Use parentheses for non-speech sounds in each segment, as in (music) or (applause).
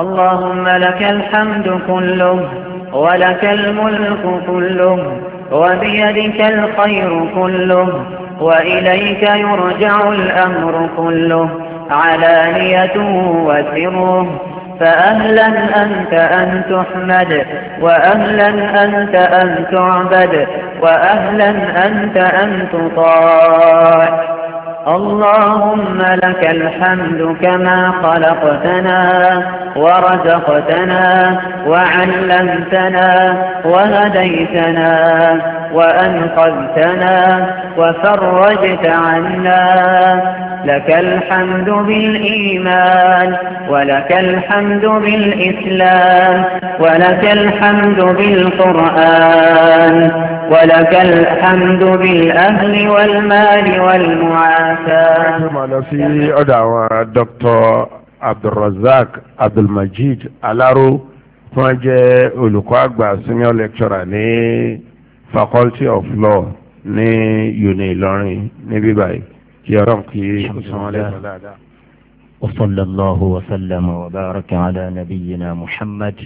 اللهم لك الحمد كله ولك الملك كله وبيدك الخير كله وإليك يرجع الأمر كله نيته وسره فأهلا أنت أن تحمد وأهلا أنت أن تعبد وأهلا أنت أن تطاع اللهم لك الحمد كما خلقتنا ورزقتنا وعلمتنا وهديتنا وأنقذتنا وفرجت عنا لك الحمد بالإيمان ولك الحمد بالإسلام ولك الحمد بالقرآن ولك الحمد بالأهل والمال والمعافاة ثم في أدعوى الدكتور عبد الرزاق عبد المجيد الارو wọ́n jẹ́ olùkọ́ àgbà senior lecturer ní faculty of law ní uni ìlọrin níbí báyìí kí ọlọ́run kí ọ̀sán lẹ́sọ̀ dáadáa. وصلى الله وسلم وبارك على نبينا محمد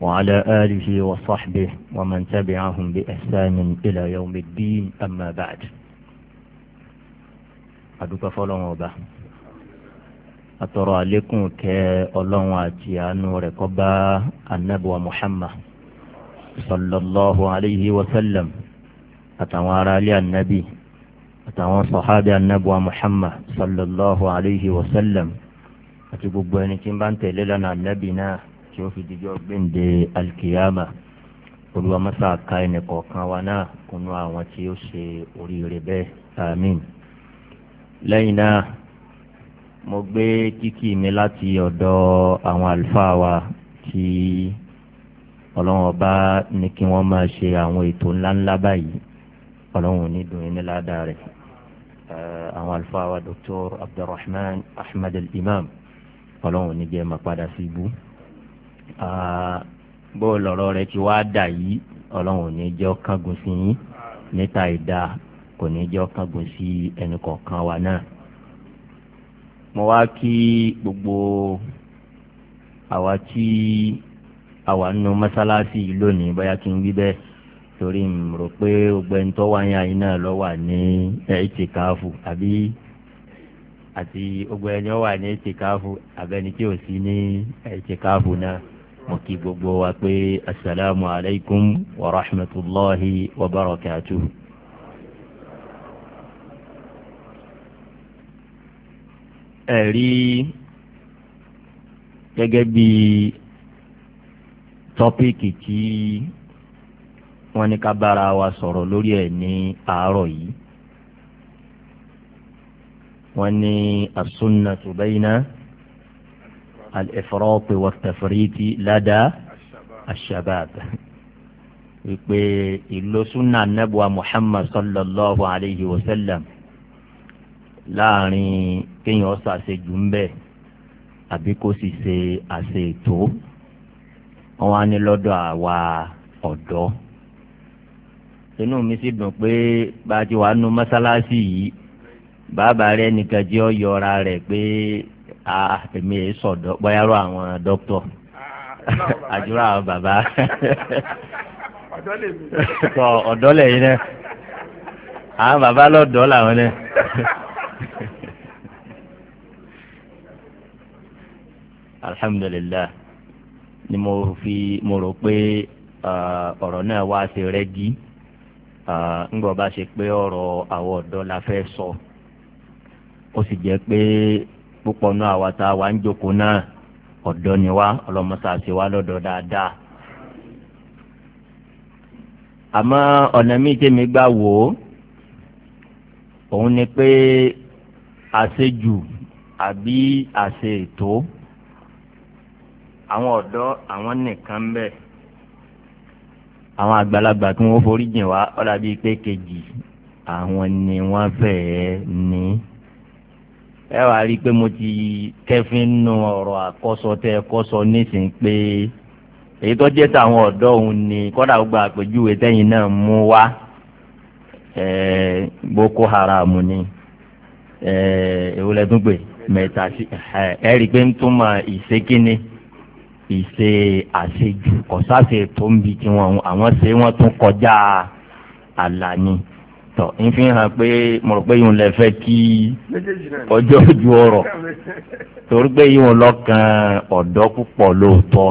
وعلى آله وصحبه ومن تبعهم بإحسان إلى يوم الدين أما بعد أدوك فلون وبا أترى لكم كأولون واتيان ورقبا النبوة محمد صلى الله عليه وسلم أتوارى لي النبي أتوارى صحابي النبوة محمد صلى الله عليه وسلم أتبقى أنك بانت لنا النبي ناه tí ó fi dijọ́ gbẹ̀ǹde alkiyama olùwàmọ́sá ka ẹnì kọ̀ọ̀kan wa náà kúnú àwọn tí ó ṣe oríire bẹ́ẹ̀ àmín. lẹ́yìn náà mo gbé kíkì mi láti ọ̀dọ̀ àwọn àlùfáà wa tí ọlọ́run ọba ní kí wọ́n máa ṣe àwọn ètò ńláńlá báyìí ọlọ́run ò ní dùn ní ládàá rẹ̀ àwọn àlùfáà wa dr abdulrahman ahmed al-imam ọlọ́run ò ní jẹ́ máa padà sí ibú bó lọ̀rọ̀ rẹ̀ ti wá dà yìí ọlọ́run ò ní jẹ́ kángun sí yín níta ìdá kò ní jẹ́ kángun sí ẹnì kọ̀ọ̀kan wa náà. mo wá kí gbogbo àwa tí àwa nínú mọ́sálásí yìí lónìí bóyá kí n wí bẹ́ẹ̀ torí n rò pé ọgbẹ́ni tó wáyé ayé náà lọ wà ní ẹ̀ẹ́tìkáfù àbí àti ọgbẹ́ni ó wà ní ẹ̀ẹ́tìkáfù àbẹ́ni tí ò sí ní ẹ̀ẹ́tìkáfù náà mo kí gbogbo wa pé asalaamu alaykum wa rahmatulahi wa barakatuh. ẹ̀rí gẹ́gẹ́ bí tọ́píìkì tí wọ́n ní ká bára wa sọ̀rọ̀ lórí ẹ̀ ní àárọ̀ yìí wọ́n ní asúnnà tó bẹ́yìn náà al-ifrat wa at-tafrit lada ash-shabab wípé ìlò súnà nẹ́bùà muhammad sallallahu alayhi wa sallam láàrin kéèyàn ṣàṣejù ń bẹ́ẹ̀ àbí kó sì ṣe àṣe ètò wọn wá ní lọ́dọ̀ àwa ọ̀dọ́ inú mi sì dùn pé bá a ti wà nù mọ́sálásí yìí bàbá rẹ nìkan jẹ́ ọ yọra rẹ̀ pé Ah, èmi èyí sọ̀dọ̀ bọ́yárò àwọn dókítọ̀ àdúrà àwọn bàbá ọ̀dọ́ lẹ́yìn náà àwọn bàbá lọ́dọ̀ làwọn náà. alhamdulilayi ni mo fi mo rò pé ah, ọ̀rọ̀ náà wá sí rẹ́gí ah, ńgbọ́ bá ṣe pé ọ̀rọ̀ àwọn ọ̀dọ́ la fẹ́ sọ ó sì jẹ́ pé púpọ̀ náà àwa tá a wà ń jókòó náà ọ̀dọ́ ni wá ọlọ́mọsáàsì wá lọ́dọ̀ dáadáa. àmọ́ ọ̀nà míì tèmi gbà wò ó òun ni pé àṣejù àbí àṣe ètò àwọn ọ̀dọ́ àwọn nìkan bẹ́ẹ̀ àwọn àgbàlagbà tí wọ́n forí jìn wá ọ̀dà bíi pé kejì àwọn ni wọ́n fẹ́ẹ́ ní. ẹ wàá rí i pé mo ti kẹfín nu akoso àkọ́sọ tẹ nísìnyí pé èyí tó jẹ́ tàwọn òun ni kọ́dà gba àpèjúwe tẹ́yìn náà mú wá boko haram ni ewúrẹ́ tún pè mẹ́ta ẹ rí i pé ń túmọ̀ ìṣe kínní ìṣe àṣejù kọ̀sáṣe tó ń bi tiwọn àwọn ṣe wọ́n tún kọjá àlàní. tọ n fi hàn pé mo rò pé yìí ń lè fẹ́ kí ọjọ́ ojú ọ̀rọ̀ torí pé yìí ń lọ́kàn ọ̀dọ́ púpọ̀ lóòótọ́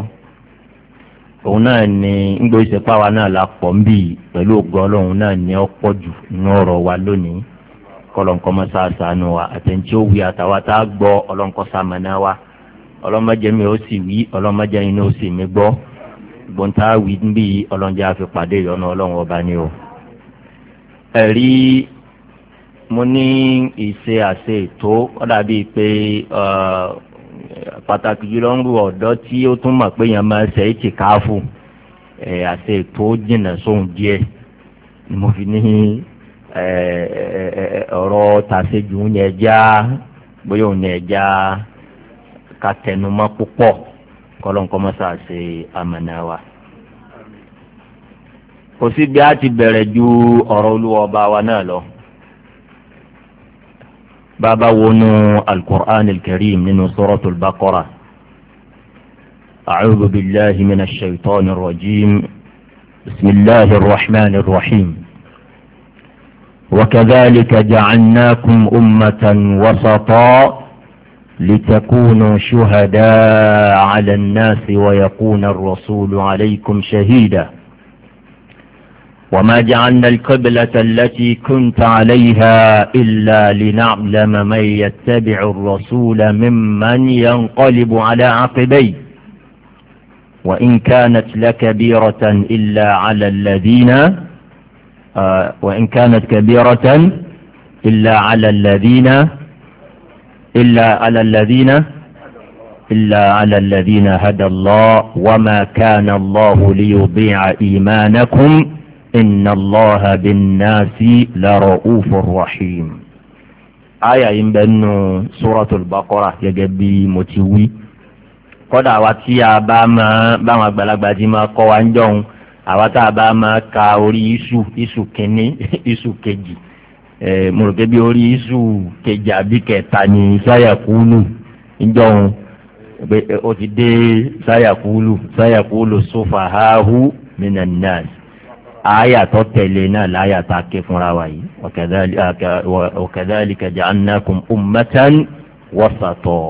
òun náà ni ngbó ìsèpá wa náà la pọ̀ ń bì pẹ̀lú ògùn ọlọ́run náà ni ó pọ̀ jù ní wa lónìí kọlọ̀nkọ́ mọ́ sàṣàánú wa àtẹ̀ntí ó wí tá a sàmánà wa ọlọ́mọdé ó sì wí ó sì mí àfipàdé ìyọnu ọba ni o. ẹ̀rí mo ní ìṣe àṣe ètò ó dàbíi pé pàtàkì jùlọ ń ru ọ̀dọ́ tí ó tún mọ̀ pé yẹn máa ṣe é ti káfù àṣe ètò jìnnà sóhun díẹ̀ ni mo fi ní ọ̀rọ̀ tàṣejù ń yẹn já bóyá òun yẹn já ká tẹnumọ́ púpọ̀ kọ́lọ́nkọ́ mọ́ṣáṣe àmàna wa. kò síbi á ti bẹ̀rẹ̀ ju ọ̀rọ̀ olúwa ọba wa náà lọ. bàbá wọnú alukur'an alkarim nínú sọ́rọ́tò bàkọ́ra. أعوذ بالله من الشيطان الرجيم بسم الله الرحمن الرحيم وكذلك جعلناكم أمة وسطا لتكونوا شهداء على الناس ويكون الرسول عليكم شهيداً وما جعلنا القبلة التي كنت عليها إلا لنعلم من يتبع الرسول ممن ينقلب على عقبيه وإن كانت لكبيرة إلا على الذين آه، وإن كانت كبيرة إلا على الذين إلا على الذين إلا على الذين هدى الله وما كان الله ليضيع إيمانكم inna allaha bin nasi la ra'ufur rahim. àyà yìí ń bẹ nù suratul baqara gẹ́gẹ́ bí mo ti wí. kọ́dà wa tí a bá máa báwọn àgbàlagbà ti máa kọ́ wa ń jọun àwa tá a bá máa ka orí iṣu iṣu kínní iṣu kejì ẹ mo rò pé bí orí iṣu kejì àbí kẹta ni sáyàkúlù ti dé sáyàkúlù sáyàkúlù sófà háhù mìnà aya tó tẹ̀lé náà láyà tá a ké fúnra wa yìí ọ̀kẹ́dálíkà jẹ́ anákùn ummatan wasatọ̀.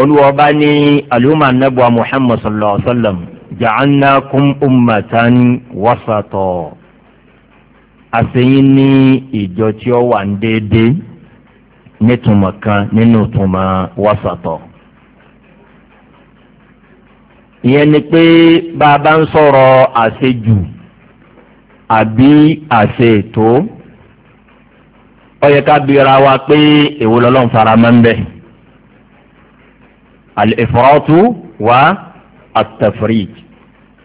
olùwọ́ba ní alùmọ̀ anábọ̀ muhammad sallallahu alayhi wa sallam jẹ́ anákùn ummatan wasatọ̀. àṣeyín ní ìjọ tí ó wà ń déédéé nítumọ̀ kan nínú ìtumọ̀ wasatọ̀. ìyẹn ni pé bá ń sọ̀rọ̀ àṣejù àbí àṣẹ ètò ó yẹ ká bira wa pé èwo lọ́lọ́run fara mọ́ ń bẹ̀ wa at-tafrit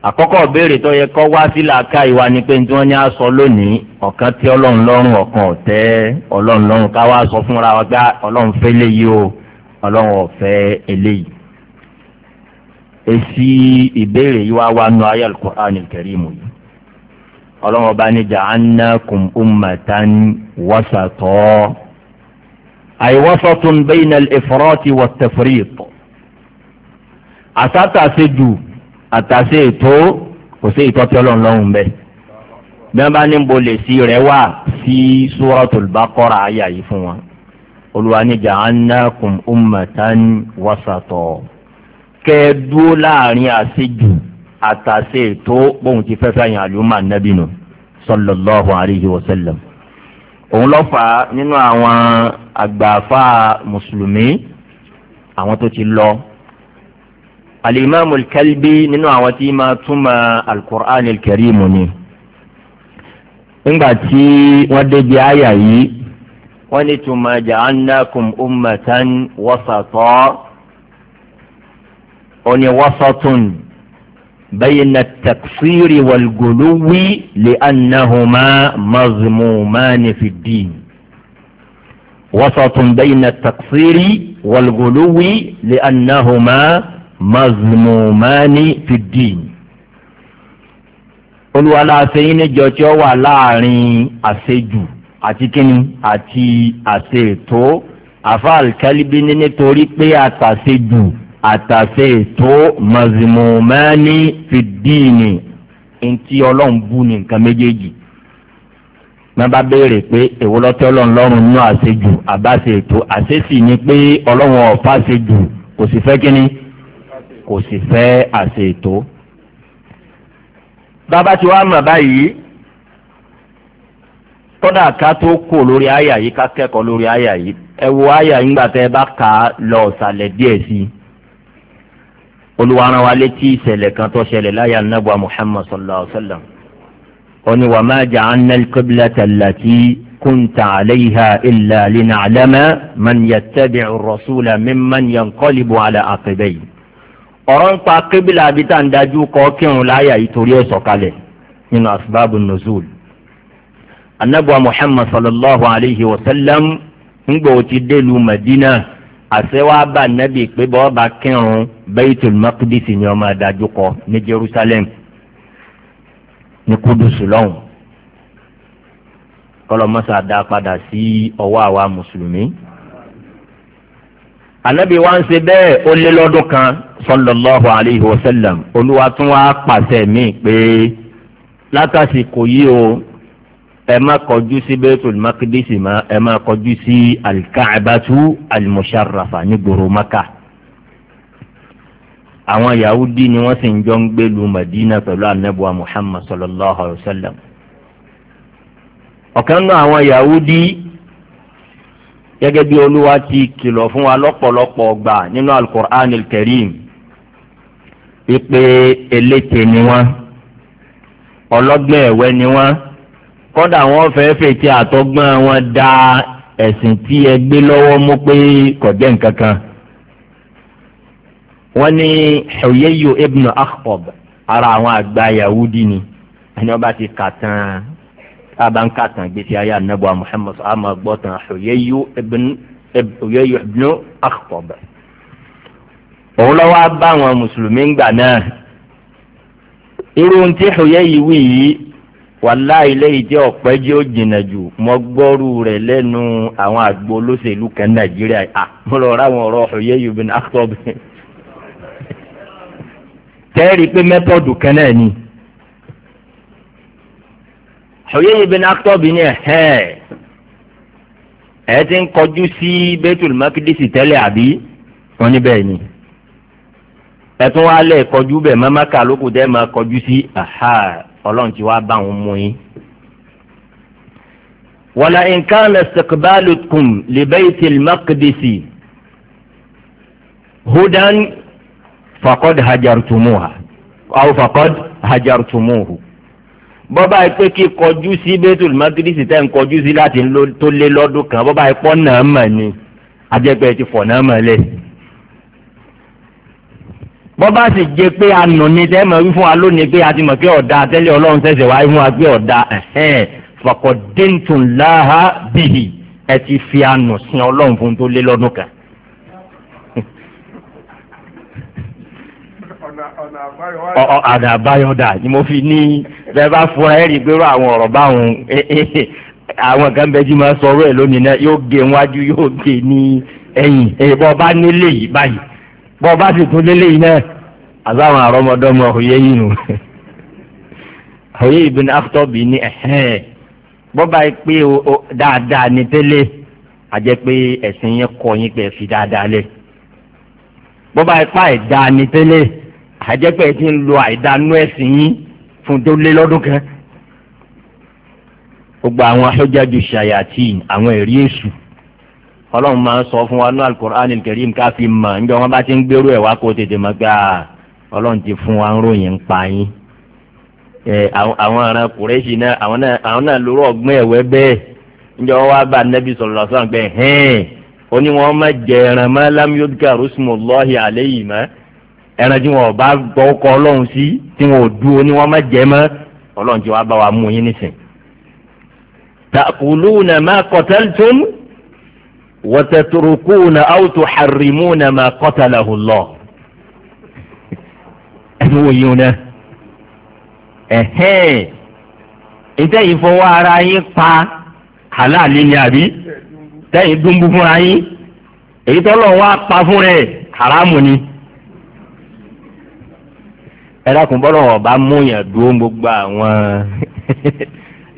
àkọ́kọ́ béèrè tó yẹ kọ́ wá sí làákà ìwà ni pé tí wọ́n ní á sọ lónìí ọ̀kan tí ọlọ́run lọ́rùn ọ̀kan ọ̀tẹ́ ọlọ́run lọ́rùn ká wá sọ fúnra wa gbá ah, ọlọ́run fẹ́ léyìí o ọlọ́run ọ̀fẹ́ eléyìí. èsì ìbéèrè yìí wá wá nu ayé al yìí ọlọ́run ọba ní ja'annakum ummatan wasatọ́ àìwọ́sọ̀tún bayna al-ifrati wat-tafrit àtàtàṣe dù àtàṣe ètò kò sí ìtọ́tí ọlọ́run lọ́hùn bẹ́ẹ̀ bí wọ́n bá ní bo lè sí rẹ̀ wá sí suratul baqara àyà yìí fún wọn olùwà ní ja'annakum ummatan wasatọ́ kẹ́ẹ̀dúró láàrin àṣejù àtàṣe tó bóun ti fẹ́ fẹ́yìn àlùmọ́ ànábì nù sọlọ́lọ́hu àríyí wọ́sẹ̀lẹ̀m. òun lọ fà á nínú àwọn àgbààfà mùsùlùmí àwọn tó ti lọ. alimami kalbi nínú àwọn tí máa túmọ̀ alukur'an kẹrìmù ni. nígbà tí wọ́n débi àyà yìí wọ́n ní túmọ̀ jàǹdàkùn ummatan wasatọ́. oni wasatun بين التكفير والغلو لأنهما مضمومان في الدين وسط بين التكفير والغلو لأنهما مضمومان في الدين olùwàlà àṣeyín níjọ tí ó wà láàrin àṣejù àti kíni àti àṣeètò àfa àlùkálíbí ní nítorí pé àtàṣejù àtàsé tó mazimumani fìdíìnì ntí ọlọ́run bú ní nǹkan méjèèjì náà bá béèrè pé èwo lọ́tọ́ ọlọ́run lọ́rùn nínú àṣejù àbáṣe ètò àṣesì ni pé ọlọ́run ọ̀fà àṣejù kò sì fẹ́ kínní kò sì fẹ́ àṣe ètò. bàbá tí wàá mọ̀ báyìí kódà ká tó kò lórí àyà yìí ká kẹ́kọ̀ọ́ lórí àyà yìí ẹ wo àyà yìí ńgbà tẹ́ ẹ bá kà á lọ ọ̀sàlẹ̀ díẹ̀ sí i olùwàrán wa létí ìṣẹ̀lẹ̀ kan tó ṣẹlẹ̀ láyà nàbà muhammad sallallahu alayhi wa sallam oní wà má jà án nà kébìlà tàlàtì كنت عليها إلا لنعلم من يتبع الرسول ممن ينقلب على عقبيه ọ̀rọ̀ ń pa kébìlà àbí ń dájú kọ kírun láyà ìtorí ẹ̀ sọ̀kalẹ̀ nínú asbáàbù nuzul anabuwa muhammad sallallahu alayhi wa sallam ń gbọ́ ti délùú madina àṣewá bá nẹ́bí pé bọ́ọ̀bà kírun bẹ́ẹ̀tì makidisi ni ọmọ adájú kọ ní jerusalem ní kúdùsù lọ́hùn kọlọmọsà dá padà sí ọwọ́ àwa mùsùlùmí. ànábì wa ń ṣe bẹ́ẹ̀ ó lé kan sọlọ́lọ́hu aleyhi wa sẹ́lẹ̀m olúwa pàṣẹ mí pé látàsí kò yí o ẹ má kọjú sí bẹ́tùl makidisi ma ẹ má kọjú sí alikaabatu alimusharrafa ní gbòòrò maka àwọn yahudi ni wọ́n sì ń jọ ń gbé lu madina pẹ̀lú anabuwa muhammad sallallahu alayhi wa sallam ọ̀kan náà àwọn yahudi gẹ́gẹ́ bí olúwa ti kìlọ̀ fún wa lọ́pọ̀lọpọ̀ ọgbà nínú alukur'an kẹrìm wípé eléte ni wọ́n ọlọ́gbẹ́ ẹ̀wẹ́ ni wọ́n kọ́dà wọ́n fẹ́ fètè àtọ́gbọ́n wọn da ẹ̀sìn tí ẹ gbé lọ́wọ́ mú pé kò jẹ́ nǹkan kan. wọ́n ní Huyayyu ibn Akhtab ara àwọn àgbà Yahudi ni ẹni wọ́n bá ti kà tán tábà gbèsè ayé anabu Muhammad ama gbọ́ tán ibn Huyayyu ibn Akhtab. òun lọ́wọ́ bá àwọn mùsùlùmí gbà náà irú ti Huyayyu wí yìí wàláì lẹ́yìn tí ọ̀pẹ́ jẹ́ ó jìnnà jù mọ́ gbọ́rù rẹ̀ lẹ́nu àwọn àgbo olóṣèlú kan nàìjíríà à mo lọ ráwọn ọ̀rọ̀ ọ̀yẹ́ yìí bin akọ́b tẹ́rì pé mẹ́tọ́dù kan náà ni ọ̀yẹ́ yìí bin akọ́b ni ẹ̀hẹ́ ẹ̀ ti ń kọjú sí bẹ́tùl mákìdísì tẹ́lẹ̀ àbí wọ́n ní bẹ́ẹ̀ ni ẹ̀tún wa lẹ̀ kọjú bẹ̀ mọ́máka lókùtẹ́ máa kọjú sí ọlọ́run ti wá bá òun mú yín. wàlà nǹkan ṣèkbálùkùn lìbẹ́ẹ̀tì mákìdìsì hudan fakọ́d hajartumuha aw fakọ́d hajartumuhu bọ́bá yìí pé kí kọjú sí bẹ́tùl mákìdìsì tẹ́ ń kọjú sí láti tó lé lọ́dún kan bọ́bá yìí pọ́ náà mọ̀ ni ajẹ́gbẹ́ ti fọ̀ náà mọ̀ lẹ́yìn bọ́ bá sì jẹ́ pé a nù ní tẹ́ mọ̀ wí fún wa lónìí pé a ti mọ̀ pé ọ̀dà tẹ́lẹ̀ ọlọ́run tẹ̀sẹ̀ wá fún wa pé ọ̀dà fàkọ̀déntùnláha bìhì ẹ ti fi ànù sin ọlọ́run fún tó lé lọ́dún kan. ọ̀nà àbáyọ̀dà ni mo fi ní bẹ́ẹ̀ bá fura ẹ̀ rí gbérò àwọn ọ̀rọ̀ báwọn àwọn kan bẹ́ẹ̀ jí máa sọ ọ̀rọ̀ ẹ̀ lónìí náà yóò gé e wájú yóò gé e ní ẹ̀yìn ẹ̀ bọ́ bá nílé yìí báyìí bọ́ ọba sì tún lélẹ̀ yìí náà àbáwọn àrọ́mọdọ́mọ òye yìí nù òye ìbínú áfítọ́bì ní ẹ̀hẹ́n bọ́ba yìí pé dáadáa ní tẹ́lẹ̀ àjẹ́ pé ẹ̀sìn yẹn kọ́ yín pé ẹ fi dáadáa lẹ̀ bọ́ba yìí pa ẹ̀dá ní tẹ́lẹ̀ àjẹ́ pé ẹ ti ń lo àìdánú ẹ̀sìn yín fún tó lé lọ́dún kan gbogbo àwọn aṣọ́jájú ṣàyàtì àwọn ẹ̀rí èṣù ọlọ́run máa ń sọ fún wa ní alukur'an kẹrìm ká fi mọ̀ níjọ́ wọn bá ti ń gbèrú ẹ̀ wá kó tètè mọ̀ gbà ah, ọlọ́run ti fún wa ń ròyìn ń pa yín àwọn ará kùrẹ́sì náà àwọn náà lóró ọgbọ́n ẹ̀wẹ́ bẹ́ẹ̀ níjọ́ wọn wá bá nẹ́bí sọ̀rọ̀ lọ́sàn pé hẹ́ẹ̀ ó ní wọn má jẹ ẹran mọ́ lámúyọ́dúkà rúṣùmọ̀ lọ́ọ̀hì àlẹ́ yìí mọ́ ẹran tí wọn bá gbọ́ ọlọ́run sí tí wọn ò dúró ní wọn má jẹ mọ́ ọlọ́run ti wá bá wa mú yín nísìn. tàkùlù nà kọ̀tẹ́lì tó ń wọ́tẹ̀tùrùkúùnà áwùtù hàrìmúùnà mà kọ́tàlàhùlọ́. ẹni wo yín o náà ẹ̀hẹ́n ìtẹ̀yìn fọwọ́ ara yín pa halali ni àbí tẹ̀yìn dúnbú fúnra yín èyí tọ́lọ̀ wá pa fún rẹ̀ haramu ni. ẹ dákun bọ́lọ̀ ọ̀bá múyàn dúró gbogbo àwọn (laughs)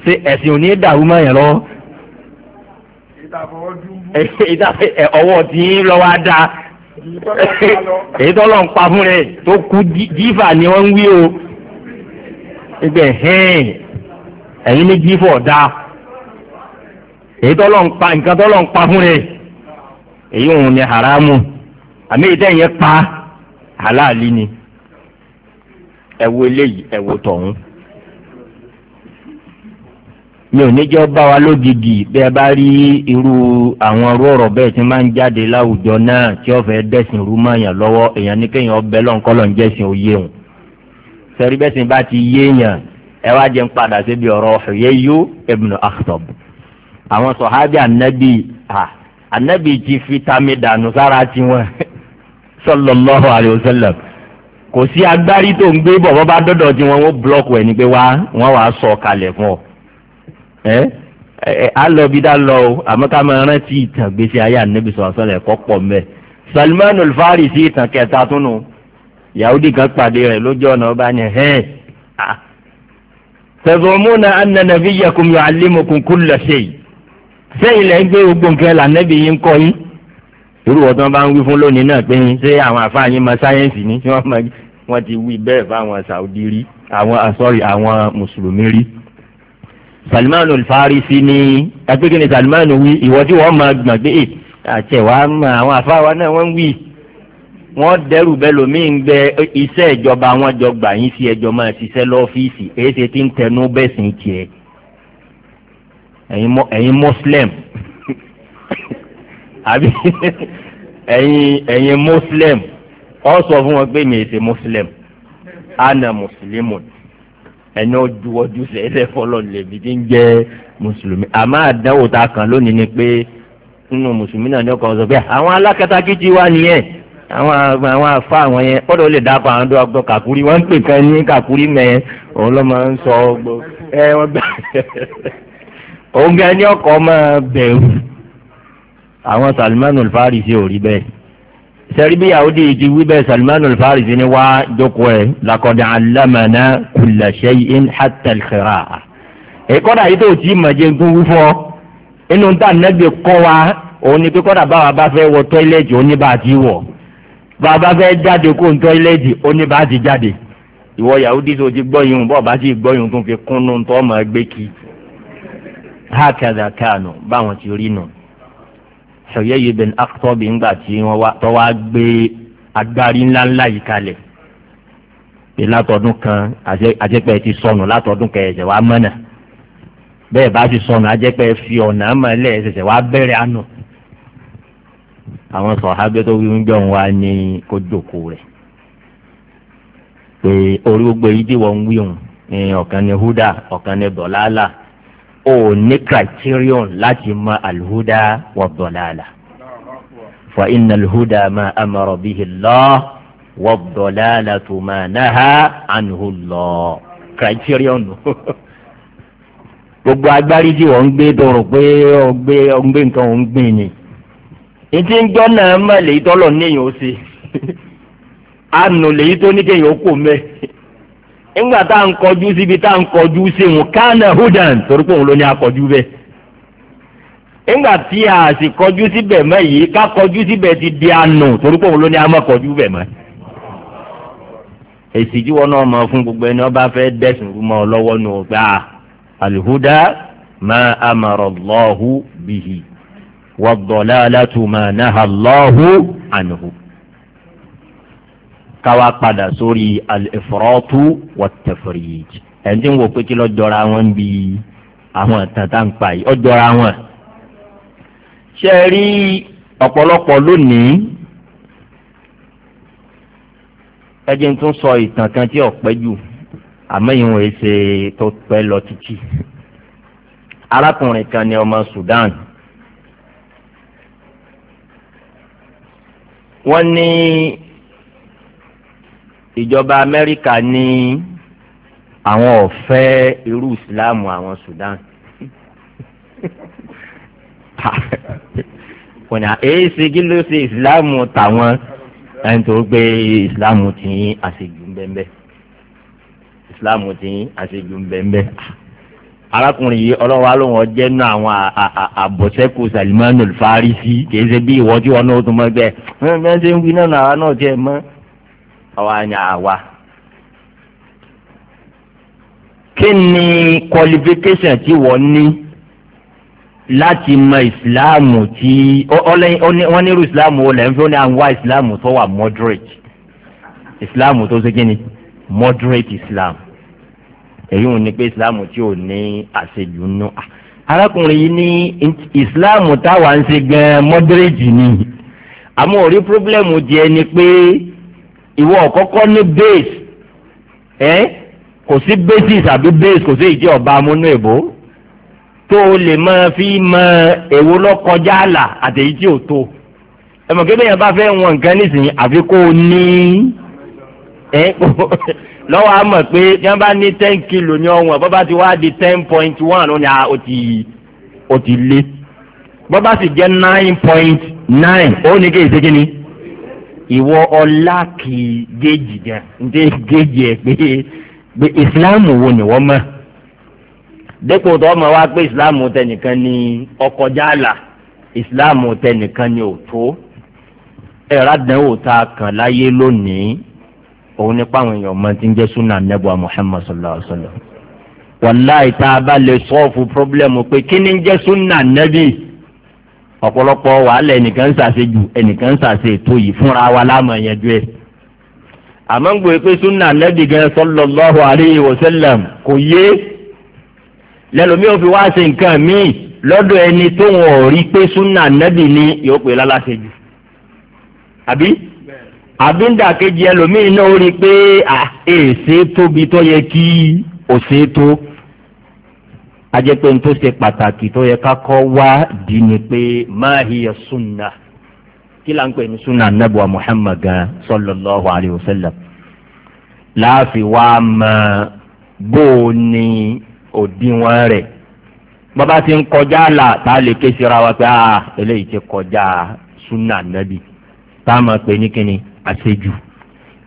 ṣé ẹ̀sìn ò ní dàrú mọ́ yẹn lọ́wọ́. ọwọ́ tí ń lọ́wọ́ á dáa èyí tó lọ́n pa fún rẹ̀ tó kú jífà ni wọ́n ń wí o ibẹ̀ ẹ̀yin ní jífà ọ̀dá èyí tó lọ́n pa nǹkan tó lọ́n pa fún rẹ̀ èyí òun ni haramu àmì ìtẹ̀yẹ pa halali ni ẹ̀wọ̀ eléyìí tọ̀hún. mi ò ní jẹ́ bá wa lógidì bí ẹ bá rí irú àwọn rọ̀rọ̀ bẹ́ẹ̀ tí máa ń jáde láwùjọ náà tí ó fẹ́ dẹ́sìn rú mọ́ èèyàn lọ́wọ́ èèyàn ní kéèyàn ọbẹ̀ lọ́nkọ́lọ́ ń jẹ́sìn òye òun sẹ́rí bẹ́sìn bá ti yéèyàn ẹ wá jẹun padà síbi ọ̀rọ̀ ọ̀hìnyẹ́yó ibùnú akhtab àwọn sọ̀hábì ànábì ànábì ti fi tami dànù sára tiwọn sọlọ́lọ́hu (laughs) àlùsọ́lọ́m kò sí agbárí tó ń gbé bọ̀ bọ́ bá dọ́dọ̀ tiwọn wọ́n blọ́ọ̀kù ẹ alọbidá lọ o àmọ́ ká máa rántí ìtàn gbèsè ayé ànábì sọ̀rọ̀ sọ̀rọ̀ ẹ̀kọ́ pọ̀ mbẹ́ salman olùfàárì sí ìtàn kẹta tún nù yahudi kan pàdé rẹ̀ lójú ọ̀nà ọba ni hẹ́ẹ̀ tẹ̀sọ̀múnà ànànàbí yẹkùn yọ àlímọ̀kùn kú lọ ṣe yìí sẹ́yìn lẹ́yìn o gbogbo nǹkan lànàbí yín kọ́ yín irú ọ̀tọ́ bá ń wí fún lónìí náà pé ṣé àwọn àfáàyín ma sáyẹ́ǹsì ni wọ́n ti wí bẹ́ẹ̀ fáwọn saudi rí àwọn sorry àwọn mùsùlùmí rí. Salmanu Al-Farisi ni ẹgbẹ́ kí ni Salmanu wí ìwọ tí wọ́n máa gbọ̀n pé àtẹ̀wá àwọn afáwa náà wọ́n ń wí wọ́n dẹ́rù bẹ́ẹ̀ lómi ń gbẹ iṣẹ́ ìjọba wọn jọ gbà yín sí ẹjọ́ máa ṣiṣẹ́ lọ́fíìsì èyí ṣe ti ń tẹnu bẹ́ẹ̀ sì ń tiẹ̀ ẹ̀yin Muslim (laughs) àbí (laughs) ẹ̀yin ẹ̀yin Muslim ọ sọ fún wọn pé mi ì ṣe Muslim ana Muslimun ẹni ojú ojú sẹ́lẹ̀ fọlọ́ lèmi ti ń jẹ́ mùsùlùmí àmọ́ àdánwò tá a kàn lónìí ni pé nínú mùsùlùmí náà ní ọkàn sọ pé àwọn alákatakítí wà nìyẹn àwọn àwọn afa àwọn yẹn ó lè dáko àwọn dọ́gbọ́ kàkúrí wọ́n ń pè kan ní kàkúrí mẹ́ẹ̀ òun ló máa ń sọ ọgbọ́ ẹ wọ́n gbà òun gan ni ọkọ̀ máa bẹ̀rù àwọn salimanu fárí ò rí bẹ́ẹ̀ sẹ́ríbí yahudi ti wí bẹ́ẹ̀ salman alfarisi ni wá jókòó ẹ̀ lakọ̀dà alámàná kùlàṣẹ́ in hàtàlxẹ́rà. ìkọ́dà yìí tó ti mọ̀jẹ̀ gún wúfọ́ inú ta nẹ́bí kọ́ wa òun ni pé kọ́dà báwa bá fẹ́ wọ tọ́ílẹ̀tì oníbàtí wọ̀ báwa bá fẹ́ jáde kó tọ́ílẹ̀tì oníbàtí jáde. ìwọ yahudi tó ti gbọ́ yìí bọ́ọ̀ bá ti gbọ́ yìí tó fi kúnnú tó ọmọ ẹgbẹ́ kí. hákàdà kánú báwọn ti rí nù. No ṣọ̀yẹ́ yìí bẹ̀rẹ̀ akọ́bí ńgbà tí wa tọ́ wá gbé agbárí ńláńlá yìí kalẹ̀ pé látọdún kan àjẹpẹ́ ti sọnù látọdún kẹ̀ẹ̀sẹ̀ wá mọ́nà bẹ́ẹ̀ bá ti sọnù àjẹpẹ́ fi ọ̀nà mọ́lẹ̀ ẹ̀sẹ̀sẹ̀ wá bẹ̀rẹ̀ àánú àwọn sọ̀hábẹ́ tó wíwí jọ̀ wá ní kó jòkó rẹ̀ pé orí gbogbo yìí tí wọ́n ń wí ọ̀kan ní húdà ọ̀kan ní dọ̀lálà o ò ní criterion láti mọ alhuda wà dọ̀làlà fa iná alhuda ma amọ̀rọ̀ bihi lọ wà dọ̀làlà tó ma náà ànihu lọ criterion nù. gbogbo agbárí tí wọ́n ń gbé dọ̀rọ̀ pé ó ń gbé nǹkan ó ń gbìn ni ìtí ń gbọ́ náà mọ̀ lèyí tọ́lọ̀ níyìn ó ṣe (laughs) àánú lèyí tó ní kéyìn ó kò mẹ́ẹ̀ nígbà tá à ń kọjú síbi tá à ń kọjú sí òun kánà hudan torí pé òun ló ní akọjú bẹ́ẹ̀ nígbà tí a sì kọjú síbẹ̀ mọ́ yìí ká kọjú síbẹ̀ ti di àánú torí pé òun ló ní a má kọjú bẹ̀ èsì tí wọn náà mọ fún gbogbo ẹni ọba fẹ́ dẹ́sùn rúmọ lọ́wọ́ nù ọgbà alihuda ma amara allahu bihi wa dọ̀lá náà allahu anhu káwa padà sórí al-ifratu wat-tafrij ẹni tí ń wò pé kí lọ́ọ́ jọra wọn bí àwọn tata ń pa yìí ọ́ jọra wọn. ṣe é rí ọ̀pọ̀lọpọ̀ lónìí ẹ jẹ́ n tún sọ ìtàn kan tí ọ̀pẹ́ jù àmọ́ ìwọ̀n èsè tó pẹ́ lọ títí arákùnrin kan ní ọmọ Sudan wọ́n ní ìjọba amẹ́ríkà ní àwọn ọ̀fẹ́ irú ìsìláàmù àwọn sudan kònà èsì kí ló ṣe ìsìláàmù tàwọn ẹni tó gbé ìsìláàmù tí yín àṣejù ńbẹ́ńbẹ́ ìsìláàmù tí yín àṣejù ńbẹ́ńbẹ́ arákùnrin yìí ọlọ́wà ló wọ́n jẹ́ nínú àwọn àbọ̀sẹ́kù salimani olùfarisi kì í ṣe bí ìwọ́jú ọ̀nà òtún mọ́ gbẹ ẹ̀ ẹ̀ ẹ̀ ṣe ń wí náà náà tiẹ̀ mọ́ àwa ni àwa. kí ni qualification tí wọ́n ní láti mọ ìsìláàmù tí wọ́n nírú ìsìláàmù wọlé ń fi wọ́n ní àwọn ìsìláàmù tó wà moderate ìsìláàmù tó ṣe kí ni moderate islam èyí ò ni pé ìsìláàmù tí ò ní àṣejù nù arákùnrin yìí ní ìsìláàmù táwa ń ṣe gan moderate ni àmọ́ orí pírọ́blẹ́mù jẹ́ ni pé ìwọ ọ̀kọ́kọ́ ní base ẹ́ kò sí basis àbí base kò sí ìdí ọba amúnú èbó tó o lè máa fi mọ èwo lọ́kọjá àlà àtẹ̀yí tí ò tó ẹ̀mọ̀ kébé yẹn bá fẹ́ wọn nǹkan nísìnyí àfi kó o ní ẹ́ (laughs) lọ́wọ́ a mọ̀ pé bí wọ́n bá ní ten kilo ní ọ̀wọ́n bọ́ bá ti wá di ten point one ní a ó ti ó ti lé bọ́ bá sì jẹ́ nine point nine ó ní kí èsì kí ni. ìwọ ọlá kì í géèjì gan géèjì ẹ pé pé ìsìláàmù wo ni wọ́n mọ̀ dépò tó ọmọ wa pé ìsìláàmù tẹnìkan ni ìsìláàmù tẹnìkan ni òtó ẹ̀rọ àdánwò tá a kàn láyé lónìí òun ní pàwọn èèyàn ọmọ tí ń jẹ́ súnà nẹ́bùà muhammad sallallahu wa sallam wàláì tá a bá lè sọ́ọ̀fù pírọ́blẹ́mù pé kí ni ń ọ̀pọ̀lọpọ̀ wàhálà ẹnìkan ń ṣàṣejù ẹnìkan ń ṣàṣe ètò yìí fúnra wa láàmú ẹ̀yẹ́jú ẹ̀. àmọ́ ń gbé pé súnà nẹ́bí gan sọlọ́lọ́hu àríyí wọ́sẹ́lẹ̀m kò yé lẹ́lòmí ò fi wá ṣe nǹkan míì lọ́dọ̀ ẹni tó wọn ò rí pé súnà nẹ́bí ni yóò pè láláṣejù. àbí àbí ń dàkejì ẹlòmíì náà ó rí pé èsè tóbi tó yẹ kí òsè tó. ajẹ́ pé n tó ṣe pàtàkì tó yẹ ká kọ́ wá di ni pé máa hiya kí là ń pè ní nabuwa muhammad gan sallallahu alayhi wa sallam láàfin wá mọ bó o ní òdiwọ̀n rẹ̀ bàbá ti ń kọjá là tá a lè ké síra wa pé ah eléyìí ti kọjá sunna nabi tá a máa pè ní kíni àṣejù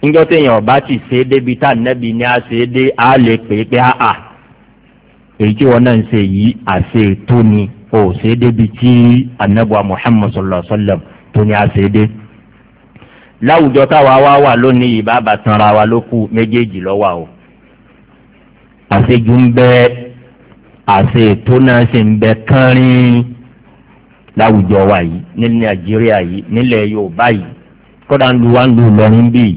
níjọ́ téèyàn ti ṣe é débi tá a nabi ní a ṣe é dé a lè pè é pé ah, ah, èyí tí wọn náà ń ṣe yìí àṣe tó o ṣe é tí anabuwa muhammad sallallahu alaihi wa sallam tó ni a ṣe é dé. láwùjọ táwa wá wà lónìí ìbá àbàtànra wa ló kù méjèèjì lọ́wọ́ o àṣejù ń bẹ àṣe tó náà ṣe ń bẹ kánrin láwùjọ wa yìí ní nàìjíríà yìí nílẹ̀ yorùbá yìí kódà ń lu wa ń lu ìlọrin bíi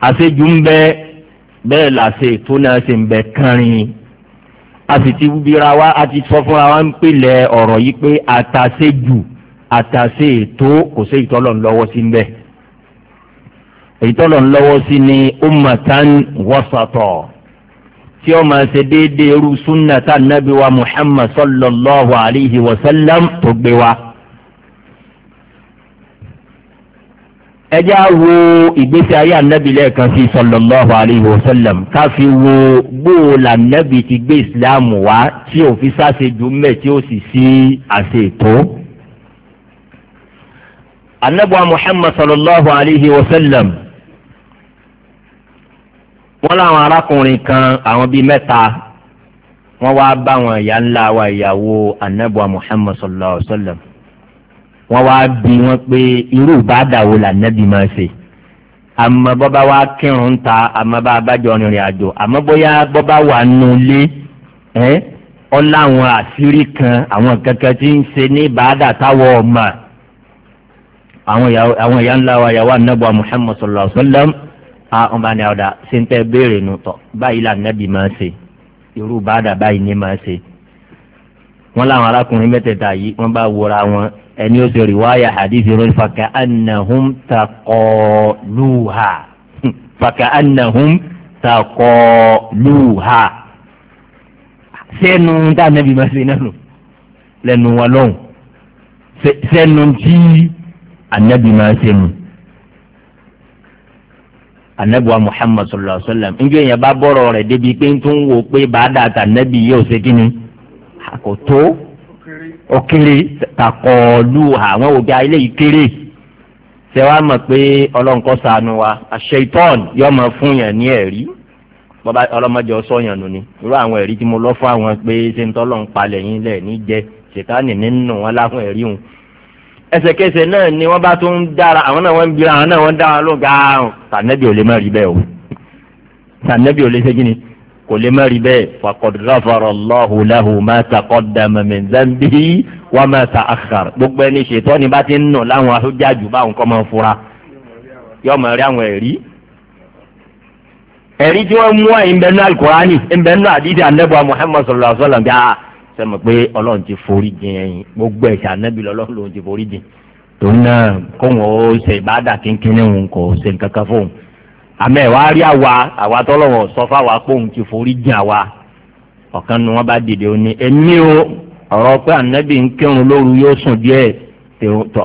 àṣejù ń bẹ bẹ́ẹ̀ làṣẹ ètò náà ṣe ń bẹ kánrin a sì ti bíra wa a ti sọ fúnra wa ń pèlẹ̀ ọ̀rọ̀ yìí pé àtàṣe jù àtàṣe ètò kò sí ìtọ́lọ̀ ńlọ́wọ́ sí ń bẹ̀ ìtọ́lọ̀ ńlọ́wọ́ sí ni ummatan wasatọ̀ tí ó máa ṣe déédéé irú súnnà tá nàbí wa muhammad sallallahu alayhi wa sallam tó gbé wa. ẹjẹ́ á wo ìgbésí ayé ànábì lẹ́ẹ̀kan sí sọlọ́lọ́hu aleyhi wa sallam ká fi wo gbóò lànábì ti gbé ìsìláàmù wá tí ò fi sáṣejù mẹ́ tí ó sì sí àṣẹ ètò. anábùwà muhammad sọlọ́lọ́hu aleyhi wa sallam wọ́n láwọn arákùnrin kan àwọn bíi mẹ́ta wọ́n wá bá wọn ìyá ńlá wa ìyàwó anábùwà muhammad sọlọ́lọ́hu aleyhi wa sallam wọ́n wá bí wọ́n pé irú ìbáàdà wo là nẹ́bí máa ṣe àmọ́ bọ́bá wa kírun ta àmọ́ bá a bá jọ rìnrìn àjò àmọ́ bóyá bọ́bá wà nù lé ẹ́ ọláwọn àṣírí kan àwọn kankan tí ń ṣe ní ìbáàdà táwọn ọmọ àwọn ìyá ńlá wa yàwó anábọ̀ muhammed sallallahu alayhi wa sallam àwọn bá ní ọ̀dà ṣe ń tẹ́ béèrè nù tọ̀ báyìí là nẹ́bí máa ṣe irú ìbáàdà báyìí ní máa ṣe wọ́n láwọn arákùnrin mẹ́tẹ̀ẹ̀ta yìí wọ́n bá wọra wọn ẹni ó ṣe rìwáyà hadithi rẹ fàkà anahum takọluha (laughs) fàkà anahum takọluha sẹ́nu tá a nẹ́bi máa ṣe náà lò lẹ́nu wọn lọ́hùn sẹ́nu tí anabi máa ṣe nù anabi wa muhammad sallallahu alaihi wa sallam njẹ yẹn bá bọ̀rọ̀ rẹ̀ débi pé ń tún wò pé bàdà tà nẹ́bi yóò ṣe kí ni àkótó ó kéré takọ̀ọ̀lù àwọn òbí eléyìí kéré ṣe wá mọ̀ pé ọlọ́nkọ́ sànù wa àṣeyìtọ́ọ̀nù yóò máa fún yàn ní ẹ̀rí bọ́bá ọlọ́mọdé ọ̀sọ́ yàn nù ni irú àwọn ẹ̀rí tí mo lọ́ fún àwọn pé ṣe ń tọ́lọ̀ ń palẹ̀ yín lẹ̀ ní jẹ ṣètánì nínú wọn láwọn ẹ̀rí hùn ẹsẹ̀kẹsẹ̀ náà ni wọ́n bá tún ń dára àwọn náà wọ́n ń bira àwọn náà wọ́n dára lóga àrùn ò lè má rí bẹ́ẹ̀ o tànẹ́bì ò lè ṣe kí kò lè má rí bẹ́ẹ̀ fakọ̀dúráfàrọ̀ lọ́hùn láhùn máa takọ̀dà mẹ́mẹ́ zambi wà máa ta àkàr gbogbo ẹni ṣètọ́ ni bá ti ń nù láwọn aṣojájú báwọn kọ́ máa ń fura yọ máa rí àwọn ẹ̀rí ẹ̀rí tí wọ́n mú àyìn bẹ́ẹ̀ nù alukurani bẹ́ẹ̀ nù àdídì anábọ̀ muhammad sallallahu alayhi wa sallam bí a sẹ́mi pé ọlọ́run ti forí jìn ẹ̀yìn gbogbo ẹ̀ṣẹ̀ anábì àmọ́ ẹ̀ wá rí àwa àwa tọ́lọ́wọ̀n sọ fáwa pé òun ti forí jìn àwa ọ̀kan nu wọn bá dìde ó ní èmi o ọ̀rọ̀ pé ànábì ń kírun lóru yóò sùn díẹ̀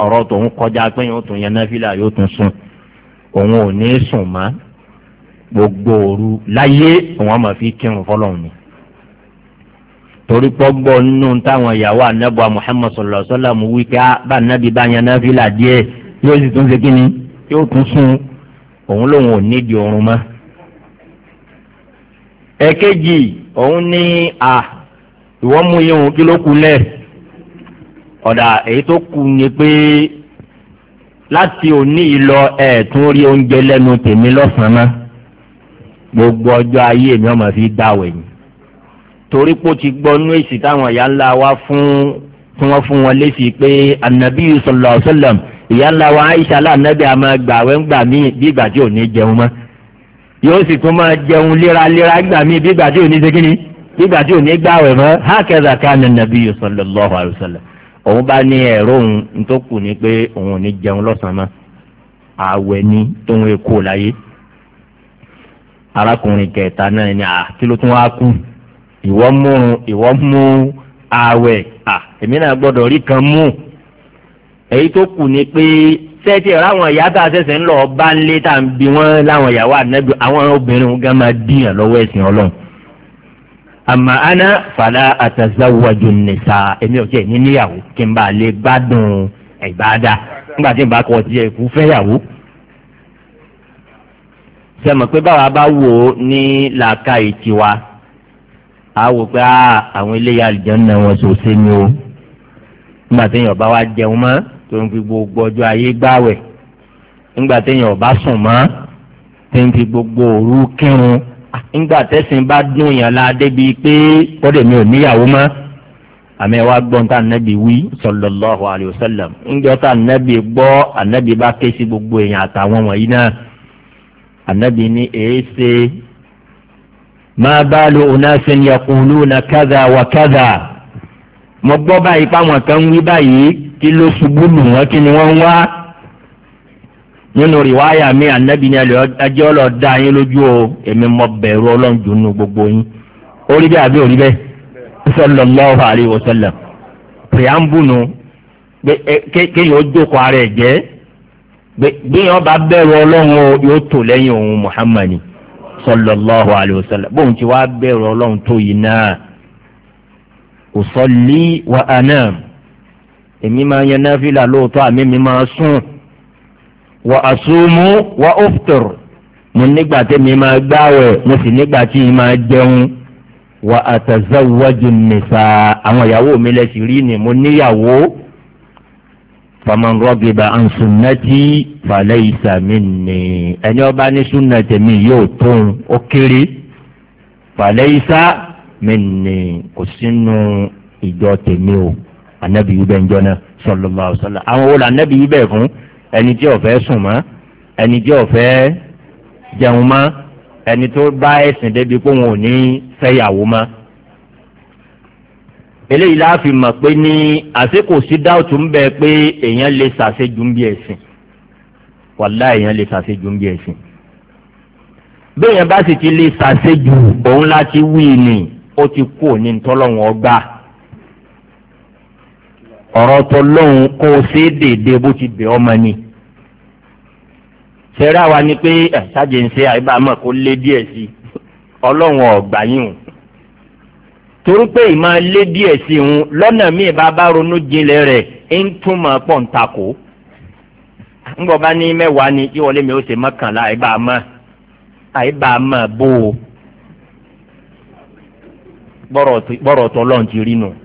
ọ̀rọ̀ tòun kọjá pé yóò tún yẹn náfìlà yóò tún sùn òun ò ní sùn mọ́ gbogbo òru láyé òun àmọ̀ fi kírun fọlọ́run ni torí pọ́gbọ́ nínú táwọn ìyàwó anábọ̀ muhammed sọlọ sọlá mu wí ah, bá anábì bá yẹn náfìlà díẹ̀ yóò sì tún ṣe kí yóò tún sùn òun lòun ò nídìí oorun mọ́ ẹ̀kejì òun ní à ìwọ́ mú ihun kí ló kú lẹ̀ ọ̀dà èyí tó kù ni pé láti òní ìlọ ẹ̀ẹ̀tún rí oúnjẹ lẹ́nu tèmi lọ́sàn-án gbogbo ọjọ́ ayé mi ọmọ fi dáwẹ̀ yìí torí pé ó ti gbọ́ nú èsì táwọn ìyá ńlá wa fún tí wọ́n fún wọn léṣi pé anabi sallallahu alayhi sallam ìyá ńlá wa aisha lànàbí àmọ́ gbàwẹ́ ńgbà míì bí ìgbà tí ò ní jẹun mọ́ yóò sì tún máa jẹun léraléra gbà míì bí ìgbà tí ò ní ṣe kíni bí ìgbà tí ò ní gbàwẹ̀ mọ́ hákẹ́dà kánà nàbí sallallahu alaihi wasallam òun bá ní ẹ̀rọ òun tó kù ní pé òun ò ní jẹun lọ́sàn-án mọ́ àwẹ̀ ni tóun èkó láyé arákùnrin kẹta náà ni à kí ló tún wá kú ìwọ mú ìwọ mú àwẹ̀ à èmi náà gbọ́dọ̀ rí kan mú èyí tó kù ni pé sẹ́ẹ̀tì ẹ̀rọ àwọn ìyá tá a ṣẹ̀ṣẹ̀ ń lọ bá ń lé tá à ń bi wọ́n láwọn ìyàwó ànábi àwọn obìnrin wọn gan máa dìyàn lọ́wọ́ ẹ̀sìn ọlọ́run àmọ́ aná fàlà àtàzáwájú nìta èmi ò jẹ́ ní níyàwó kí n bá lè bá dùn ìbáadá nígbà tí n bá kọ́ tiẹ̀ kú fẹ́yàwó. sẹ́mi pé báwa bá wò ó ní làákà ìtiwa a wò pé àwọn eléyà àlùjọ́ náà wọn sọ sí ni o nígbà tí èèyàn bá wá jẹun mọ́ tó ń fi gbogbo ọjọ́ ayé gbáwẹ̀ nígbà téèyàn ò bá sùn mọ́ tó ń fi gbogbo òru kírun nígbà tẹ́sìn bá dùn yàn la débi pé kọ́dẹ̀ mi ò níyàwó mọ́ àmì wa gbọ́n tá ànábì wí sallallahu alayhi wa sallam ńjọ́ tá ànábì gbọ́ ànábì bá ké sí gbogbo èèyàn àtàwọn wọ̀nyí náà ànábì ní èé ṣe ma balu unasin yakuluna kaza wa kaza mo gbọ́ báyìí páwọn kan wí báyìí kí ló ṣubú lù wọ́n kí ni wọ́n ń wá nínú rìwáyà mi ànábì ni ẹjẹ́ ọlọ́ da yín lójú o èmi mọ bẹ̀rù ọlọ́run jù nù gbogbo yín ó rí bẹ́ẹ̀ àbí ò rí bẹ́ẹ̀ sallallahu alaihi wasallam pìyàmbùnù kéèyàn ó jókòó ara ẹ̀ jẹ́ gbéyàn bá bẹ̀rù ọlọ́run o yóò tò lẹ́yìn òun muhammadu sallallahu alaihi wasallam bóun ti wá bẹ̀rù ọlọ́run tó yìí náà usalli wa èmi máa yan náfìlà lóòótọ́ àmì mi máa sùn wà àsomú wà ọ́fùtọ̀rù mo nígbà tẹ́mi máa gbáwẹ̀ mo sì nígbà tí mi máa jẹun wà àtàzáwájú nìsa àwọn ìyàwó mi lẹ́sìn rí ni mo níyàwó faman rọgìbà an ẹni ọba ní sunnati mi yóò tóun ó kéré falaysa kò sínú ìjọ tèmi o anabi yìí bẹ́ẹ̀ ń jọ́nà sọlọ́lá ọ̀sọ́lá àwọn wo la anabi yìí bẹ́ẹ̀ fún ẹni tí ọ̀fẹ́ sùn mọ́ ẹni tí ọ̀fẹ́ jẹun mọ́ ẹni tó bá ẹ̀sìn débi pé òun ò ní fẹ́yàwó mọ́. eléyìí la fi mọ̀ pé ní àsìkò sí dáùtù ń bẹ pé èèyàn lè sàṣejù ń bí ẹ̀sìn wàlá èèyàn lè sàṣejù ń bí ẹ̀sìn béèyàn bá sì ti lè sàṣejù òun láti wí ni ó ti kú òní ntọ́lọ́wọ́n ọgbà ọ̀rọ̀ tọlọ́hún kó o ṣe é déédéé bó ti bẹ̀ ọmọ ni. ṣẹ́rí wa ni pé ṣáàjì ń ṣe àìbámọ̀ kó lé díẹ̀ sí ọlọ́run ọ̀gbà yìí hùn. torí pé ìmọ̀ lé díẹ̀ sí hùn lọ́nà míì bá bá ronú jinlẹ̀ rẹ̀ ń túmọ̀ pọ̀ ń takò. ńgbọ́ bá ní mẹ́wàá ni kí wọlé mi ó ṣe mọ́kànlá àìbámọ̀ àìbámọ̀ bó o. bọ́rọ̀ ti rí nù. No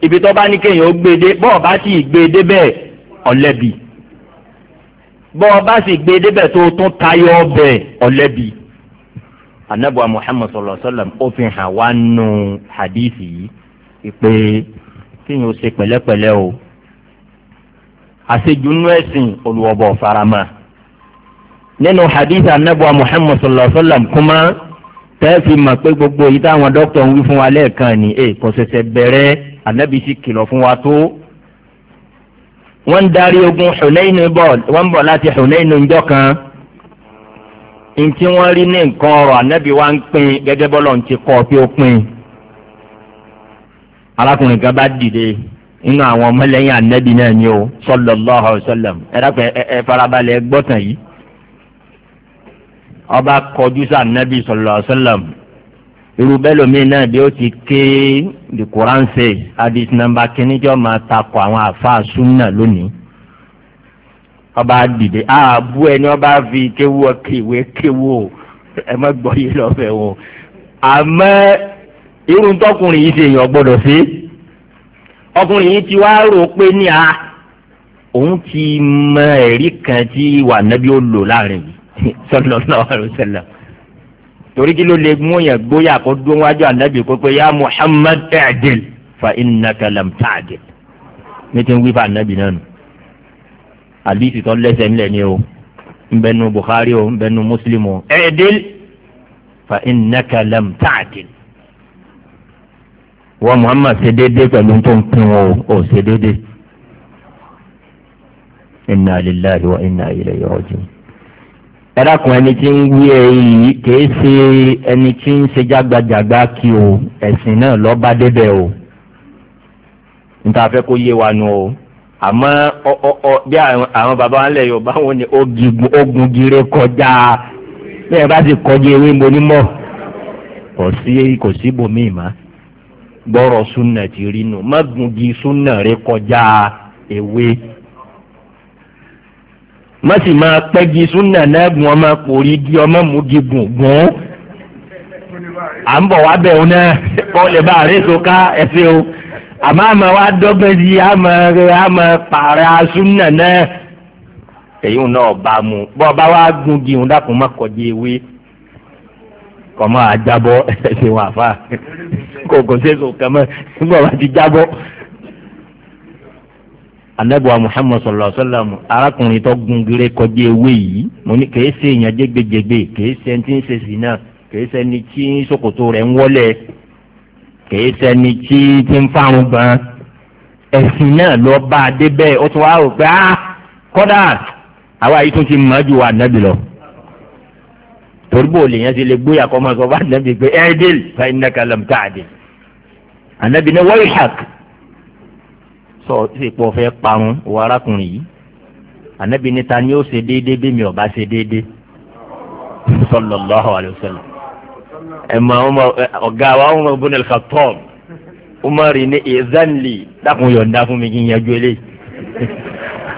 ibi tó bá ní kéèyàn ó gbede bọ́ọ̀ bá sì gbede bẹ́ẹ̀ ọ̀lẹ́bi bọ́ọ̀ bá sì gbede bẹ́ẹ̀ tó tún tayọ ọbẹ̀ ọ̀lẹ́bi anabuwa muhammad sallallahu alaihi wa sallam ó fi hàn wá nù hadithi yìí ìpè kéèyàn ó ṣe pẹ̀lẹ́pẹ̀lẹ́ o àṣejù nú ẹ̀sìn olùwọ̀bọ̀ farama nínú hadith anabuwa muhammad sallallahu alaihi wa sallam kúmá tẹ́ẹ̀fì mọ̀ pé gbogbo yìí táwọn dókítà ń wí fún wa lẹ́ẹ̀kan ni ẹ̀ kò ṣẹ̀ṣẹ̀ bẹ̀rẹ̀ ànábì sì kìlọ̀ fún wa tó. wọ́n ń darí ogun Hunayn bọ̀ wọ́n ń bọ̀ láti Hunayn njọ́ kan ntí wọ́n rí ní nǹkan ọ̀rọ̀ ànábì wa ń pín gẹ́gẹ́ bọ́lọ̀ ń ti kọ́ ọ pé ó pín. arákùnrin kan bá dìde nínú àwọn ọmọlẹ́yìn ànábì náà ni o sallallahu alaihi ẹ dákun ẹ farabalẹ̀ gbọ́tàn yìí ọba kọjú sí ànábì sallallahu alaihi irú bẹ́ẹ̀ lómi náà bí ó ti ké the quran say hadith number kìíní jọ máa takò àwọn àfáà súnà lónìí ọba dìde ààbú ah, ẹni ọba fi kéwu ọkèwé kéwu o ẹ má gbọ́ yé lọ́fẹ̀ẹ́ o àmọ́ irú tọkùnrin yìí ṣe èèyàn gbọ́dọ̀ sí ọkùnrin yìí ti wá rò pé ní a ah, òun ti mọ ẹ̀rí kan tí wà nábí ó lò láàrin yìí sọlọ́lá ọ̀rọ̀ sẹ́lẹ̀ torí kí ló lè mú yẹn gbóyà kó dún wájú ànábì kó pé ya muhammad ẹ̀ẹ́dìl fa innaka lam ta'dil ní ti ń wí fún ànábì náà nù àdìsí tó lẹ́sẹ̀ ńlẹ̀ ni o nbẹnu bukhari o nbẹnu muslim o ẹ̀ẹ́dìl fa innaka lam ta'dil wọ́n muhammad ṣe déédéé pẹ̀lú tó ń pin o ò ṣe déédéé inna lillahi wa inna ilayhi raji'un. ẹ̀dàkùn ẹni tí ń wí ẹ yìí kìí ṣe ẹni tí ń ṣe jágbajàgba kí o ẹ̀sìn náà lọ́ọ́ bá débẹ̀ o níta fẹ́ kó yé wa nù o àmọ́ bí àwọn baba wọn lẹ̀ yorùbá wọn ni ogun gire kọjá bí ẹ bá ti kọjá ewé mo ní mọ̀ kò sí kò sí bòmíì má gbọ́rọ̀ súnà ti rí nù mọ́gun di súnà rẹ kọjá ewé. má sì máa pẹ́gi súnà náà ọmọ kòrí di ọmọ mugi gùn gùn à ń bọ̀ wá bẹ̀ òun náà bọ́ọ̀lù bá rẹ̀ sọ́ká ẹ̀fẹ́ o àmọ́ àmọ́ wa dọ́gbẹ́ sí àmọ́ àmọ́ pààrà súnà náà èyí náà bá a mú bọ́ọ̀ bá wa gùn di òun dákun má kọjá ewé kọ́mọ́ àjábọ́ (laughs) ẹ̀ṣẹ̀ wà kò kò sí èso nígbà wà ti jábọ́ anabuwa muhammad sallallahu alaihi wa sallam arakunrin tó gungire kọjá ewé yìí mo ní kèé se èèyàn jégbéjégbé kèé se ẹni tí ń se sí náà kèé se ẹni tí sokoto rẹ̀ ń wọlé kèé se ẹni tí ti ń fárun gan ẹ̀sìn náà lọ bá a dé bẹ́ẹ̀ ó tún wá rò pé ah kọ́dà àwa yìí tún ti mọ̀ ju wa nàbì lọ torí bò lèèyàn ti lè gbóyà kọ́ máa sọ bá nàbì pé ẹ́ dìl nàkàlàm tá a dì wọ́n yìí hàk sọ sípò fẹ́ parun wọ arákùnrin yìí ànábì níta ni ó ṣe déédéé bí mi ò bá ṣe déédéé sọlọlọhọ alẹsẹlẹ ẹ máa ń ọgá wa ń rọgbọn ní alfatọm umar ní ìzánlì dákun yọ̀ǹda fún mi kí n yanjú eléyìí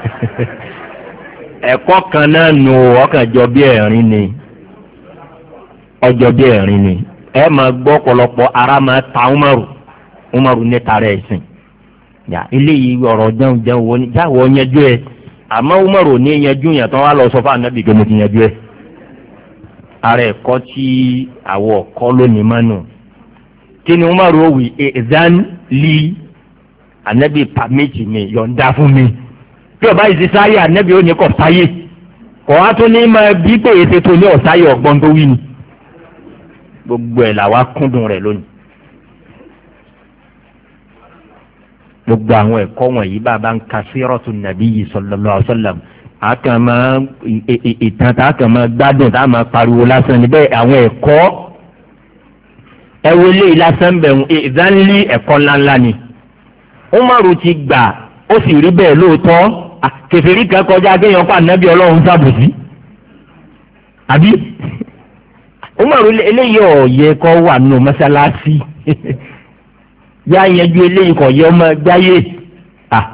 (laughs) ẹ̀kọ́ kan náà nù ọkàn jọ bí ẹ̀rín ni ọjọ́ bí ẹ̀rín ni ẹ máa gbọ́ ọ̀pọ̀lọpọ̀ ara máa ta umaru umaru ní tara ẹ̀sìn yà eléyìí ọ̀rọ̀ jẹun jẹun wọ́n jáwọ́ yanjú ẹ àmọ́ umaru ní yanjú yẹn tán wà lọ sọ fún anabi pé mo ti yanjú ẹ. ara ẹ̀kọ́ tí àwọ̀ ọ̀kọ́ lónìí mọ́nù kí ni umaru wì ẹ̀dán e, lì anabi pàmìtì mi yọ̀ǹda fún mi bí ọba yìí ti sáyé anabi ó ní kọ̀ sáyé kọ̀ á tún ní máa bí pé ètò ní ọ̀sáyé ọ̀gbọ́n tó wí ni gbogbo ẹ̀ làwa kúndùn rẹ̀ lónìí. gbogbo àwọn ẹ̀kọ́ wọ̀nyí bàbá ń ka sírọ́tù nàbí yìí sọlọ́lọ́ ọ̀sọ́lọ́m àkàmọ́ ìtàn tá àkàmọ́ gbádùn tá a máa pariwo lásán níbẹ̀ àwọn ẹ̀kọ́ ẹ wọlé lásán bẹ̀rù ìdánilé ẹ̀kọ́ ńláńlá ni umaru ti gbà ó sì rí bẹ́ẹ̀ lóòótọ́ kẹfìrí kan kọjá akéèyàn pa ànábì ọlọ́run sábòsí àbí umaru eléyìí ọ̀yẹ́ kọ́ wà nù mọ́sálásí (laughs) yá yanjú eléyìí kan yẹ ọmọ gbáyé à ah,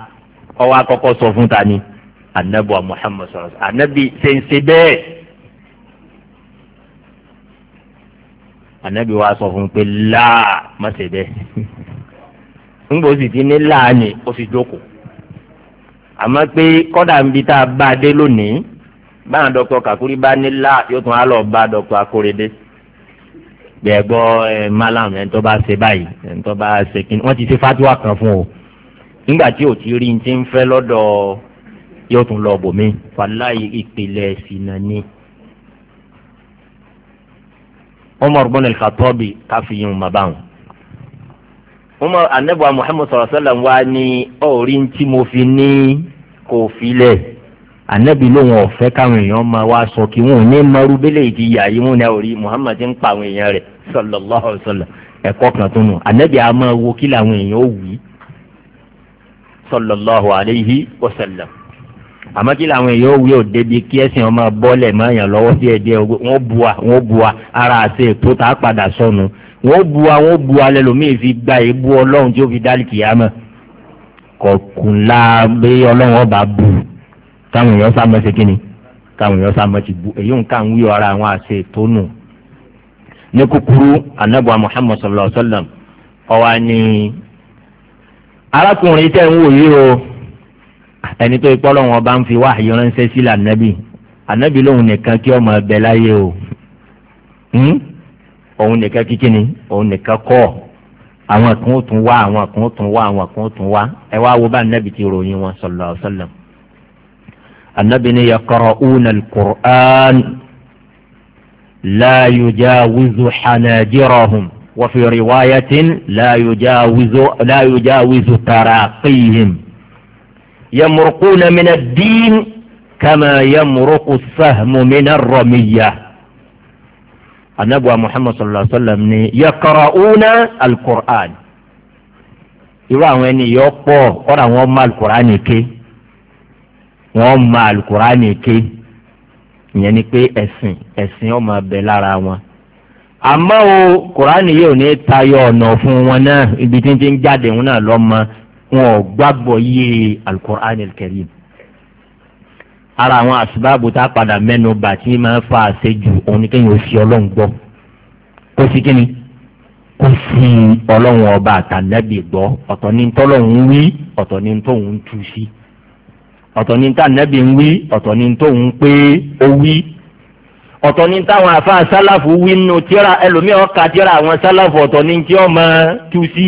ọwọ́ akọ́kọ́ sọ fún ta ni anabi wa muhammad sọ̀rọ̀ anabi ṣèǹṣe bẹ́ẹ̀ anabi wa sọ fún pé láà má ṣe bẹ́ẹ̀ ńgbà (laughs) ó sì ti ní láà ni ó sì jókòó àmọ́ pé kọ́dà ń bi tá a bá a dé lónìí báwọn dọ́kítọ̀ kàkúrí bá ní láà yóò tún á lọ bá dọ́kítọ̀ akóredé gbẹ̀gbọ́ ẹ̀ malam ẹ̀ ń tọ́ bá ṣe báyìí ẹ̀ ń tọ́ bá ṣe kí wọ́n ti ṣe fatuwa kan fún o nígbà tí ò ti rí ní ti ń fẹ́ lọ́dọ̀ yóò tún lọ bòmí fàlàyé ìpìlẹ̀ ìsìnà ni. umar bin al-khattabi káfíyìn mabaun umar anabuwa muhammad sallallahu alaihi wa sallam wa ni ọ̀rí tí mo fi ní kò filẹ̀ anabi lóun ọ̀fẹ́ káwọn èèyàn máa wá sọ kí wọn ò ní mọrú ìdíyà yìí wọn náà rí muhammad ń pa àwọn èèyàn rẹ̀ sallallahu alayhi wa sallam ẹ̀kọ́ kan tó nù anabi a wo kí làwọn èèyàn ó wí sallallahu alayhi wa sallam àmọ́ kí làwọn èèyàn ó wí ò débi kí ẹ̀sìn ọmọ bọ́ọ̀lẹ̀ máa yàn lọ́wọ́ díẹ̀ díẹ̀ wọ́n bua wọ́n bua ara àti ètò tá a padà sọnù wọ́n bua wọ́n bua lẹ́lòmíì fi gba èébú ọlọ́run tí ó fi dálì kìyàmọ́ kọ̀ọ̀kùnlá bí ọlọ́run ọba bù táwọn èèyàn sá mọ́ ṣe kí ni táwọn èèyàn sá mọ́ ti bù èyí ń ká ń wí ọ̀rọ̀ àwọn àṣẹ ètò nù ní kúkúrú anabuwa muhammad sallallahu alaihi wa sallam ọwa ni arákùnrin tẹ́ ń wò yí o ẹni tó ipọ́ lọ́wọ́ bá ń fi wá àyè ránṣẹ́ sí lànàbì ànàbì lòun nìkan kí ọmọ ẹbẹ láyé o hmm? òun nìkan kíkíni òun nìkan kọ́ àwọn kan ó tún wá àwọn kan ó tún wá àwọn kan ó tún wá ẹ wá wo bá ànàbì ti ròyìn wọn sallallahu alaihi wa sallam ànàbì ni yẹ kọ́rọ̀ ùnà al لا يجاوز حناجرهم وفي رواية لا يجاوز لا يجاوز تراقيهم يمرقون من الدين كما يمرق السهم من الرمية النبوة محمد صلى الله عليه وسلم يقرؤون القرآن irú àwọn ẹni yọ pọ̀ kọ́ra wọn ma alukur'ani ké wọn ma alukur'ani ké ìyẹn ni pé ẹ̀sìn ẹ̀sìn ọmọ abẹ lára wọn àmọ́ o kùránì yóò ní tayọ ọ̀nà fún wọn náà ibi tí ń ti ń jáde wọn náà lọ́mọ wọn ò gbàgbọ́ yé alukur'anil kẹrim ara àwọn àsìbáàbò tá a padà mẹ́nu bà tí máa fa àṣejù òun ni kéèyàn ó fi ọlọ́run gbọ́ kó sí kíni kó sí ọlọ́run ọba àtàlẹ́bì gbọ́ ọ̀tọ̀ ní tọ́lọ́run wí ọ̀tọ̀ ní tóun tú sí. Si ọ̀tọ̀ ni tá nẹ́bí ń wí ọ̀tọ̀ ni tó ń pé ó wí ọ̀tọ̀ ni táwọn àfáà sálàfù wí nù tíra ẹlòmíì ọ̀ka tíra àwọn sálàfù ọ̀tọ̀ ni tí ọmọ tú sí.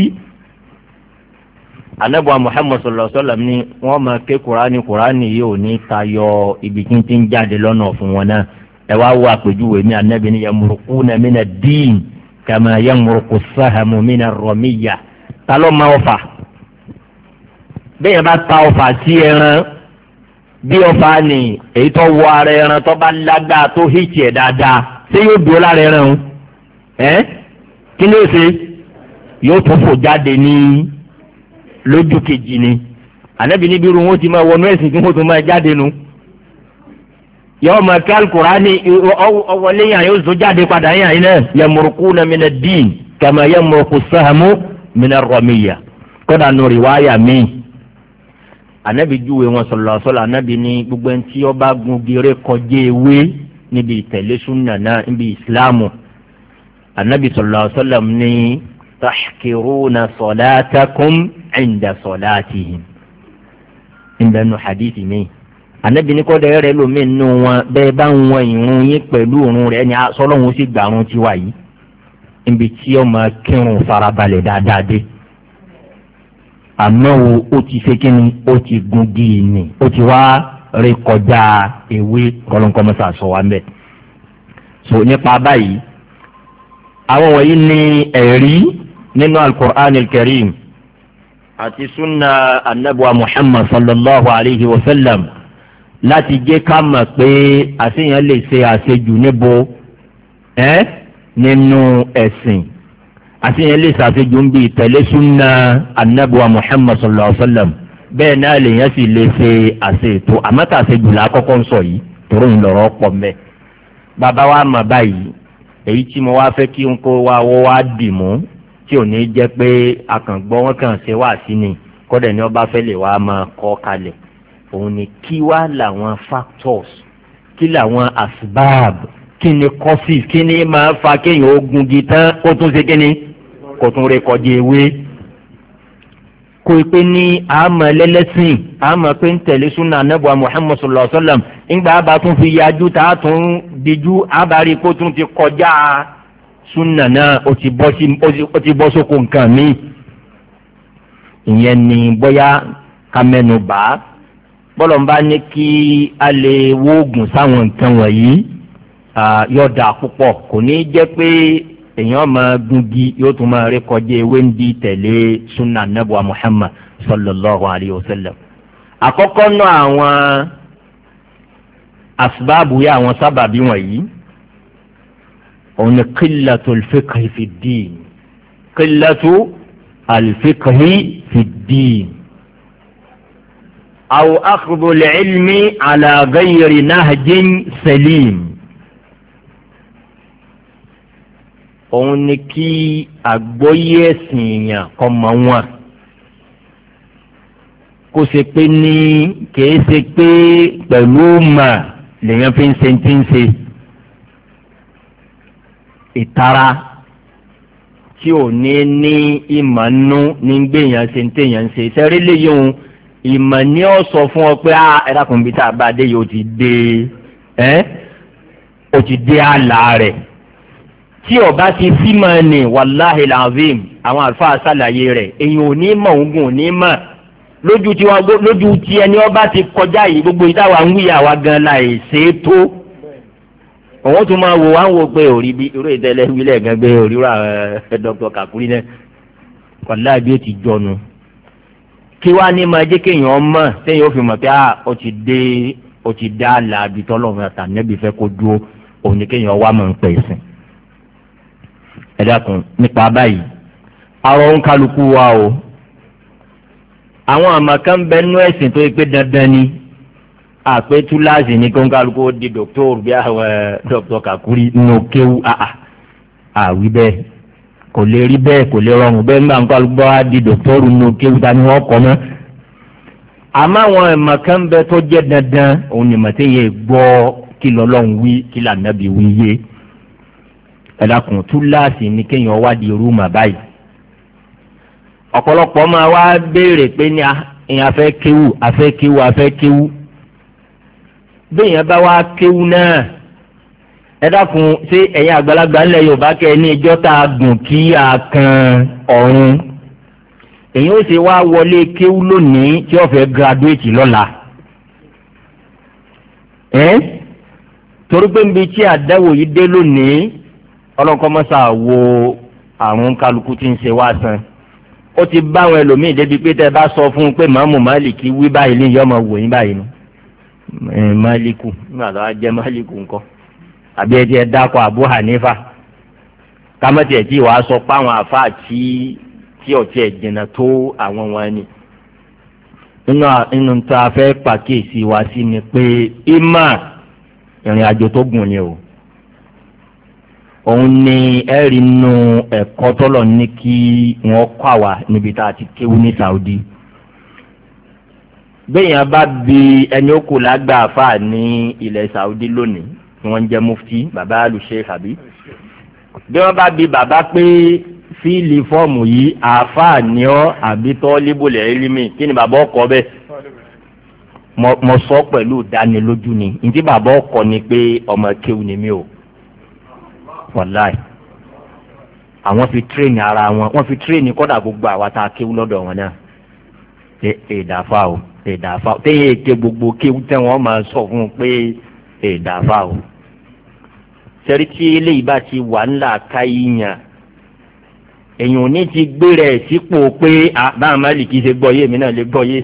anabuwa muhammad sallallahu ni wọn máa ké kurani kurani yìí ò ní tayọ ibi tí ti ń jáde lọ́nà fún wọn náà ẹ wá wo àpèjúwe mi anabi ni yamuruku na mina dín kàmá yamuruku sahamu mina rọmíya talọ́ máa ọ̀fà bẹ́ẹ̀ bá ta ọ̀fà sí ẹran bí ọfà ni èyí tó wọ ara ẹran tó bá lágbára tó hìtì ẹ̀ dáadáa ṣé yóò dúró lára ẹran o ẹ́ kí ló ṣe yóò tún fò jáde ní lójú kejì ni ànábì níbi irun wọn ti máa wọnú ẹ̀sìn kí wọ́n tún máa jáde nu yọọ ma kí alukura ni ọwọlé yàn yóò tún jáde padà yàn yín náà yamurukú na mina dín kàmá yamurukú sàmú mina rọmíyà kódà nù rìwáyà míì anabi juwe wọn sọlọ sọlọ anabi ni gbogbo ẹni tí ọba gun gere kọjá ewé níbi ìtẹ̀lé sunna náà níbi ìsìláàmù anabi sọlọ sọlọ ni tahkiruna sọlátakum ẹ̀ǹda sọlátihim ẹ̀ǹda nu hadithi mi anabi ní kọ́dọ̀ rẹ lómi nù wọn bẹ́ẹ̀ bá ń wọn ìrún yín pẹ̀lú òrùn rẹ ni sọlọ́hún sì gbàrún tiwa yìí níbi tí ọmọ kírun farabalẹ̀ dáadáa dé. da, àmọ́ o ó ti ṣe kí ni ó ti gun díì ni ó ti wá ré kọjá ewé kọlọ́nkọ́mọ́sá sọ wa mẹ́. so nípa báyìí àwọn wọ̀nyí ni ẹ̀rí nínú alukur'an alkarim àti sunna anabuwa muhammad sallallahu alayhi wa sallam láti jẹ́ ká mọ̀ pé àṣeyàn lè ṣe àṣejù níbo ẹ́ nínú ẹ̀sìn àti yẹn lè ṣàfihàn ń bi tẹ̀lé súnà anabuwa muhammad sallallahu alayhi wa sallam bẹ́ẹ̀ náà lèyàn sì lè ṣe àṣẹ ètò àmọ́tà àṣejù là á kọ́kọ́ ń sọ yìí tòrò ń lọ̀rọ̀ pọ̀ mẹ́. bàbá wa mà báyìí èyí tí mo wá fẹ́ kí n kó wa wọ́ wá dì mú tí ò ní jẹ́ pé akàngbọ́ wọn kàn ṣe wá sí ni kọ́dẹ̀ ni ọba fẹ́ lè wá máa kọ́ kalẹ̀ òun ni kí wá làwọn factors kí làwọn asbab kí ni causes kí ni máa fa kéèyàn ogun gi tán ó tún ṣe kí ni kò tún rè kọjá ewé kò pé ní àmọ́ lẹ́lẹ́sìn àmọ́ pé ń tẹ̀lé súnà anábọ̀ muhammad sallallahu alayhi sallam ńgbà bá tún fi yájú tá a tún dijú abárí kó tún ti kọjá súnà náà ó ti bọ́ sóko nǹkan mi ìyẹn ni bóyá kamẹnubá bọ́lọ̀ ń bá ní kí a lè wóògùn sáwọn nǹkan wọ̀nyí yọ̀dà púpọ̀ kò ní jẹ́ pé èèyàn máa gungi yóò tún máa rí kọjá ewé ń di tẹ̀lé sunna nebua muhammad sallallahu alayhi wa sallam. àkọ́kọ́ náà àwọn asibaabu yẹ àwọn sábàbí wọ̀nyí òun ni kílàtú alfikahi fi dín kílàtú alfikahi fi dín. أو أخذ العلم على غير نهج سليم òun ni kí àgbọ́yé ẹ̀sìn èèyàn kọ́ mọ wọn kó ṣe pé ní kìí ṣe pé pẹ̀lú mà lèèyàn fi ń ṣe ti ń ṣe ìtara tí ò ní ní ìmọ̀ ní gbèyàn ṣe ń tèèyàn ń ṣe sẹ́rí léyìí òun ìmọ̀ ni ó sọ fún ọ pé ah, ẹ dákun bíi tá a bá dé yìí ó ti dé ẹ́ rẹ̀ tí ọba ti sí máa nì wàláhì làvim àwọn àlùfáà ṣàlàyé rẹ̀ èyàn ò ní mọ̀ ogun ò ní mọ̀ lójú tí wọn lójú tí ẹni ọba ti kọjá yìí gbogbo ìdáwà ń wíyà wa gan la ẹ̀ ṣe é tó òun tún máa wò wá ń wo pé òrí bí irú ìtẹ́lẹ̀ wílẹ̀ gan gbé òrí rà ẹ dr kakuri náà wàláhì bí ó ti jọnu kí wàá ní máa jẹ́ kéèyàn mọ̀ téèyàn ó fi mọ̀ pé ah, ó ti dé ó ti dá àlàbí tọ́lọ́run àtànẹ́bí fẹ́ kó dúró òun ni kéèyàn wá mọ̀ ń pè sìn ẹ dákun nípa báyìí àwọn ohun kálukú wa o àwọn àmọ̀kán bẹ nú ẹ̀sìn tó yẹ pé dandan ni àpé túláàsì ní kó ń ó di dòkítọ́rù bí àwọn dòkítọ́ kàkúrí nù kéwú àà àwí bẹ́ẹ̀ kò lè rí bẹ́ẹ̀ kò lè rọrùn bẹ́ẹ̀ nígbà kálukú bá wá di dòkítọ́rù nù kéwú ta ni wọ́n kọ́ mọ́ àmọ́ àwọn àmọ̀kán bẹ tó jẹ́ dandan òun ni màtí yẹ gbọ́ kí lọ́lọ́run wí kí lànàbí ẹ̀dàkùn túláàsì ni kéèyàn wádìí rúùmà báyìí ọ̀pọ̀lọpọ̀ máa wá béèrè pé ní èèyàn afẹ́ kéwù afẹ́ kéwù afẹ́ kéwù béèyàn bá wá kéwù náà ẹ̀dàkùn ṣé ẹ̀yin àgbàlagbà ńlẹ̀ yorùbá kẹ́ ẹ ní ẹjọ́ tá a gùn kí a kan ọ̀run èyí ó ṣe wá wọlé kéwù lónìí tí ó fẹ́ gradúwétì lọ́la torí pé níbi tí àdáwò yìí dé lónìí ọlọ́nkọ́mọ́sà wo àrùn kálukú tí ń ṣe wá san ó ti bá àwọn ẹlòmíì débi pé tẹ́ bá sọ fún un pé màmú máàlìkì wí báyìí ní yọmọ wò yín báyìí ni máàlìkù nígbà tó wá jẹ máàlìkù ńkọ àbí ẹ tiẹ̀ dákọ àbú hànífà kámẹ́tì ẹ̀ tí wàá sọ pé àwọn àfa àti tí ọ̀tí ẹ̀ jìnnà tó àwọn wọn ni nínú tá a fẹ́ pàkíyèsí wa sí ni pé ìmọ̀ ìrìn àjò tó gùn ni o òun ni ẹ̀rí nù ẹ̀kọ́ tọ́lọ̀ ní kí wọ́n kọ́ àwa níbi tá a ti kéwú ní Saudi. béèyàn bá bi ẹni ó kù ní ilẹ̀ Saudi lónìí tí wọ́n ń jẹ́ mufti bàbá alùsè àbí. bí wọ́n bá bi bàbá pé fíìlì fọ́ọ̀mù yìí àfà ni ọ́ àbí tọ́ líbòlẹ̀ ẹ̀rímì kí ni bàbá ọkọ̀ bẹ́ẹ̀ mo sọ pẹ̀lú ìdánilójú ni ntí bàbá ọkọ̀ ni pé ọmọ kéwú ni mí o wàláì àwọn fi tírénì ara wọn wọn fi tírénì kọ́dà gbogbo àwa tá a kéwú lọ́dọ̀ wọn náà èdàfà o èdàfà o téyìn ète gbogbo kéwú tẹ́ wọ́n máa sọ fún un pé èdàfà o sẹ́rí tí eléyìí bá ti wà ńlá ká yíyan èyàn ò ní ti gbé rẹ̀ sípò pé báwọn máa lè kí ṣe gbọ́ yé mi náà lè gbọ́ yé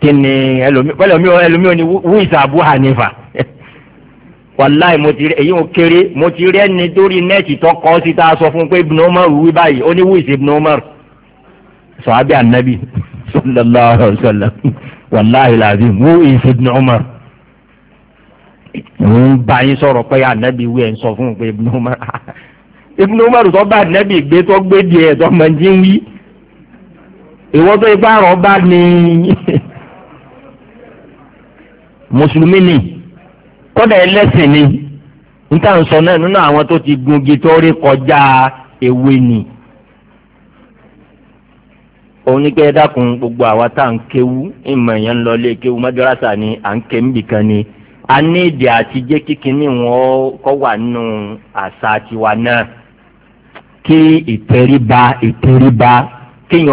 kí ni ẹlòmíọ́ ẹlòmíọ́ ni wíìsì àbúhà nífà wàláì mo ti rí èyí ò kéré mo ti rí ẹni tó rí nẹ́ẹ̀tì tó kọ́ sí ta sọ fún pé ibùnà omar wí báyìí ó ní wíìsì ibùnà omar sọ̀hábí ànábì (laughs) sallallahu alaihi wasallam wàláì làbí wíìsì ibùnà omar ń bá yín sọ̀rọ̀ pé ànábì wí ẹ̀ ń sọ fún pé ibùnà omar (laughs) ibùnà omar tó bá ànábì gbé tó gbé díẹ̀ tó máa ń wí ìwọ́ tó ipá rọ̀ bá ní (laughs) mùsùlùmí nìyí. kọ́dà ẹlẹ́sìn ni níta ń sọ náà nínú àwọn tó ti gungi tó rí kọjá ewé ni òun ní dákun gbogbo àwa tá à ń kéwu ìmọ̀ èèyàn ń lọ ilé kéwu mọ́jọ́rásà ni à ń ké kan ni a ní èdè àti jẹ́ ní wọn kọ́ wà nínú àṣà tiwa náà kí ìtẹríba ìtẹríba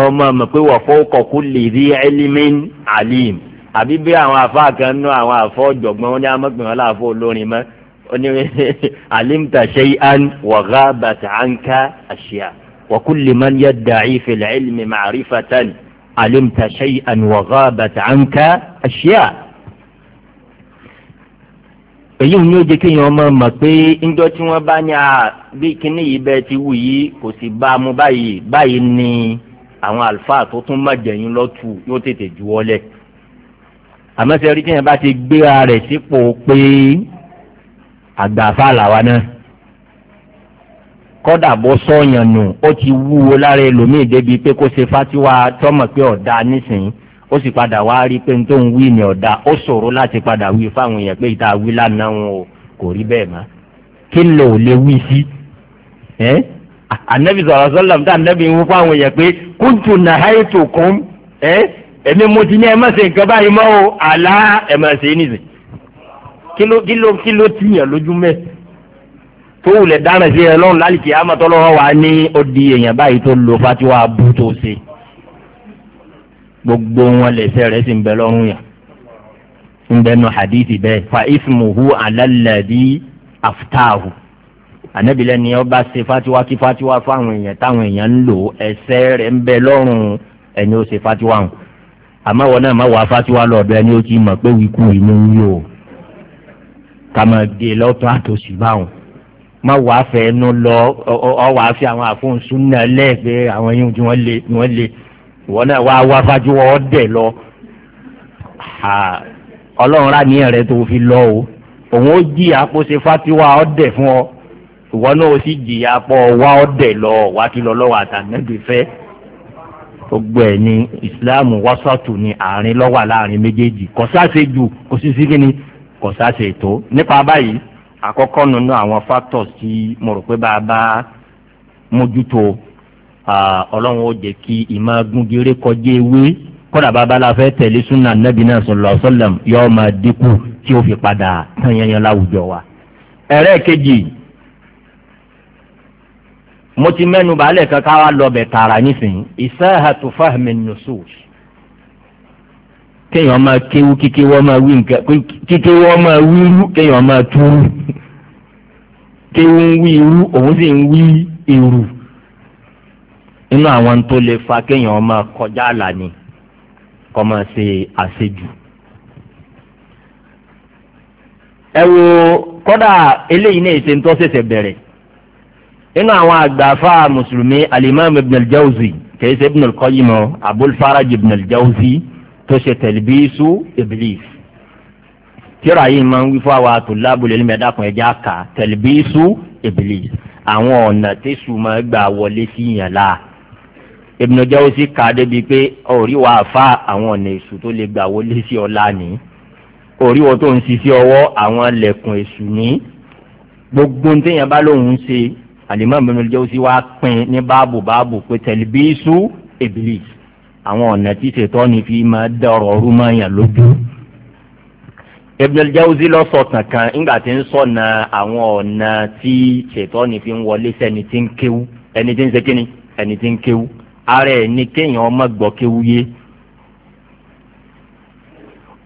ọmọ mọ̀ pé wọ́n fọ́ọ́kọ̀ kú lè rí ẹlẹ́mìn àlìm àbí bí àwọn àfa kan nú àwọn àfọ ọ̀jọ̀gbọ́n wọn ní amọ̀gbìn wọn láàfọ olórin mọ́ ó ní (laughs) alimta ṣeyan wàhá bàtà ànká àṣìá wàkúlì máa ń yẹ dàcí fìlà ilmi màrífàtàn alimta ṣeyan wàhá bàtà ànká àṣìá. èyí ni ó jẹ́ kéèyàn ọmọ mọ̀ pé ńjọ́ tí wọ́n bá ní a bí kinní yìí bẹ́ẹ̀ ti wù yìí kò sì bá a mú báyìí báyìí ni àwọn àlùfáà tó tún mọ̀jẹ̀yìn lọ́tù yóò tètè juwọ́lẹ̀ àmọ́ sẹ́rí tí yẹn bá ti gbéra rẹ̀ sípò pé àgbàfà làwa náà kọ́dà bó sọ̀yàn nù ó ti wúwo lára ẹlòmíì débi pé kó ṣe fátíwá tọ́mọ̀ pé ọ̀dà nísìnyí ó sì padà wá rí pé n tó ń wí ni ọ̀dà ó ṣòro láti padà wí fáwọn èèyàn pé ìta wí lánàá wọn o kò rí bẹ́ẹ̀ mọ́ kí ló lè wí sí ẹ́ anabi sọ̀rọ̀ sọ́lá tá anabi ń wí fáwọn èèyàn pé kúntùnà háìtò kún ẹ́ èmi mo ti ní ẹ má ṣe nǹkan báyìí mọ́ o àlá ẹ má ṣe nìyí kíló kíló kíló tìyàn lójú mẹ́ tó wulẹ̀ dáná sí ẹ lọ́run lálìkì amọ̀tọ́lọ́wọ́ wa ní ó di èèyàn báyìí tó lo fatiwa abú tó ṣe gbogbo wọn lẹ́sẹ̀ rẹ̀ sì ń bẹ lọ́rùn yàn ń bẹ hadithi bẹ́ẹ̀ fa ismuhu alaladi aftahu anabila ni ọba ṣe fatiwa kí fatiwa fáwọn èèyàn táwọn èèyàn ń lò ẹsẹ̀ rẹ̀ ń bẹ lọ́rùn ẹni ó ṣe fatiwa hàn àmọ́ wọn náà má wà fásiwá lọ́dọ̀ ẹni ó ti mọ̀ pé wíkú inú yìí o ká mọ̀ gé lọ́tọ́ àtòsí báwọn má wà fẹ́ ẹnu lọ ọ wà fi àwọn àfọ̀nsún náà lẹ́ẹ̀fẹ́ àwọn yìí tí wọ́n lé wọ́n lé wọn náà wà wá fásiwá ọ̀dẹ̀ lọ ọlọ́run rà ní ẹ̀rẹ́ tó fi lọ o òun ó jìyà kó ṣe fásiwá ọ̀dẹ̀ fún ọ ìwọ náà ó sì jìyà pọ̀ wá ọ̀dẹ̀ lọ wá kí lọ́lọ́wọ́ àtànẹ́bí fẹ́ẹ́ gbogbo ẹ̀ ní ìsìláàmù wásàtù ní àárín lọ́wọ́ láàrin méjèèjì kò sáàsè jù kò sí sí kíni kò sáàsè tó nípa báyìí àkọ́kọ́ nínú àwọn factors tí mo rò pé bá a bá mójútó ọlọ́run ó jẹ́ kí ìmọ̀ gúngéré kọjá ewé kọ́dà bàbá la fẹ́ tẹ̀lé súnà nàbì náà sọlọ sọlẹm yọ ọmọ dínkù tí ó fi padà tán yẹn yẹn láwùjọ wa. ẹ̀rẹ́ kejì mo ti mẹ́nu baálẹ̀ kankan wa lọ́bẹ̀ tààrà nísìnyí ìsáhàtú fáhmi nusus kéèyàn máa kéwú kíké wọ́n máa wí nǹkan kíké wọ́n máa wí irú kéèyàn máa túrú kéwú ń wí irú òun sì ń wí irú inú àwọn tó lè fa kéèyàn máa kọjá àlà ni kọ́ máa ṣe àṣejù. ẹ wo kọ́dà eléyìí náà ṣe ń tọ́ ṣẹ̀ṣẹ̀ bẹ̀rẹ̀ inú àwọn àgbàfà mùsùlùmí alimami ibn al-jawzi kìí ṣe ibn al-qayyim abulfaraj ibn al-jawzi tó ṣe tẹlifíṣu iblis tíra yìí máa ń wí fún àwa tòlábù lẹ́nu mẹ́dàkùn ẹja ká tẹlifíṣu iblis àwọn ọ̀nà tí sùnmọ́ gbà wọlé sí yàn la ibn al-jawzi ká débi pé orí wa fa àwọn ọ̀nà èṣù tó lè gbà wọlé sí ọ̀la ni orí wọn tó ń ṣiṣẹ́ ọwọ́ àwọn lẹ̀kùn èṣù ní gbogbo ní téèyàn bá ń ṣe àlìmọ́ ìbínú jẹ́wọ́sí wa pin ní báàbù báàbù pé tẹlifíṣù ìbílísì àwọn ọ̀nà tí ṣètọ́ ni fi máa dọ̀rọ̀ ọ̀rú máa yàn lójú. ibn al-jawzi lọ sọ̀tàn kan ńgbà tí ń sọ̀nà àwọn ọ̀nà tí ṣètọ́ ni fi ń wọlé sẹ́ni tí ń kéwú ẹni tí ń ṣe kíni ẹni tí ń kéwú ara ẹ̀ ní kéèyàn ọmọ gbọ́ kéwú yé.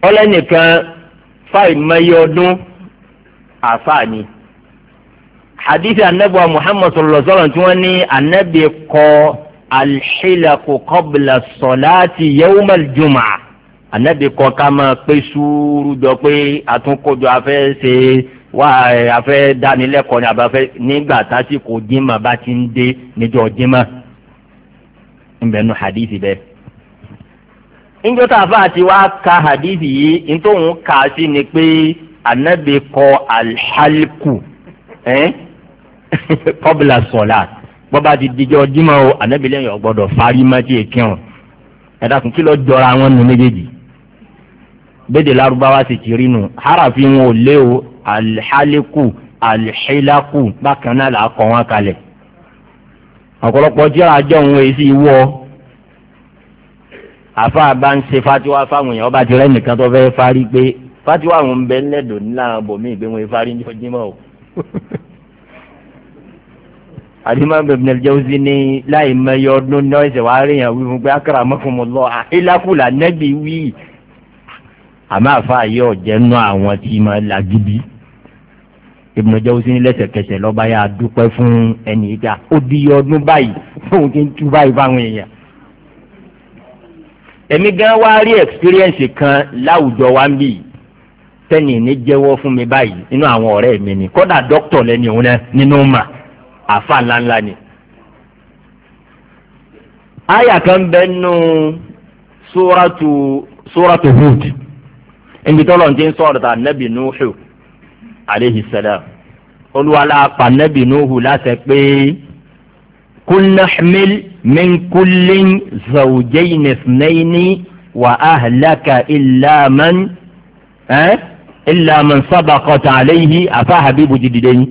ọlẹ́nìkan fáìmọye ọdún حديث النبي محمد صلى الله عليه وسلم tí النبي قال الحلق قبل الصلاة يوم الجمعة. النبي قال كما kọ دقي máa pé sùúrù jọ pé àtúnkọjọ afẹ́ ṣe wá afẹ́ dánilẹ́kọ̀ọ́ ni àbáfẹ́ nígbà tásìkò jimá bá ti ń dé níjọ́ jimá nbẹ nu hadithi bẹ njọta afa wa ka hadithi yìí ntòun kà sí ni pé anabi kọ alḥaliku. Eh? kọ́bìlà sọ̀lá bọ́ba ti dijọ́ dímọ̀ o ànábìlẹ̀ yẹn gbọ́dọ̀ fárí mọ́tì èkéwọ̀n ẹ̀dá kún kí lọ jọra wọn nù méjèèjì bẹ́ẹ̀dẹ̀ lárúbáwá sì ti rí nù harafi wọn ò lé o alihaliku alihilaku bákan náà là á kọ́ wọn kalẹ̀ ọ̀pọ̀lọpọ̀ tí a jọ òun èsì wọ àfa bá ń ṣe fatiwa fáwọn èèyàn ọba ti rẹ nìkan tó fẹ́ fárí pé fatiwa àwọn ń bẹ ńlẹ́dọ̀ nílànà bòmí ìgbéwọ̀n ìfárí ní o. (laughs) àdìmọ́bẹ̀ ibn al-jawzi ní láì mẹ́yọ ọdún náà ẹ̀sẹ̀ wàá rí yàn wí fún pé akara mọ́fún mi lọ àìlákùlà nẹ́bí wí àmọ́ àfa yìí ọ̀jẹ̀ nú àwọn tí ma lagidi ibn al ní lẹ́sẹ̀kẹsẹ̀ lọ́ba yà dúpẹ́ fún ẹnì ìjà ó di ọdún báyìí fóun ti ń tú báyìí fáwọn èèyàn èmi gan wá rí experience kan láwùjọ wa ń bì tẹ́nì ní jẹ́wọ́ fún mi báyìí nínú àwọn ọ̀rẹ́ mi ni kódà dókítà lẹ́ni òun náà nínú mà àfa ńláńlá ni. àyà kan bẹ nù sóràtù sóràtù Hud níbi tọ́lọ̀ ti ń sọ̀rọ̀ ta nẹ́bì Nuhu aleyhi salam olúwalá pa nẹ́bì Nuhu láti pé kulnahmil min kullin zawjayn ithnayn wa ahlaka illa man eh, illa man sabaqat alayhi afa habibu jidideni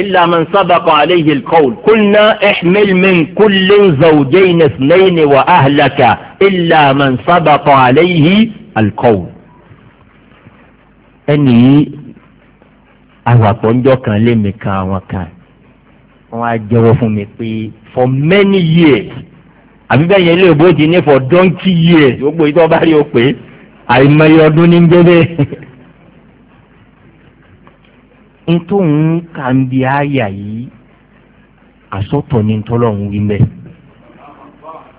إلا من سبق عليه القول قلنا احمل من كل زوجين اثنين وأهلك إلا من سبق عليه القول ẹni àwàpọ̀ ńjọ́ kan lémi kan àwọn kan wọ́n á jẹ́wọ́ fún mi pé for many years àbí bẹ́ẹ̀ yẹn ilé ìbòjì ní for donkey years gbogbo ìtọ́ bá rí o pé àìmọye ọdún ní ń gbé bẹ́ẹ̀ ntòun kà ń bi àyà yìí àsọtọ̀ ni ntọ́lọ́hún wí mẹ́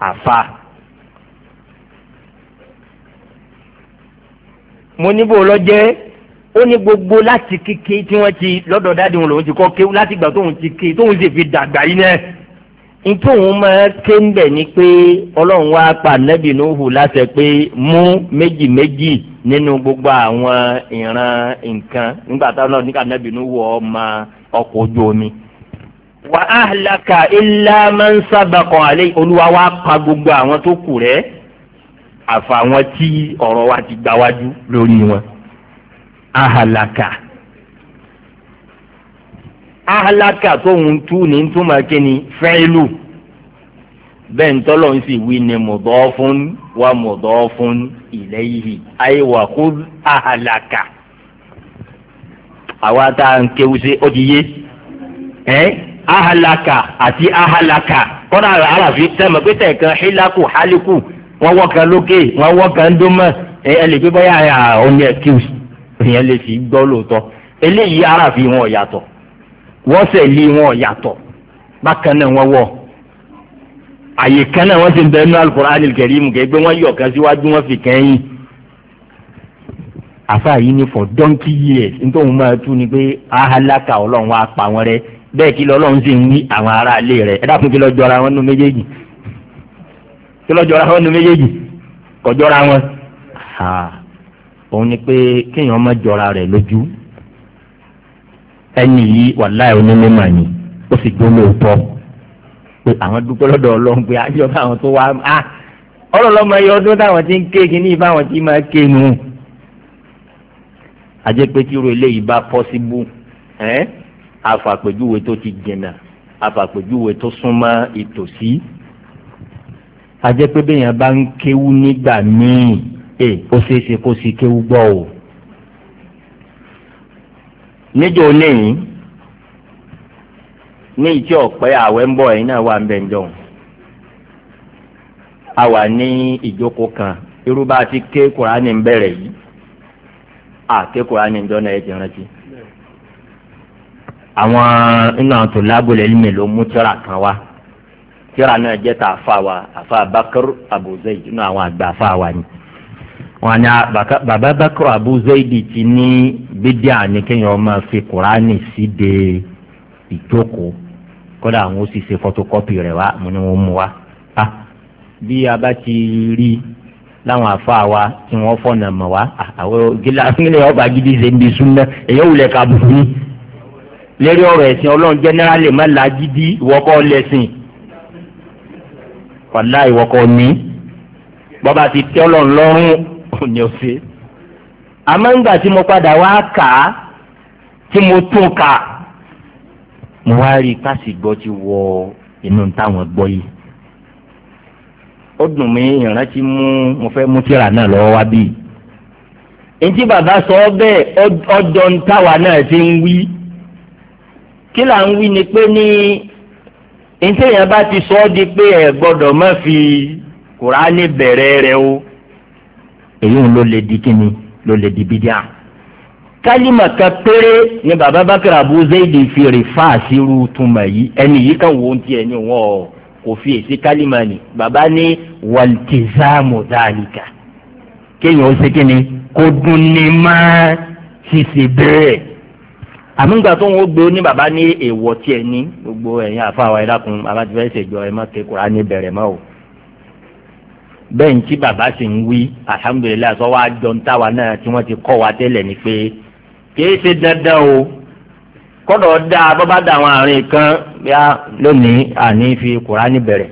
àfa. mo níbo lọ́jẹ́ ó ní gbogbo láti kéke tí wọ́n ti lọ́dọ̀ dáadé òun lòun ti kọ́ kéwú láti gbà tóun ti ké tóun sì fi dàgbà yìí náà. nítorí òun máa ké ń bẹ̀ ni pé ọlọ́run wá pa nẹ́bì Nuhu láṣẹ pé mú méjì méjì nínú gbogbo àwọn ìran nǹkan nígbà táwọn náà nígbà nẹ́bì Nuhu ọmọ ọkọ̀ ojú omi. wà á làkà ilá máa ń sábà kan àlẹ́ olúwa wá pa gbogbo àwọn tó kù rẹ́ àfàwọn tí ọ̀rọ̀ wa ti gbáwájú lórí wọn. àhàlàkà. ahalaka tóun tú ní túmọ̀ kíni fẹ́ẹ́lù bẹ́ẹ̀ ntọ́lọ́ ń sì wí ni mudọ́fún wa mudọ́fún ilayhi ayé wà kó ahalaka àwa tá à ń kéwu sí ó ti yé ẹ́ ahalaka àti ahalaka kọ́nà àràfi sẹ́mi pé tẹ̀kan hilaku haliku wọ́n wọ́ kan lókè wọ́n wọ́ kan dómọ̀ ẹ ẹ lè gbé bọ́yá ọ̀nà kéwu ìyẹn lè fi gbọ́ lóòótọ́ eléyìí àràfi wọn ò yàtọ̀ wọ́n sẹ̀ lé wọn yàtọ̀ bákan náà wọ́n wọ̀ àyè kan náà wọ́n ti bẹ̀rẹ̀ nínú Al-Qur'an al-Karim kẹ́ pé wọ́n yọ̀ kan síwájú wọ́n fi kan yín àfa yìí ni for donkey years nítorí máa tú ni pé ahalaka ọlọ́run wa pa wọn rẹ bẹ́ẹ̀ kí lọ́lọ́run sì ń wí àwọn aráalé rẹ̀ ẹ dákun kí lọ́ọ́ jọra wọn nínú méjèèjì kí lọ́ọ́ jọra wọn nínú méjèèjì kọjọra wọn òun ni pé kéèyàn má jọra rẹ̀ lójú ẹni yìí wàláì onímọ̀ ni ó sì gbó lóòótọ́ pé àwọn dúpẹ́ lọ́dọ̀ ọlọ́run pé àjọba àwọn tó wá á ọlọ́lọ́mọ ẹyọ ọdún táwọn ti ń ké kínní ìbáwọn ti máa ké nu àjẹ́ pé tí irú eléyìí bá pọ́síbù ẹ́ àfàpèjúwe tó ti jìnnà àfàpèjúwe tó súnmọ́ ìtòsí àjẹ́ pé bẹ́ẹ̀ yẹn bá ń kéwú nígbà míì eh, ó ṣeé ṣe kó sì kéwú gbọ́ o. níjọ onéyìn ní ìtí ọ̀pẹ́ àwẹ̀ ń bọ̀ ẹ̀yin náà wà ń a wà ní kan irú bá ti ké kuraani ń bẹ̀rẹ̀ yìí a ké kuraani ń na ẹ̀ ti rántí àwọn inú tó ló mú tíra kan wá tíra náà jẹ́ bakar abu àwọn àgbà ni wọn ni bàbá ti bídíà ni kéèyàn máa fi kùránì síde ìjókòó kódà àwọn ó sì ṣe fọtokọ́pì rẹ̀ wá mo ní wọ́n mú wa. Ah, bí a bá ti rí láwọn afa wa tí wọ́n fọ̀nà mọ̀ wá ah, àwọn gíláàsìlẹ̀ (laughs) ọba gidi ṣe ń bi súnmọ́ èyí ò lẹ̀ ká bù ní. lérí ọ̀rọ̀ ẹ̀sìn ọlọ́run jẹ́nẹ́rálì má la gidi ìwọ́kọ́ lẹ́sìn wàlá ìwọ́kọ́ ní bọ́ba ti tẹ́ ọlọ́run lọ́rùn (laughs) òní ọ̀sẹ̀ àmọ́ ńgbà tí mo padà wá kà á tí mo tún kà mo wá rí pàṣẹ gbọ́ ti wọ inú táwọn gbọ́ yìí ó dùn mí ìrántí mú mo fẹ́ mú tíra náà lọ́wọ́ wá bíi ètí bàbá sọ ọ bẹ́ẹ̀ ọjọ́ táwa náà ti ń wí kí là ń wí ni pé ní ètí èèyàn bá ti sọ ọ́ di pé ẹ̀ gbọ́dọ̀ má fi kùránì bẹ̀rẹ̀ rẹ o èyí ń lò lè di kíni ló lè di bídíà kálímà kan péré ni bàbá bákàrà abu zaidi fi rìfà sírú túmọ̀ yìí ẹni yìí kan wò ó tiẹ̀ ní wọn kò fi èsì kálímà ni bàbá ní wàlìtìzámù dáàlìkà kéèyàn ó ṣe kí ni kó dún ní má ṣiṣẹ́ bẹ́ẹ̀ àmúgbà tó ń wọ́n gbé ní bàbá ní èèwọ̀ tiẹ̀ ní gbogbo ẹ̀yin àfa àwọn ẹ̀dá kun bàbá ti fẹ́ ṣèjọ ẹ̀ má ké kura ní bẹ̀rẹ̀ mọ́ o bẹ́ẹ̀ ní tí bàbá sì ń wí alhamdulilayi sọ wá jọ ń táwa náà tí wọ́n ti kọ́ wa tẹ́lẹ̀ ni pé kìí ṣe dandan o kọ́dọ̀ dá a bọ́bá dà àwọn àárín kan yá lónìí àní fi kùránì bẹ̀rẹ̀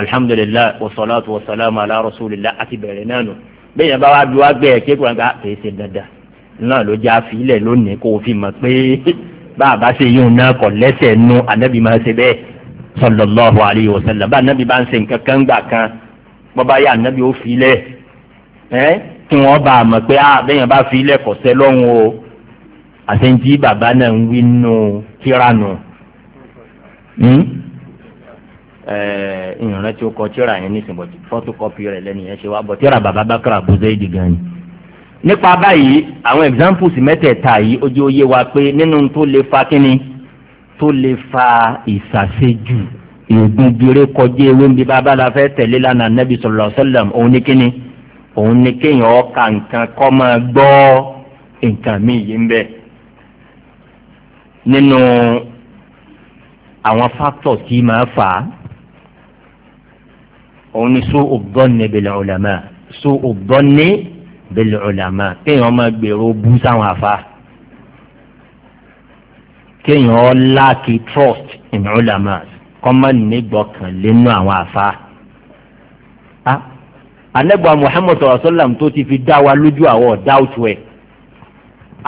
alhamdulilayi wasalaatu wasalaamu ala rasulillah àti bẹ̀rẹ̀ náà nù bẹ́ẹ̀ yẹn bá wá bí wá gbẹ̀ kí kùránì ká kìí ṣe dandan náà ló já filẹ̀ lónìí kó o fi mọ̀ pé bá ṣe yóò náà kọ̀ lẹ́sẹ̀ nu ànábì máa ṣe bẹ́ẹ̀ sallallahu alayhi wa sallam bá nabi bá ń ṣe nǹkan kan gbà kan bọ́bá yà anabi ó fi lẹ̀ ẹ́ kí wọ́n bá a mọ̀ pé a ah, bẹ́yẹn bá fi lẹ̀ kọ̀sẹ́ lọ́hùn o àtẹ̀ǹtì bàbá náà ń wí nù kíranù hmm? ìrìnà tí ó kọ tíra yẹn ní ìsìnbọ̀tì fọ́tòkọ́pì rẹ̀ lẹ́nu yẹn ṣe wá bọ̀ tíra bàbá bákàrà bùzẹ́ ìdí gan ni. nípa báyìí àwọn examples mẹ́tẹ̀ẹ̀ta yìí ó jẹ́ wa pé nínú tó lè fa kínni tó lè fa ìsàsejù ìgbìgbìrè kọjá ewé ń bí bàbá la fẹ́ tẹ̀lé lánàá nẹ́bí sọ̀rọ̀ sọ́lẹ̀m òun ní kíni òun ní kéèyàn ọkà nǹkan kọ́ máa gbọ́ nǹkan míì yìí ń bẹ̀. nínú àwọn fáktọ̀ tí máa fà á òun ni sún ògbọ́n bẹ̀lẹ̀ ọ̀làmà sún ògbọ́n bẹ̀lẹ̀ ọ̀làmà kéèyàn máa gbèrò bú sáwọn afá kéèyàn ọ láàkì trust in ulama kọ́mọ́nì nígbọ̀kànlénú àwọn àfa. Ah, anẹ́gbà muhammed sọ̀rọ̀ sọ́làm tó ti fi dá wa lójú àwọ̀ dáútù ẹ̀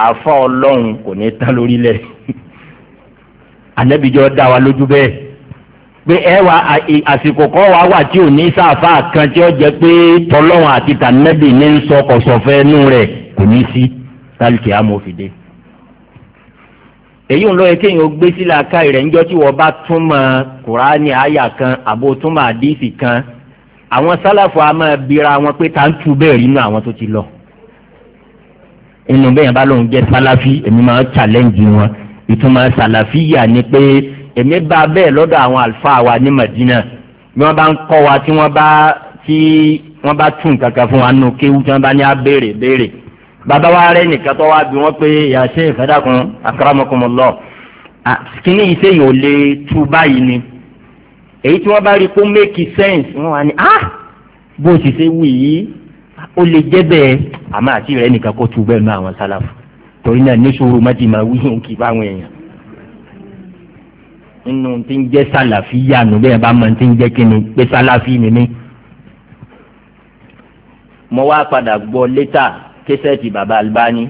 àfa ọlọ́run kò ní tán lórílẹ̀ anẹ́bíjọ́ (laughs) dá wa lójú bẹ́ẹ̀ pé ẹ wá àsìkò kan wá wà tí ò ní sáfà kan tí ó jẹ pé tọlọ́run àti tànẹ́bì ní ń sọ kọ̀sọ̀fẹ́ nù rẹ̀ kò ní sí tálíkì amòfìdé èyí ń lọ yẹ kéèyàn ó gbé sílẹ̀ aká rẹ̀ ńjọ́ tí wọ́n bá túmọ̀ kùránì àyà kan àbò túmọ̀ àdísì kan àwọn sálàfù a máa bira wọn pé ta ń tu bẹ́ẹ̀ rí inú àwọn tó ti lọ inú bẹ́ẹ̀ bá lóun jẹ́ sálàfì èmi máa ń challenge wọn ìtumọ̀ sálàfì yà ni pé èmi bá bẹ́ẹ̀ lọ́dọ̀ àwọn àlùfáà wa ní Madina bí wọ́n bá ń kọ́ wa tí wọ́n bá tí wọ́n bá tún kankan fún wa nù kéwú tí wọ́n bá ní á béèrè bàbá wa rẹ nìkan tó wá bí wọn pé yàtse ìfẹdàkùn akaramakumọlọ kíní iṣẹ yìí ò lè tu báyìí ni èyí tí wọn bá rí kó make sense wọn wà ní ah bó o sì ṣe wù yìí ó lè jẹ bẹ́ẹ̀ àmọ́ àti rẹ nìkan kó tu bẹ́ẹ̀ nù àwọn sálàfù torí náà níṣòro mọdì máa wí hàn kí báwọn èèyàn nínú tí ń jẹ sálàfì yànnú bẹ́ẹ̀ bá máa ti ń jẹ kíni pé sálàfì nìní mo wá padà gbọ́ létà kẹsẹ̀tì baba albani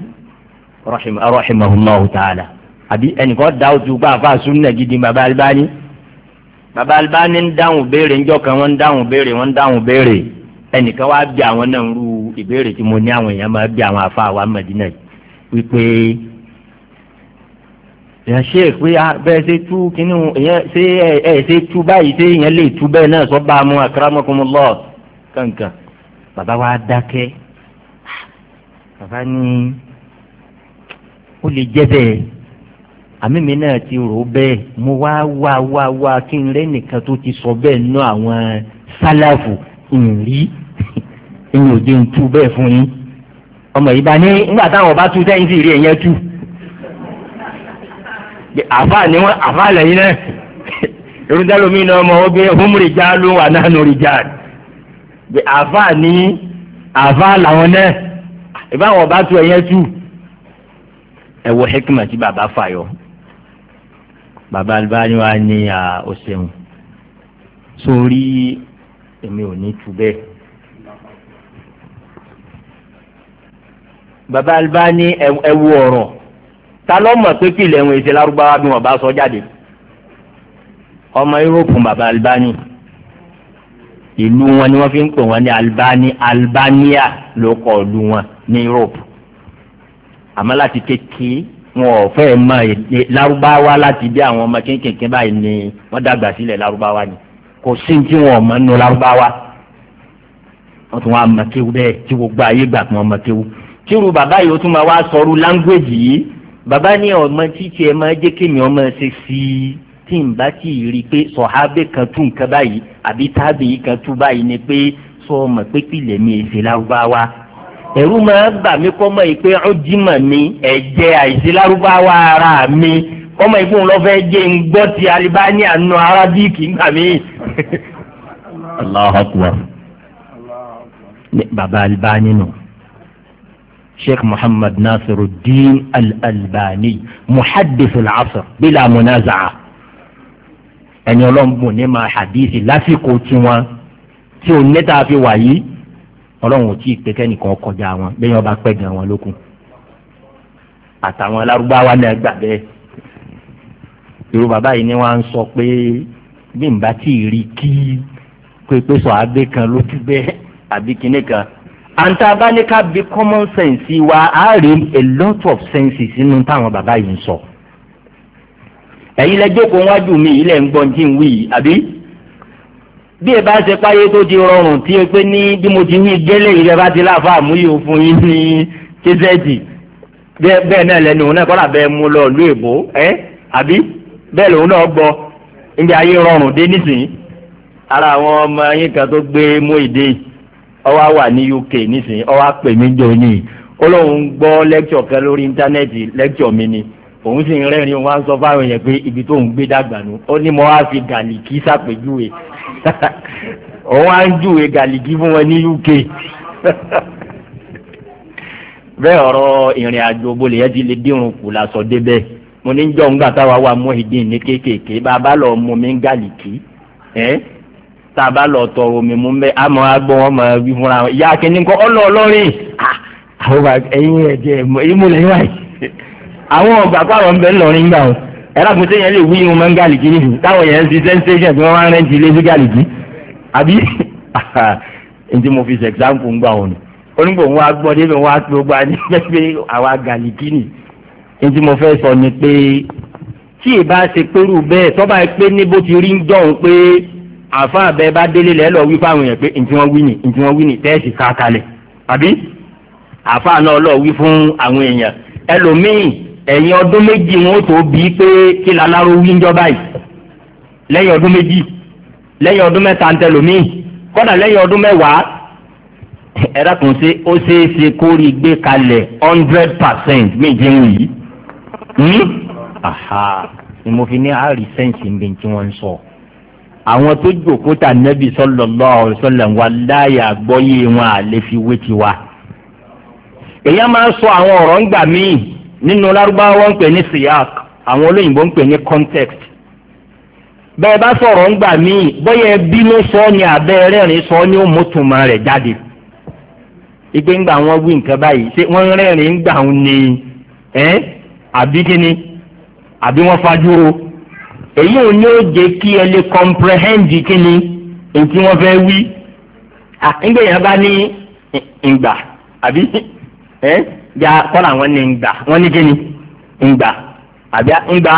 rahimahulahu ta'ala àbí ẹnìkan da ojú bá àfa sunna gidi baba albani baba albani ń dáhùn béèrè ńjọ kan wọn ń dáhùn béèrè wọn ń dáhùn béèrè ẹnìkan wá bí àwọn náà rú ìbéèrè tí mo ní àwọn èèyàn máa bí àwọn afa wa Madina wípé èèyàn ṣe é pé bẹ́ẹ̀ ṣe tú kínní ṣe ẹ̀ ṣe tú báyìí ṣé èèyàn lè tú bẹ́ẹ̀ náà sọ bá a mú akramakumullah kankan baba wa dákẹ́ bàbá ní ó lè jẹ́ bẹ́ẹ̀ àmì mi náà ti rò bẹ́ẹ̀ mo wá wá wá wá kí n rẹ́ nìkan tó ti sọ bẹ́ẹ̀ ná àwọn sálàfù ìrì ìyẹn (laughs) ò jẹun tú bẹ́ẹ̀ fún yín ọmọ yìí bá ní nígbà táwọn bá tú sẹ́yìn sí ìrì ẹ̀yẹn tú àfa ni wọn àfa lẹ́yìn náà (laughs) irúdálómi náà ọmọ ó gbé homrijà ló wà náà nù rìjà àfa ni àfa làwọn náà ìbáwọn ọba tu ẹyẹ tu ẹ wo hikima tí baba fàyọ baba alibani wa ní a ó ṣeun sórí èmi ò ní tu bẹ́ẹ̀. baba alibani ẹ wo ọ̀rọ̀ ta ló mọ̀ pé kí ilẹ̀ ń wẹ̀ ṣe lárúbáwá bí wọ́n bá sọ jáde ọmọ yúróòpù baba alibani ìlú wọn ni wọ́n fi ń pè wọ́n ní Albani Albania ló kọ́ ìlú wọn ní Europe àmọ́ láti kékeré wọn ò fẹ́ mọ èdè lárúbáwá láti bí àwọn ọmọ kéékèèké báyìí ni wọ́n dàgbà sílẹ̀ lárúbáwá ni kò sí tí wọn ò mọ nínú lárúbáwá wọ́n tún wọn àmọ́ kéwú bẹ́ẹ̀ tí gbogbo ayé gbà pé wọ́n mọ kéwú tíru bàbá yìí ó tún máa wá sọrú láńgbèjì yìí bàbá ní ọmọ títí ẹ máa jẹ́ kémi ọmọ ṣe sí i tí n bá tí ì rí i pé sọ̀hábẹ́ kan tún nǹkan báyìí àbí tábìlì kan tún báyìí ni pé sọ ọmọ pé pìlẹ̀ mi èsì lárúbáwá ẹ̀rú máa ń bà mí kọ́mọ́ yìí pé ó jímọ̀ ẹ̀jẹ̀ àìsí lárúbáwá ara mi kọ́mọ́ yìí fún lọ́fẹ́ jẹ́ ń gbọ́ ti alibáni àánú arábíkì ńgbà mí. Allahu alibáni nù. No. شيخ محمد ناصر الدين الألباني محدث العصر بلا منازعة ẹni ọlọ́mbùn ní máa hadisi lásìkò tiwọn tí ò nẹ́ta fi wà yìí ọlọ́run ò tí ì pé kẹ́nìkan kọjá wọn bẹ́ẹ̀ ọba pẹ́ gan wọn lókun àtàwọn alárúbáwá náà gbà bẹ́ẹ̀ irú bàbá yìí ni wọ́n á ń sọ pé bí n bá tí ì rí kí pépé sọ abé kan lójú bẹ́ẹ̀ àbí kinní kan àǹtá bá ní bí common sense wa á rí a lot of senses nínú táwọn bàbá yìí ń sọ. So ẹ̀yin lẹ jókòó wájú mi ilẹ̀ ń gbọ́n tí ń wí yìí àbí bí ẹ bá ṣe páyé tó ti rọrùn tí ẹ pé ní bí mo ti wí gẹ́lẹ́ ìrẹ́ bá ti láfa àmúyò fún yín ní kézẹ́ẹ̀tì bẹ́ẹ̀ náà lẹ́nu òun náà kọ́ra bẹ́ẹ̀ mú lọ ìlú èbó ẹ́ àbí bẹ́ẹ̀ lòun náà gbọ́ níbi ayé rọrùn dé nísìnyí ara àwọn ọmọ yín kan tó gbé mú ìdè wà ní UK nísìnyí ọwọ́ pè mí jọ ní olóhùn gbọ́ lẹ́kṣọ̀ kan lórí íńtánẹ́ẹ̀tì lẹ́kṣọ̀ mi ni. òun sì ń rẹ́rìn òun wá ń sọ fáwọn pé ibi tó ń gbé dàgbà nù ó ní mo wá fi gàlìkì sàpèjúwe (laughs) òun wá ń júwe gàlìkì fún wọn ní uk (laughs) bẹ́ẹ̀ ọ̀rọ̀ ìrìn àjò bolè yẹn ti lè dírun kù lásọ mo ní jọ ń gbà táwa wà mú ìdín ní kéékèèké bá a bá lọ mú mi ń gàlìkì (laughs) àwọn ọgbà pàrọ̀ ń bẹ ńlọrin gbà wọn ẹlẹ́gbẹ̀ẹ́ sẹ́yìn lè wí irun mọ́ ń gàlìkì nìyí táwọn yẹn ń ti sensation tí wọ́n máa ń rẹ́ǹtì ilé sí gàlìkì àbí ntí mo fi ṣe example ń gbà wọn nù onígbò wọn á gbọ́ débẹ̀ wọn á pé ó gbà ní pé (laughs) àwa gàlìkì nì ntí mo fẹ́ sọ ni pé tí ì bá ṣe pérù bẹ́ẹ̀ tọ́ba ẹ pé níbo ti rí ń dọ̀hún pé àfa àbẹ bá délé lẹ́ lọ wí fáwọn èèyàn pé ẹlòmíì ẹ̀yìn ọdún méjì wọn tó bí pé kí laláró wí ńjọba yìí lẹ́yìn ọdún méjì lẹ́yìn ọdún mẹ́ta ń tẹlómi kọ́dà lẹ́yìn ọdún mẹ́wàá ẹ̀rá kan ṣe ó ṣeé ṣe kó rí gbé kalẹ̀ hundred percent méje ń yìí hmm? ni mo fi ní àárí sẹ́ǹsì ń bẹ tí wọ́n ń sọ àwọn tó jókòó nẹ́bí sallallahu alaihi wasallam wa láyà gbọ́yé wọn àlè fi wé tiwa èèyàn máa ń sọ àwọn ọ̀rọ̀ ńgbà míì nínú lárúbáwọ́ ń pè ní siyak àwọn olóyìnbó ń pè ní context bẹ́ẹ̀ bá sọ̀rọ̀ ńgbà míì bóyá ẹbí ló sọ ọ́ ní abẹ́ rẹ́rìn sọ ọ́ ní ó mọ̀tòmọ̀ rẹ̀ jáde ìgbé ńgbà wọn wí nǹkan báyìí ṣé wọ́n rẹ́rìn ńgbà wọn ni ẹ́ àbí kíni àbí wọ́n fajúro èyí ò ní ó jẹ́ kí ẹ lè comprehend kíni èyí tí wọ́n fẹ́ wí ńgbà yẹn bá ní ìgbà àbí ẹ́ ya kọ́lá wọn ní ngbà wọn ní kíni ngbà àbí ngbà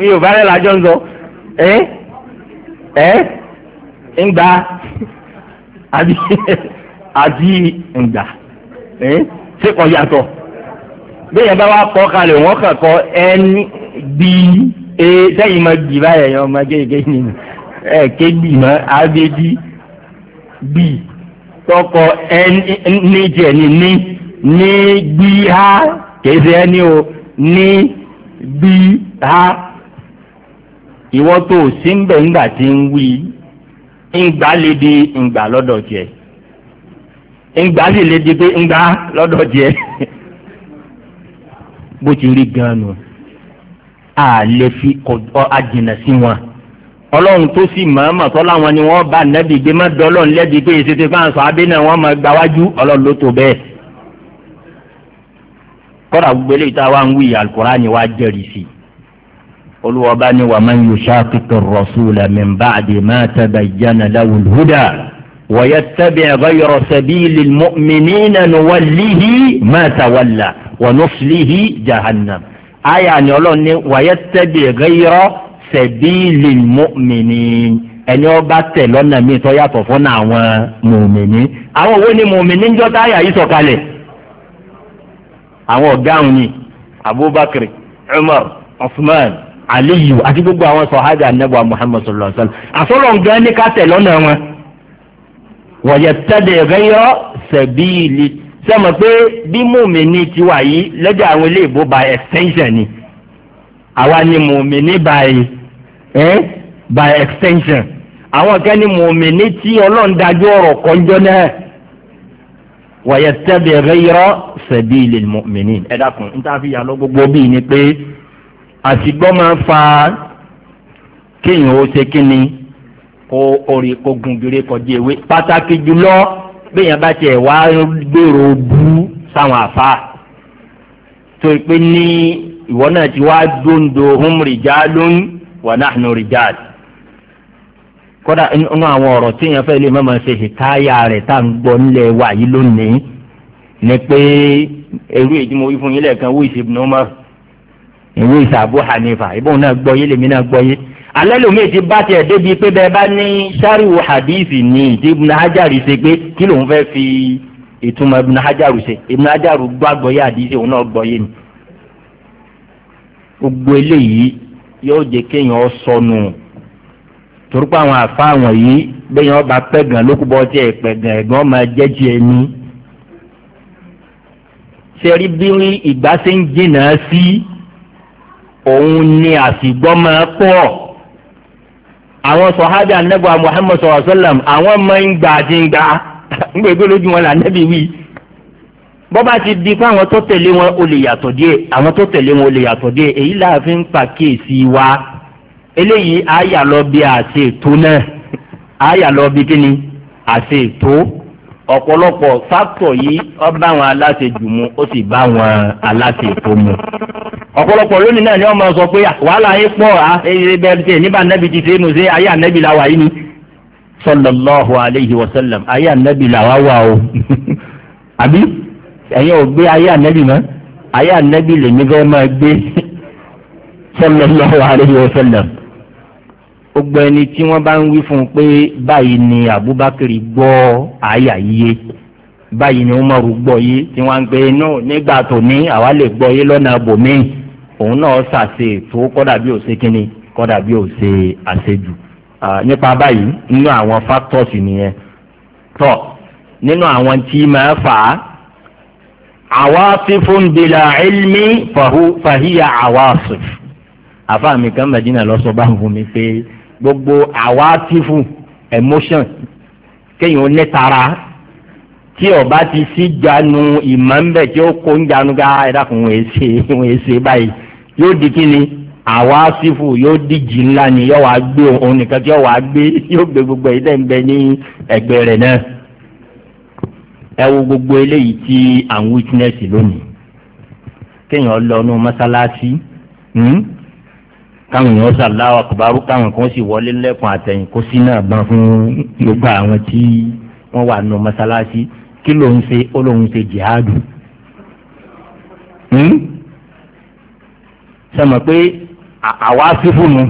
mi ò bá rẹ̀ lájọ́ ń sọ ẹ́ abi ngbà àbí (laughs) àbí ngbà ẹ́ ṣé kò yàtọ̀ bẹ́ẹ̀ yẹn bá wà kọ́ kalẹ̀ wọ́n kàn kọ́ ẹ́ ní bíi ee ma máa gbì báyẹn ọmọ kéèké ni ẹ̀ ké gbì mọ́ abẹ́bí tọkọ ẹni jẹ ni ní ha kìí ẹni o ní gbí ha ìwọ tó sí ń bẹ̀ ńgbà tí ń wí di ńgbà lọ́dọ̀ jẹ ńgbà sì di pé ńgbà lọ́dọ̀ jẹ bó ti a lè fi kọ́ àjìnà sí wọn. ọlọ́run tó sì mọ̀ọ́mọ̀ tó láwọn ni wọ́n bá nẹ́bí gbé má dọ́lọ́ lẹ́bi pé èsì ti fáwọn sọ abẹ́ náà wọ́n máa gbáwájú ọlọ́run ló tó bẹ́ẹ̀. kọ́dà gbogbo eléyìí tá a wá ń wí alukóra ni wàá jẹ́rìí sí i. olùwọ́ba ni wàá máa ń yọ ṣáàkìtì rọ̀ṣùlẹ̀ mẹ́mbà àdè máa tẹ̀bà ìyànà láwùl húdà wọ́yẹ tẹ̀bẹ̀ ẹ̀rọ sẹ́bíìlì mọ́mìnínà sẹ̀bíìlì mọ́mìnì ẹni ọba tẹ̀ lọ́nà míì tó yàtọ̀ fún àwọn mọ̀mìnì àwọn òwe ni mọ̀mìnì ń jọ táyà yìí sọ̀kalẹ̀ àwọn ọ̀gá àwọn ni abubakar umar usman aliyu àti gbogbo àwọn sọ̀hádà anábọ̀ muhammad sallallahu alayhi wa sallam àsọ̀rọ̀ nǹkan ní ká tẹ̀ lọ́nà wọn wọ̀yẹ̀ tẹ́lẹ̀ rẹ́yọ́ sẹ̀bíìlì sẹ́mọ̀ pé bí mọ̀mìnì ti wà yìí lẹ́dọ̀ àwọn ilé ìbò by ni àwa ni mọ̀mìnì báyìí eh? by extension àwọn kan ní mòmìnì tí ọlọ́run dájú ọ̀rọ̀ kọjọ́ náà wàyẹ tẹ́bi ghayra sabilil mu'minin ẹ dákun n ta fi yà lọ gbogbo bíi ni pé àsìgbọ́ máa fa kéèyàn ó ṣe kíni kó orí kó gungire kọjá ewé pàtàkì jùlọ béèyàn bá tiẹ̀ wá gbèrò bú sáwọn àfa tó pé ní ìwọ náà ti wá dóńdó humri jalun wa nahnu rijal kódà inú àwọn ọ̀rọ̀ tí èèyàn fẹ́ lè má máa ṣe hìtáyà rẹ̀ tá à ń gbọ́ nílẹ̀ wà yìí lónìí ni pé èrú ìdímọ̀ wí fún yín lẹ́ẹ̀kan wíìsì ibn Umar ìwíìsì Abu Hanifa ìbọn náà gbọ́ yé lèmi náà gbọ́ yé alẹ́ lòmíì ti bá tiẹ̀ débi pé bẹ́ẹ̀ bá ní sáríwò hadithi ni ìdí ibn Hajar ṣe pé kí lòun fẹ́ fi ìtumọ̀ ibn Hajar ṣe ibn Hajar gbọ́ àgbọ́yé hadithi òun náà gbọ́ yé ni gbogbo eléyìí yóò jẹ́ kéèyàn sọnù torúkọ àwọn àfa àwọn yìí bẹ́yìn ọba pẹ́gàn lókùbọ́ tí ẹ̀ pẹ̀gàn ẹ̀gbọ́n máa jẹ́jì ẹni. sẹ́rí bí ìgbà ṣe ń jìnnà sí òun ni àsìgbọ́ máa pọ̀ àwọn sọ̀hádà sọ̀rọ̀ sọ́làm àwọn máa ń gbà àti ń (laughs) gbà ń lójú wọn là nẹ́bí wí. bọ́ba ti di pé àwọn tó tẹ̀lé wọn ó lè yàtọ̀ díẹ̀ àwọn tó tẹ̀lé wọn ó lè yàtọ̀ díẹ̀ èyí là fi ń pàkíyèsí wa eléyìí àyà lọ bí àti ètò náà àyà lọ bí kíni àti ètò ọ̀pọ̀lọpọ̀ fáktọ̀ yìí ó bá àwọn aláṣẹ jù mu ó sì bá àwọn aláṣẹ ètò mu ọ̀pọ̀lọpọ̀ lónìí náà ni wọ́n máa sọ pé wàhálà yín pọ̀ á ẹ̀yẹ bẹ́ẹ̀ tẹ̀ nígbà nẹ́bi ti ṣe é nu ṣe ayé ànẹ́bi la wà yín ni sallallahu alayhi wa sallam ayé ànẹ́bi la wà wà o (laughs) àbí ẹ̀yin ò gbé ayé ànẹ́bì mọ́ ayé ànẹ́bì lèmi fẹ́ máa gbé sallallahu alaihi wasallam gbogbo ẹni tí wọ́n bá ń wí fún un pé báyìí ni Abubakar gbọ́ àyà yíyé báyìí ni Umaru gbọ́ yé tí wọ́n ń pè é náà nígbà tó ní àwa lè gbọ́ yé lọ́nà bòmíì òun náà ṣàṣe tó kọ́dà bí ò ṣe kínni kọ́dà bí ò ṣe àṣejù nípa báyìí nínú àwọn factors nìyẹn tọ́ nínú àwọn tí máa fà á àwáṣífún بلا علم فهو فهي àfa mi kan mẹ́dínà lọ́sọ bá ń fún mi pé gbogbo àwáṣífún emotion kéèyàn nẹ́tara tí ọba ti sí janu ìmọ̀ ń bẹ̀ tí ó kó ń janu ká ẹ̀dá kan wọ́n ṣe (laughs) wọ́n ṣe báyìí yóò di kí ni àwáṣífù yóò díjì ńlá ni yóò wá gbé òun nìkan tí yóò wá gbé (laughs) yóò gbé gbogbo ẹ̀dá ń bẹ ní ẹgbẹ́ rẹ̀ náà ẹ wo gbogbo eléyìí tí à ń witness lónìí kéèyàn lọ nú mọ́sálásí hmm? káwọn èèyàn ṣàláwọ àkùbárú káwọn kan sì wọlé lẹ́kùn àtẹ̀yìn kó sí náà gbọ́n fún gbogbo àwọn tí wọ́n wà nù mọ́sálásí kí ló ń ṣe ó lóun ṣe jihadu. sọmọ hmm? pé àwa fífún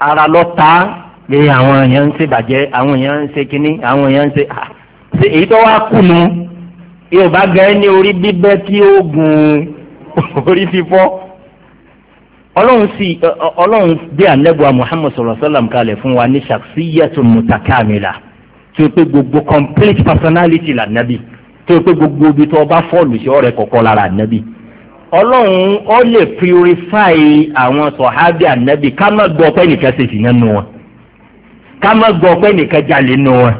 ara lọ ta pé àwọn èèyàn ń ṣèbàjẹ́ àwọn èèyàn ń ṣe kínní àwọn èèyàn ń ṣe ah, ṣe èyí tó wá kù nu yóò bá gẹ́ ní orí bíbẹ́ tí ó gun (laughs) orí fífọ́ ọlọ́run sì ọlọ́run bí anẹ́gbọ́n Muhammad sọ̀rọ̀ sọ́làm kalẹ̀ fún wa ní ṣàkṣíyẹ̀tò mùtàkàmìlà tí o pé gbogbo complete personality là nẹ́bí tí o pé gbogbo ibi tó o bá fọ́ọ̀lù sí ọ̀rẹ́ kọ̀ọ̀kan lára nẹ́bí ọlọ́run ó lè purify àwọn sọ̀hábì ànẹ́bí ká má gbọ́ pé nìkan ṣe nínú wọn ká má gbọ́ pé nìkan jalè nu wọn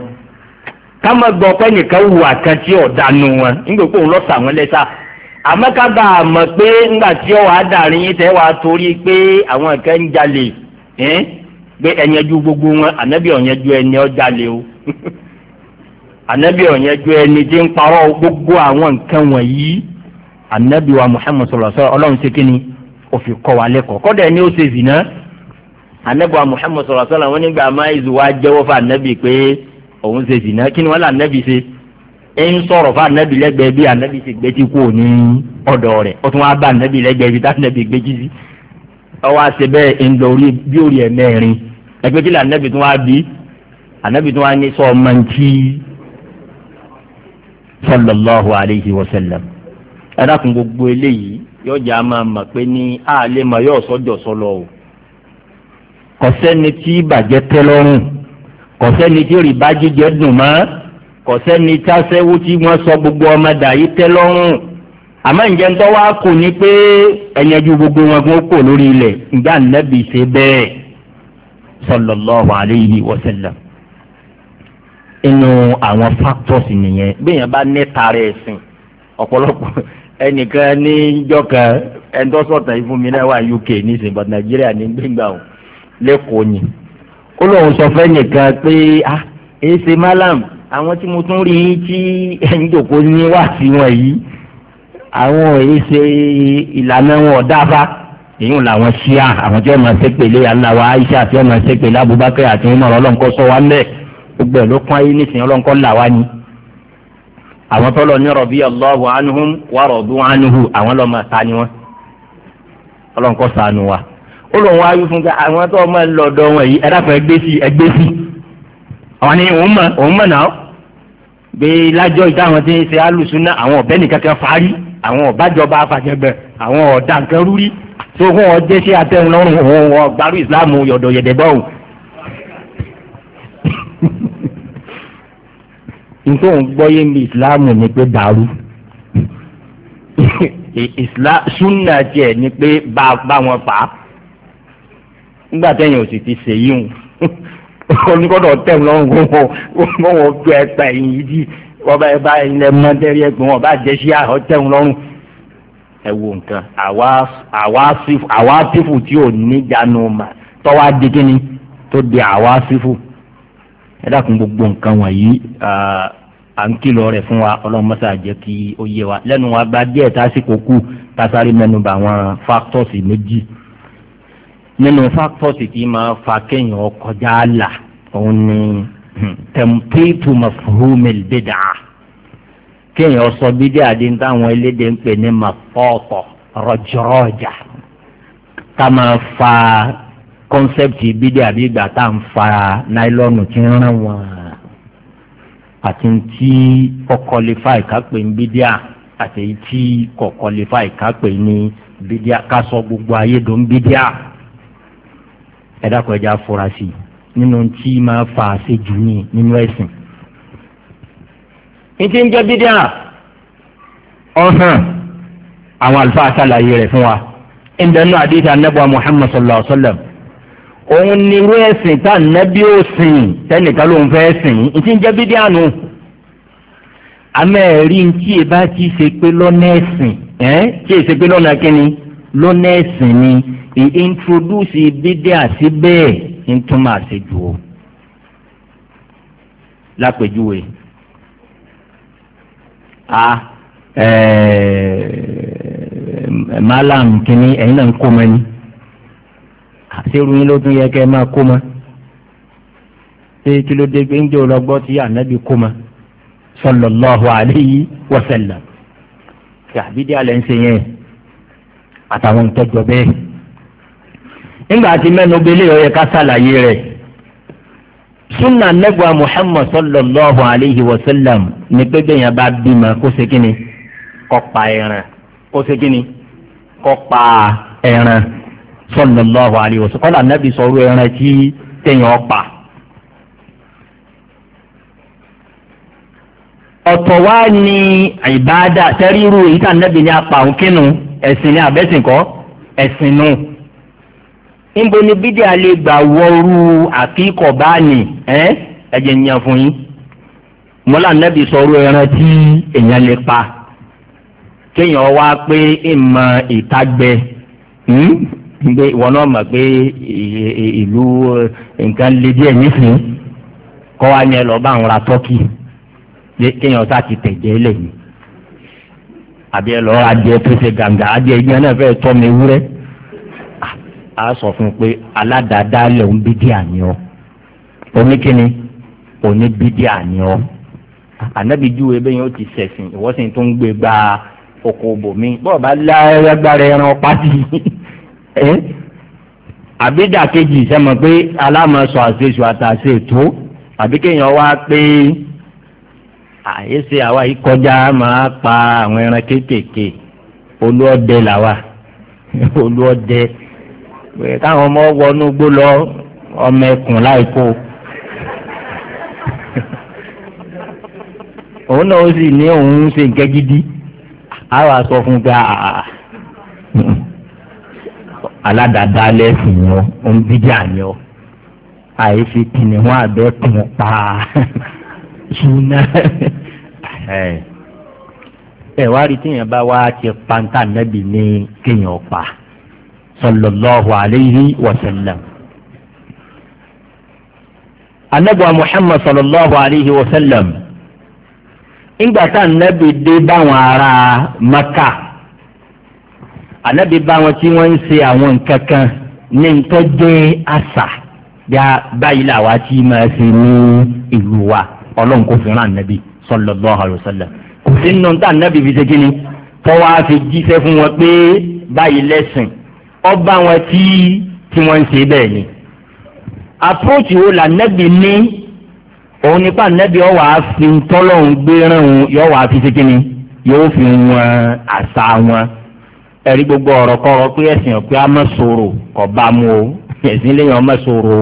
ká má gbọ́ pé nìkan wù àkàntì ọ̀dà nu wọn nígbà pé òun lọ́sà wọn lẹ́sà àmọ́ ká bá a mọ̀ pé ńgbà tí ọ̀wà dàrin yín tẹ́ wà á torí pé àwọn kan gbogbo wọn ànábì ẹni ó jalè o (laughs) ànábì ẹni tí gbogbo àwọn nǹkan wọ̀nyí ànábì wa wa lẹ́kọ̀ọ́ kọ́dà ẹni ó anabiwa muhammed sọlọ sọlọ wọn nígbà máa ìzù wa jẹ́wọ́ fún anabi pé òun ṣe zìnà kí ni wọn lé anabi ṣe ẹ ń sọ̀rọ̀ fún anabi lẹ́gbẹ̀ẹ́ bí anabi ṣe gbé tí kú ní ọ̀dọ̀ rẹ̀ ó tún wá bá anabi lẹ́gbẹ̀ẹ́ bí tánabi gbé jí sí ọwọ́ àṣẹ bẹ́ẹ̀ ń lọ orí bí orí ẹ̀ mẹ́rin ẹgbẹ́ tí anabi tún wá bí anabi tún wá ní sọ ọmọ ntí sallallahu alayhi wa sallam ẹ̀dá kun gbogbo eléyìí yọjà máa mọ̀ pé ní àlè máa yọ̀ sọ́jọ́ sọ́lọ́ o kò sẹ́ni tí ìbàjẹ́ tẹ́ lọ́rùn kò sẹ́ni tí rìbá jíjẹ dùn mọ́ kò sẹ́ni tí aṣẹ́wó tí wọ́n sọ gbogbo ọmọdà yìí tẹ́ lọ́rùn àmọ́ ǹjẹ́ ń tọ́wọ́ á kò ní pé ẹ̀yẹ́jú gbogbo wọn kò kò lórí ilẹ̀ ǹjẹ́ ànábì ṣe bẹ́ẹ̀ sallallahu alayhi wa sallam inú àwọn factors nìyẹn bẹ́ẹ̀ bá nẹ́ta rẹ̀ sìn ọ̀pọ̀lọpọ̀ (laughs) ẹnìkan ní kan ẹ̀ńtọ́sọ̀tàn ìfúnmi náà wà UK nísìnyí but Nàìjíríà ní gbẹ̀ngbà o lẹ́kọ̀ọ́ ni ó lóun sọ fẹ́ nìkan pé ah èyí ṣe malam àwọn tí mo tún rí tí ẹ̀yìn jòkó ní wá sí wọn yìí àwọn èyí ṣe ìlànà wọn ọ̀dáfà èyí làwọn ṣíà àwọn tí wọn máa ṣe pèlè aláwa Aisha tí wọn máa ṣe pèlè Abubakar àti Umar ọlọ́nkọ́ sọ wá mẹ́ẹ̀ gbogbo ẹ̀ ló pọ́n ayé nísìnyí ọlọ́nkọ́ là wá ni àwọn tọ́lọ̀ ní rọ̀bí Allahu anhum wa radu anhu àwọn lọ́ọ́ máa ta ni wọn ọlọ́nkọ́ sànù wa ó lóun wáyé fún ká àwọn tó máa ń lọ ọ̀dọ̀ wọn yìí ẹdáfẹ ẹgbẹ sí ẹgbẹ sí àwọn ni òun mọ òun mọ náà gbé lájọ ìtàwọn tí ń ṣe alùsùnà àwọn ọbẹ nìkan kan fárí àwọn ọbàjọba afàjẹgbẹ àwọn ọdà nǹkan rúrí tó fún wọn jẹ sí atẹun lọ́rùn òun wọn gbàrú ìsìláàmù yọdọ yẹdẹgbọ òun. (laughs) nítorí òun gbọ́yé ní ìsìláàmù ni pé dàrú ìsìláàmù (laughs) súnà tiẹ̀ ni pé bá wọn fà á nígbà tẹ̀yìn òsì ti ṣe yíhun onígbọ́dọ̀ tẹ̀ lọ́rùn kó wọ́n wọ́n gbé ẹ̀pà ẹ̀yìn yìí dì bá ẹ bá ilẹ̀ mọ́tẹ́rì ẹ̀gbọ́n wọn bá jẹ́ sí àhọ́ tẹ̀ lọ́rùn ẹ wo nǹkan àwa sífù tí ò ní ìjánu mà tọ́wọ́ adé tó di àwa sífù ẹ dákun gbogbo nǹkan wọ̀nyí à ń kìlọ̀ rẹ̀ fún wa ọlọ́run mọ́sá jẹ́ kí ó yé wa lẹ́nu wa gba díẹ̀ tásìkò kù tásáré mẹ́nu àwọn fáktọ́sì méjì nínú fáktọ̀sì tí máa fa kéèyàn kọjá àlà òun ni hmm, tẹ̀mpéètù mafhumil bid'a kéèyàn sọ bídé àdín táwọn elédè ń pè ní mafọ́ọ̀tọ̀ rọjòrọjà ká máa fa kọ́nsẹ́pìtì bídé àbí ìgbà tá à ń fa náílọ́ọ̀nù tí ń rán wọn àti tí ọkọlifáì ká pè ní bídé à àti tí kọkọlifáì ká pè ní bídé à ká sọ gbogbo ayé dùn bídé à ẹ̀dàkọ̀ ẹja afurasí nínú tí máa fa àṣejù ní nínú ẹ̀sìn. ní ti ń jẹ́ bídíà ọ̀hún àwọn àlùfáà sàlàyé rẹ̀ fún wa ìdánù àdìsí anábọ̀ Muhammad sallallahu alayhi wa sallam òun ni irú ẹ̀sìn tá nábì ó sìn tẹ́nìkan ló ń fẹ́ sìn ní ti ń jẹ́ bídíà nù àmọ́ tí ẹ bá ti ṣe pé lọ́nà ẹ̀sìn tí ẹ ṣe pé lọ́nà kínní lọ́nà ẹ̀sìn ni ìintroduce bídíà sí bẹ́ẹ̀ ń túmọ̀ àṣejù o lápèjúwe a ẹ̀ẹ́ malam kìíní ẹ̀yin náà ń kó mọ́ ni àṣírù yín ló tún yẹ kẹ́ ẹ máa kó mọ́ ṣé kí ló dé pé ń jẹ́ ọlọ́gbọ́ tí ànábì kó mọ́ sallallahu alayhi wa sallam kí àbídí alẹ́ ń ṣe yẹn àtàwọn ìtọ́jọ bẹ́ẹ̀. nígbà tí mẹ́nu belé ọ̀yẹ́ ká ṣàlàyé rẹ̀ sunna nẹ́gbàá muhammad sallallahu alayhi wa sallam ní pé bẹ́yẹn bá bímọ kó ṣe kíni kó pa ẹran kó ṣe kíni kó pa ẹran sallallahu alayhi wa sallam kọ́lá nẹ́bí sọ̀rọ̀ ẹran tí téèyàn pa. ọ̀tọ̀ wá ní ìbáadà tẹ́rírú èyí tá nẹ́bí ní apá òun kínú ẹ̀sìn ni àbẹ́sìn kọ́ ẹ̀sìn nù. níbo ni bídí alẹ́ gbà wọ́ọ́rù àkíkọ̀ bá nì ẹ̀jẹ̀ ń yan fún yín. mọ́lá nẹ́bí sọ̀rọ̀ ẹran tí èèyàn lè pa kéèyàn wá pé ìmọ̀ ìtagbẹ́ gbé hmm? ìwọ náà mọ̀ pé ìlú nǹkan lè díẹ̀ nísìnyí kọ́ wa ni ẹ lọ́ọ́ bá ń ra tọ́kì kéèyàn sá ti tẹ̀jẹ́ lẹ́yìn àbí ẹ lọ́ọ́ adìẹ tó ṣe gàǹgà adìẹ yẹn náà fẹ́ẹ́ tọ́ mi wúrẹ́ a sọ fún un pé aládàádáálẹ̀ ń bí díà ni ọ́ oníkíni òní bí díà ni ọ́ ànábì júwe bẹ́yẹn ó ti sẹ̀sìn ìwọ́sìn tó ń gbé gba oko bòmí bọ́ọ̀ bá lágbára ẹran pátì (laughs) àbídà kejì sẹ́mọ̀ pé alámọ̀sọ̀ àṣeṣù àtàṣe tó àbí kéèyàn wá pé àyèsè àwa yìí kọjá máa pa àwọn ẹran kéékèèké olúọdẹ làwa (laughs) olúọdẹ káwọn ọmọ wọnú gbó lọ ọmọ ẹkùn láìpò (laughs) òun náà ó sì ní òun ń ṣe nǹkan gidi a wà sọ fún gba aládàáda lẹ́sìn yẹn ó ń bíjà yẹn ó àyè fi kìnìún àbẹ́kùn pa (laughs) súnà ẹ wá rí tíyẹn bá wá ti pàǹtà nẹ́bì ní kéèyàn pa sallallahu alayhi wa sallam. anabuwa muhammad sallallahu alayhi wa sallam ìgbà tá nẹ́bì dé báwọn ará maka anabi báwọn tí wọ́n ń ṣe àwọn nǹkan kan ní ntọ́jẹ́ àṣà bí a báyìí làwọn ti máa ṣe ní ìlú wa ọlọ́run kò fi rán ànábì sallallahu alaihi wasallam kò sí nínú tá ànábì fi ṣe kí ni tọ́wọ́ fi jíṣẹ́ fún wọn pé báyìí lẹ́sìn ọba wọn tí tí wọ́n ń ṣe bẹ́ẹ̀ ni approach wo la ànábì ní òun nípa ànábì ọwọ́ àfi tọ́lọ́run gbé rán òun yọ̀wọ́ àfi ṣe kí ni yóò fi wọn àṣà wọn ẹ̀rí gbogbo ọ̀rọ̀ kọ́rọ̀ pé ẹ̀sìn ọ̀pẹ́ amọ̀sọ̀rọ̀ kò bá mu o ẹ̀sìn lẹ́yìn ọmọ̀sọ̀rọ̀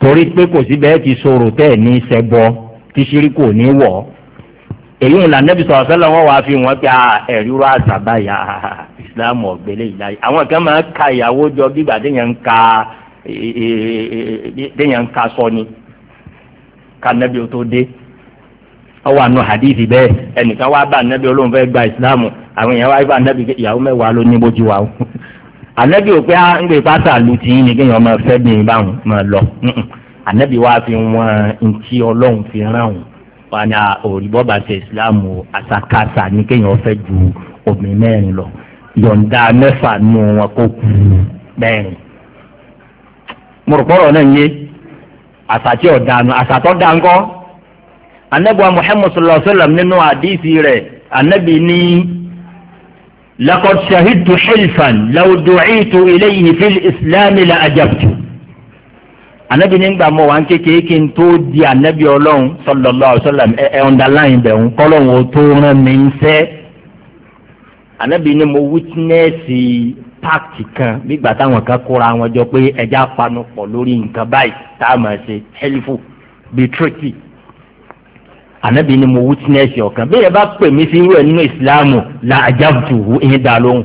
torí pé kò sí bẹ́ẹ̀ ti sọ̀rọ̀ tẹ́ ẹ̀ ní í tí ṣíríkù ò ní wọ̀ èyí ah, ah, ah, ò wàá fi wọn pé ẹ̀ríró àtàbà yà ìsìlámù ọ̀gbẹ́lẹ̀ ìlà àwọn kan máa ń ka ìyàwó jọ bígbà téèyàn ń ka e, e, e, téèyàn ń sọ ni tó dé àánú hadithi ẹnìkan bá olóhùn gba àwọn èèyàn bá ìyàwó ló ní bójú o (laughs) ò pé ń gbé pátá lu ni kéèyàn lọ ànábì wa fi wọn ntí ọlọ́run fi ràn wọn wọn ni òrìbọ́bà ṣe ìsìláàmù àṣàkáṣà ní kéèyàn fẹ́ ju obìnrin mẹ́rin lọ yọ̀ǹda mẹ́fà nù wọn kó kú mẹ́rin. mùrùkọ́rọ̀ náà ń yé àṣàtì ọ̀dànù àṣàtọ̀ dáńkọ́ anabiwa muhammad sallallahu alaihi wa sallam nínú àdìsí rẹ̀ anabi ní lakọ̀ṣahidtu xilfan lawducitu ilayhi fi islam la ajabtu anabi nígbà mọ wà ń kékeré kí n tó di anabi ọlọ́run sallallahu alaihi wasallam ẹ ọ̀ndàláyìn bẹ̀ ń kọ́lọ́run ó tó rán mi ń fẹ́ anabi ni mo wítínẹ́ẹ̀sì páàkì kan nígbà táwọn kan kóra wọn jọ pé ẹja panupọ̀ lórí nǹkan báyìí tá a máa ṣe helifu bíi tírítì anabi ni mo wítínẹ́ẹ̀sì ọ̀kan bí ẹ bá pè mí sí irú ẹ nínú ìsìláàmù la àjàbùtù ìyẹn dà lóhùn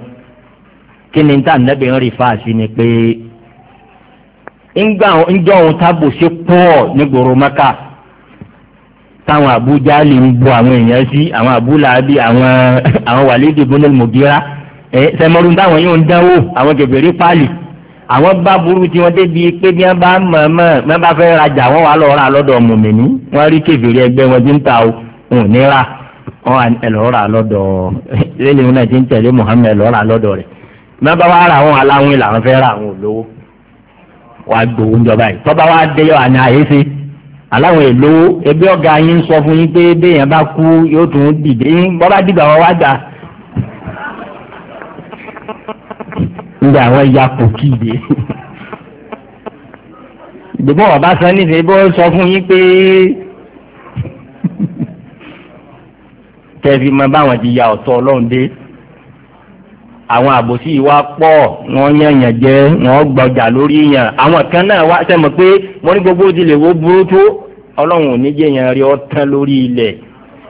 kí ni tá anabi ń rí fáàsì ni pé ńgbà ńjọ òun tábò ṣe pọ̀ nígboro mẹ́ka táwọn àbújá lè ń bo àwọn èèyàn sí àwọn àbúlàábí àwọn (laughs) àwọn wàlídìí bọ́lẹ̀ mọ̀gíra ẹ sẹmọ́rún táwọn yóò ń dánwò àwọn gẹ̀gẹ̀rí páàlì àwọn bá burú tí wọ́n débi pé bí wọ́n bá mọ̀ mọ̀ wọ́n bá fẹ́ rajà wọ́n wà lọ́ọ́ ra lọ́dọ̀ mùmìnì rí kẹfìrí ẹgbẹ́ wọn ti ń ta o wọn ò ní ra wọn ẹlọ́ọ́ ra lọ́dọ̀ (laughs) náà ti ń tẹ̀lé Muhammed lọ́ọ́ ra lọ́dọ̀ rẹ̀ wà ra wọn aláwìn làwọn fẹ́ ra àwọn olówó wàá gbowó ń yìí tọ́ba wa dé àná àyè ṣe èlò ẹgbẹ́ ọ̀gá yín sọ fún yín pé béèyàn bá kú yóò tún dìde yín bọ́bá dìgbà wọn wá gbà. nígbà àwọn ìyá kò kíde ìdìbò ọba sọ nísìnyí bó sọ fún yín pé kẹfì mọ báwọn ti ya ọ̀tọ̀ ọlọ́run dé. àwọn àbòsí ìwà pọ̀ wọ́n yànyàn jẹ́ wọ́n gbọ́jà lórí yàn àwọn kan náà wá sẹ́mọ̀ pé wọ́n ní gbogbo ti lè tó ọlọ́run ò ní jẹ́ yàn rí ọtán lórí ilẹ̀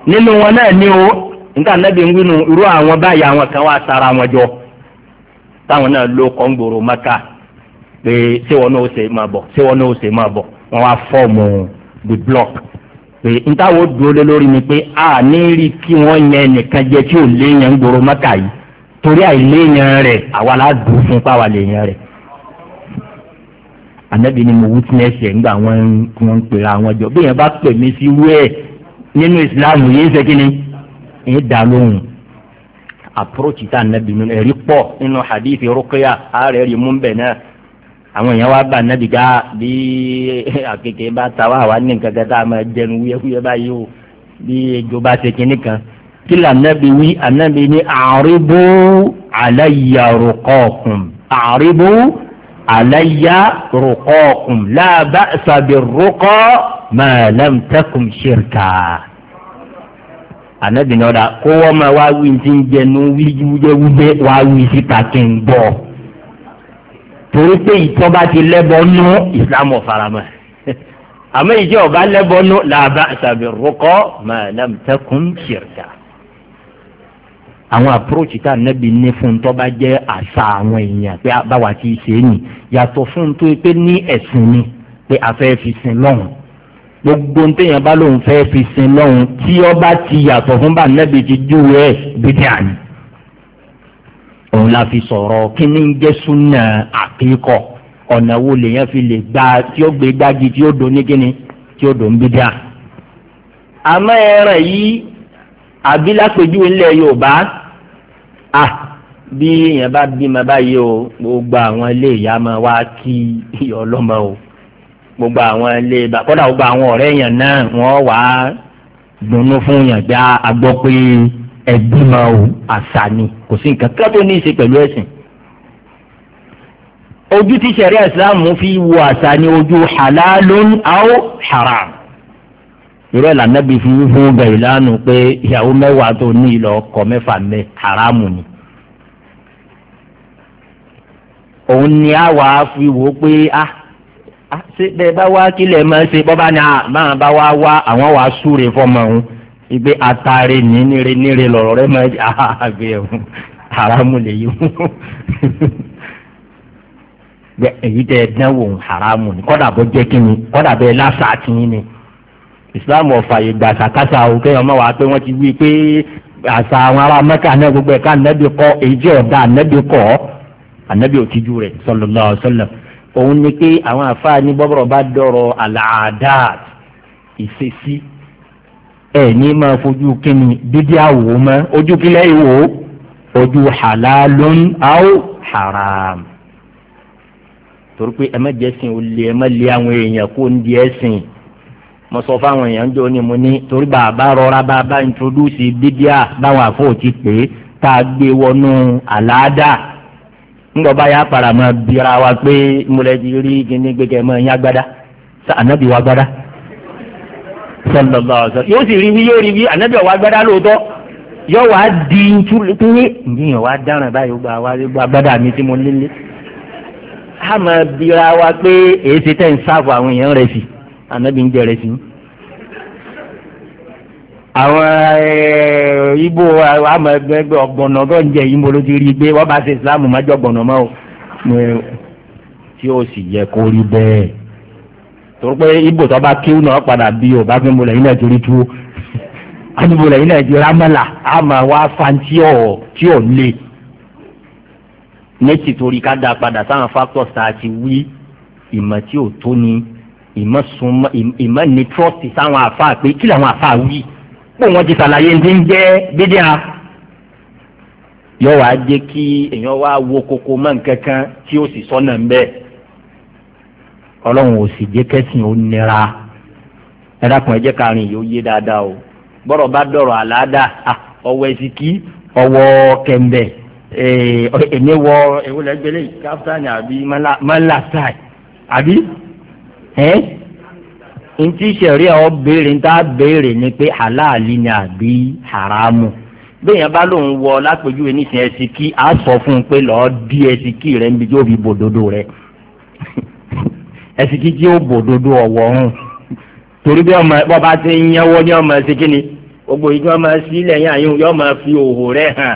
nínú wọn náà ní o níta nẹ́bí ń gbinu irú àwọn báyìí àwọn kan wá sara wọn jọ táwọn náà ló pé ṣé wọn náà bọ̀ ṣé wọn bọ̀ wá fọ́ọ̀mù the a ní rí kí wọ́n torí àìléèyàn rẹ̀ àwa la dùn fún pàwà lèèyàn rẹ ànábì ni mo witness ẹ̀ ńgbà wọ́n ń pera wọn jọ bí yẹn bá pè mí sí wẹ́ẹ̀ nínú islam yìí ń ni ń dá lóhùn approach tá ànábì nínú ẹ̀rí pọ̀ nínú hadith rukia ààrẹ rí mú bẹ̀ náà àwọn èèyàn wá bá ká bí ta wá ní nǹkan a o bí ejò bá kí lànàbí wí ànàbí ní àríbó àláyà rùkọ́ọ̀kùn àríbó àláyà rùkọ́ọ̀kùn láàbá sàbí rùkọ́ máa lámtẹ́kùn ṣìrkà ànàbí ní ọ̀dà kó wọ́n máa wá wí tí ń jẹnu wíjúwújẹ́wújẹ́ wá wí síta kí n gbọ́ torí pé ìtọ́ba ti lẹ́bọ̀ nú ìsìlámù ọ̀faramọ́ (laughs) àmọ́ ìjọba lẹ́bọ̀ nú làbá sàbí rùkọ́ máa àwọn àpúròchì tá ànábì ní fún tó bá jẹ́ àṣà àwọn èèyàn pé báwa ti ṣe é nì yàtọ̀ fún tó pé ní ẹ̀sìn ni pé a fẹ́ fi sin lọ́hùn gbogbo ntẹ̀yìn bá lóun fẹ́ fi sin lọ́hùn tí ọba ti yàtọ̀ fún bá ànábì ti júwe ẹ̀ gbẹdẹ̀ àná òun la fi sọ̀rọ̀ kíní ń jẹ́ súnà àkíkọ̀ ọ̀nà wo lèèyàn fi lè gba tí ó gbé gbági tí ó do ní kíni tí ó do ń gbẹdẹ̀ àná àmọ́ ẹran yìí àbí lápèjúwe ńlẹ̀ yorùbá à bí èèyàn bá bímọ báyìí o gbogbo àwọn ilé ìyá máa wá kí ọlọ́mọ o gbogbo àwọn ilé ìbá kọ́dà gbogbo àwọn ọ̀rẹ́ èèyàn náà wọ́n wá dunnú fún yàn já agbọ́ pé ah, ẹ̀bímọ o àṣà ni kò sí nǹkan kan tó ní í ṣe pẹ̀lú ẹ̀sìn ojú tí sẹ̀rí islam fi wo àṣà ni ojú halalun aw haram irọ́ ìlànà bíi fi fún bẹ̀rù lánàá pé ìyàwó mẹ́wàá tó ní ìlọ ọkọ mẹ́fà mẹ́ haramu ni. òun ni a wà fi wò ó pé a ah, ah, ṣe bẹ́ẹ̀ bá wá kílẹ̀ máa ṣe bọ́ bá ní àbáwọn ah, bá wá wá àwọn wà á súre fọmọ òun ìgbé atare ní níre níre lọ̀rọ̀ rẹ máa jẹ́ àgbẹ̀ ẹ̀hún haramu lè yí wọn. èyí tẹ ẹ dánwò haramu ni kọ́dà bó jẹ́ kí ni kọ́dà bẹ́ẹ̀ lásà tì ni islam ọ̀fàyè gbà sàkásà o kéèyàn máa wà pé wọ́n ti wí pé àṣà àwọn ará mẹ́ka náà gbogbo ẹ̀ka ànábì kọ́ èyí jẹ́ ọ̀dà ànábì kọ́ ànábì òtijú rẹ̀ sallallahu alaihi wasallam òun ni pé àwọn àfáà ní bọ́bọ̀rọ̀ bá dọ̀rọ̀ àlàáda ìṣesí ẹ̀ ní máa fojú kíni dídí àwò mọ́ ojú kílẹ̀ ìwò ojú halalun aw haram torí pé ẹ má jẹ́sìn olè ẹ má lé àwọn èèyàn kó ń di ẹ̀sìn. E mo sọ fáwọn èèyàn jọ ni mo ní torí bàbá rọra bàbá introduce bíbíà báwọn àfọwọ́tì pé tá a gbé wọnú àlàáda ńgbọ́ba yà paramọ́ bíra wa pé mọ̀lẹ́dì rí kíní gbẹgẹ mọ́ ẹ̀yìn agbada ànábì wa gbada sọlọlọ sọ yóò sì rí bí yóò rí bí ànábì wa gbada lóòótọ́ yóò wá di ntúlẹ̀ pé ìyẹn wá dáràn báyìí ó gba wá gba agbada mi tí mo lélẹ̀ àmọ́ bíra wa pé èyí ti tẹ̀ ń sáfù àwọn èèyàn rẹ̀ sí ànábì ń jẹrẹ sí. àwọn ibo àmọ ẹgbẹ ọgbọnọ tó ń jẹ yìí mo ló ti rí i pé wọn bá ṣe ìsìláàmù má jẹ ọgbọnọ mọ o tí ó sì yẹ kó rí bẹ́ẹ̀ torí pé ibo tó bá kíw náà padà bí o bá fi mo lẹ́yìn náà torí tú ánìbo lẹ́yìn náà ti rámẹ́là àmọ́ wá fan tí ò tí ò lè ní tìtorí ká dá padà sáwọn factors tá a ti wí ìmọ̀ tí ò tó ni ìmọ̀ ní trust sáwọn àfa pé kí làwọn àfa wí pé wọ́n ti ṣàlàyé ní ń jẹ́ bídíà yọ wá jẹ́ kí èèyàn wá wo koko mọ́ nǹkan kan tí ó sì sọ́nà ń bẹ́ẹ̀ ọlọ́run ò sì jẹ́ kẹ́sìn ó nira ẹ dákun ẹ jẹ́ káàrin yìí ó yé dáadáa o bọ́rọ̀ bá dọ̀rọ̀ àláàdá ọwọ́ ẹ̀sìkí ọwọ́ kẹ̀mbẹ̀ èmi wọ káfíńtà àbí mọ́lá ẹ́ ntí sẹ̀rí ọ̀ béèrè ntá béèrè ni pé halali ni àbí haramu bẹ́ẹ̀yàn bá lòun wọ lápèjúwe nísìnyí ẹsìkí á sọ fún un pé lọ́ọ́ dí ẹsìkí rẹ̀ níbi tí ó fi bòdodo rẹ̀ ẹsìkí tí ó bòdodo ọ̀wọ́ ọ̀hún torí bí ọmọ ẹ̀pọ̀ bá ti ń yánwọ́ ní ọmọ ẹsìkí ni gbogbo ìjọ ọmọ ẹsìkí lẹ́yìn àyùn yọ ọmọ fi òhò rẹ̀ hàn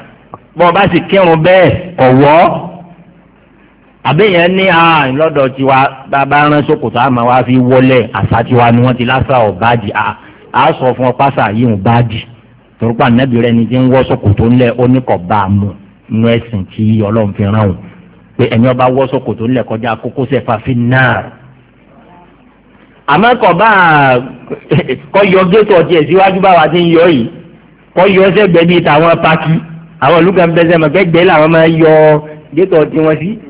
bọ́ ọ bá sì kírun bẹ́ẹ̀ ọ̀wọ́ àbẹ̀yẹn ní à ah, lọ́dọ̀ tiwa bàbá rán sokoto àmọ́ wa fi wọlé àṣà tiwa ni wọ́n ti lásà ọ̀ báàdì à á sọ fún ọ pásà yìí ń báàdì torípa nẹ́bí rẹ ni ti ń wọ́ sokoto ńlẹ̀ oníkọ̀ọ́bá mu nú ẹ̀sìn tí ọlọ́run fi ràn wọ́n pé ẹ̀yin ọba wọ́ sokoto ńlẹ̀ kọjá kókó sẹ́fà fi náà àmọ́ kọ̀ọ̀bá kọ́ géètò ọtí ẹ̀ síwájú báwa ti ń yọ yìí kọ́ sẹ́gbẹ̀ẹ́ bíi tàwọn paki àwọn olùkọ́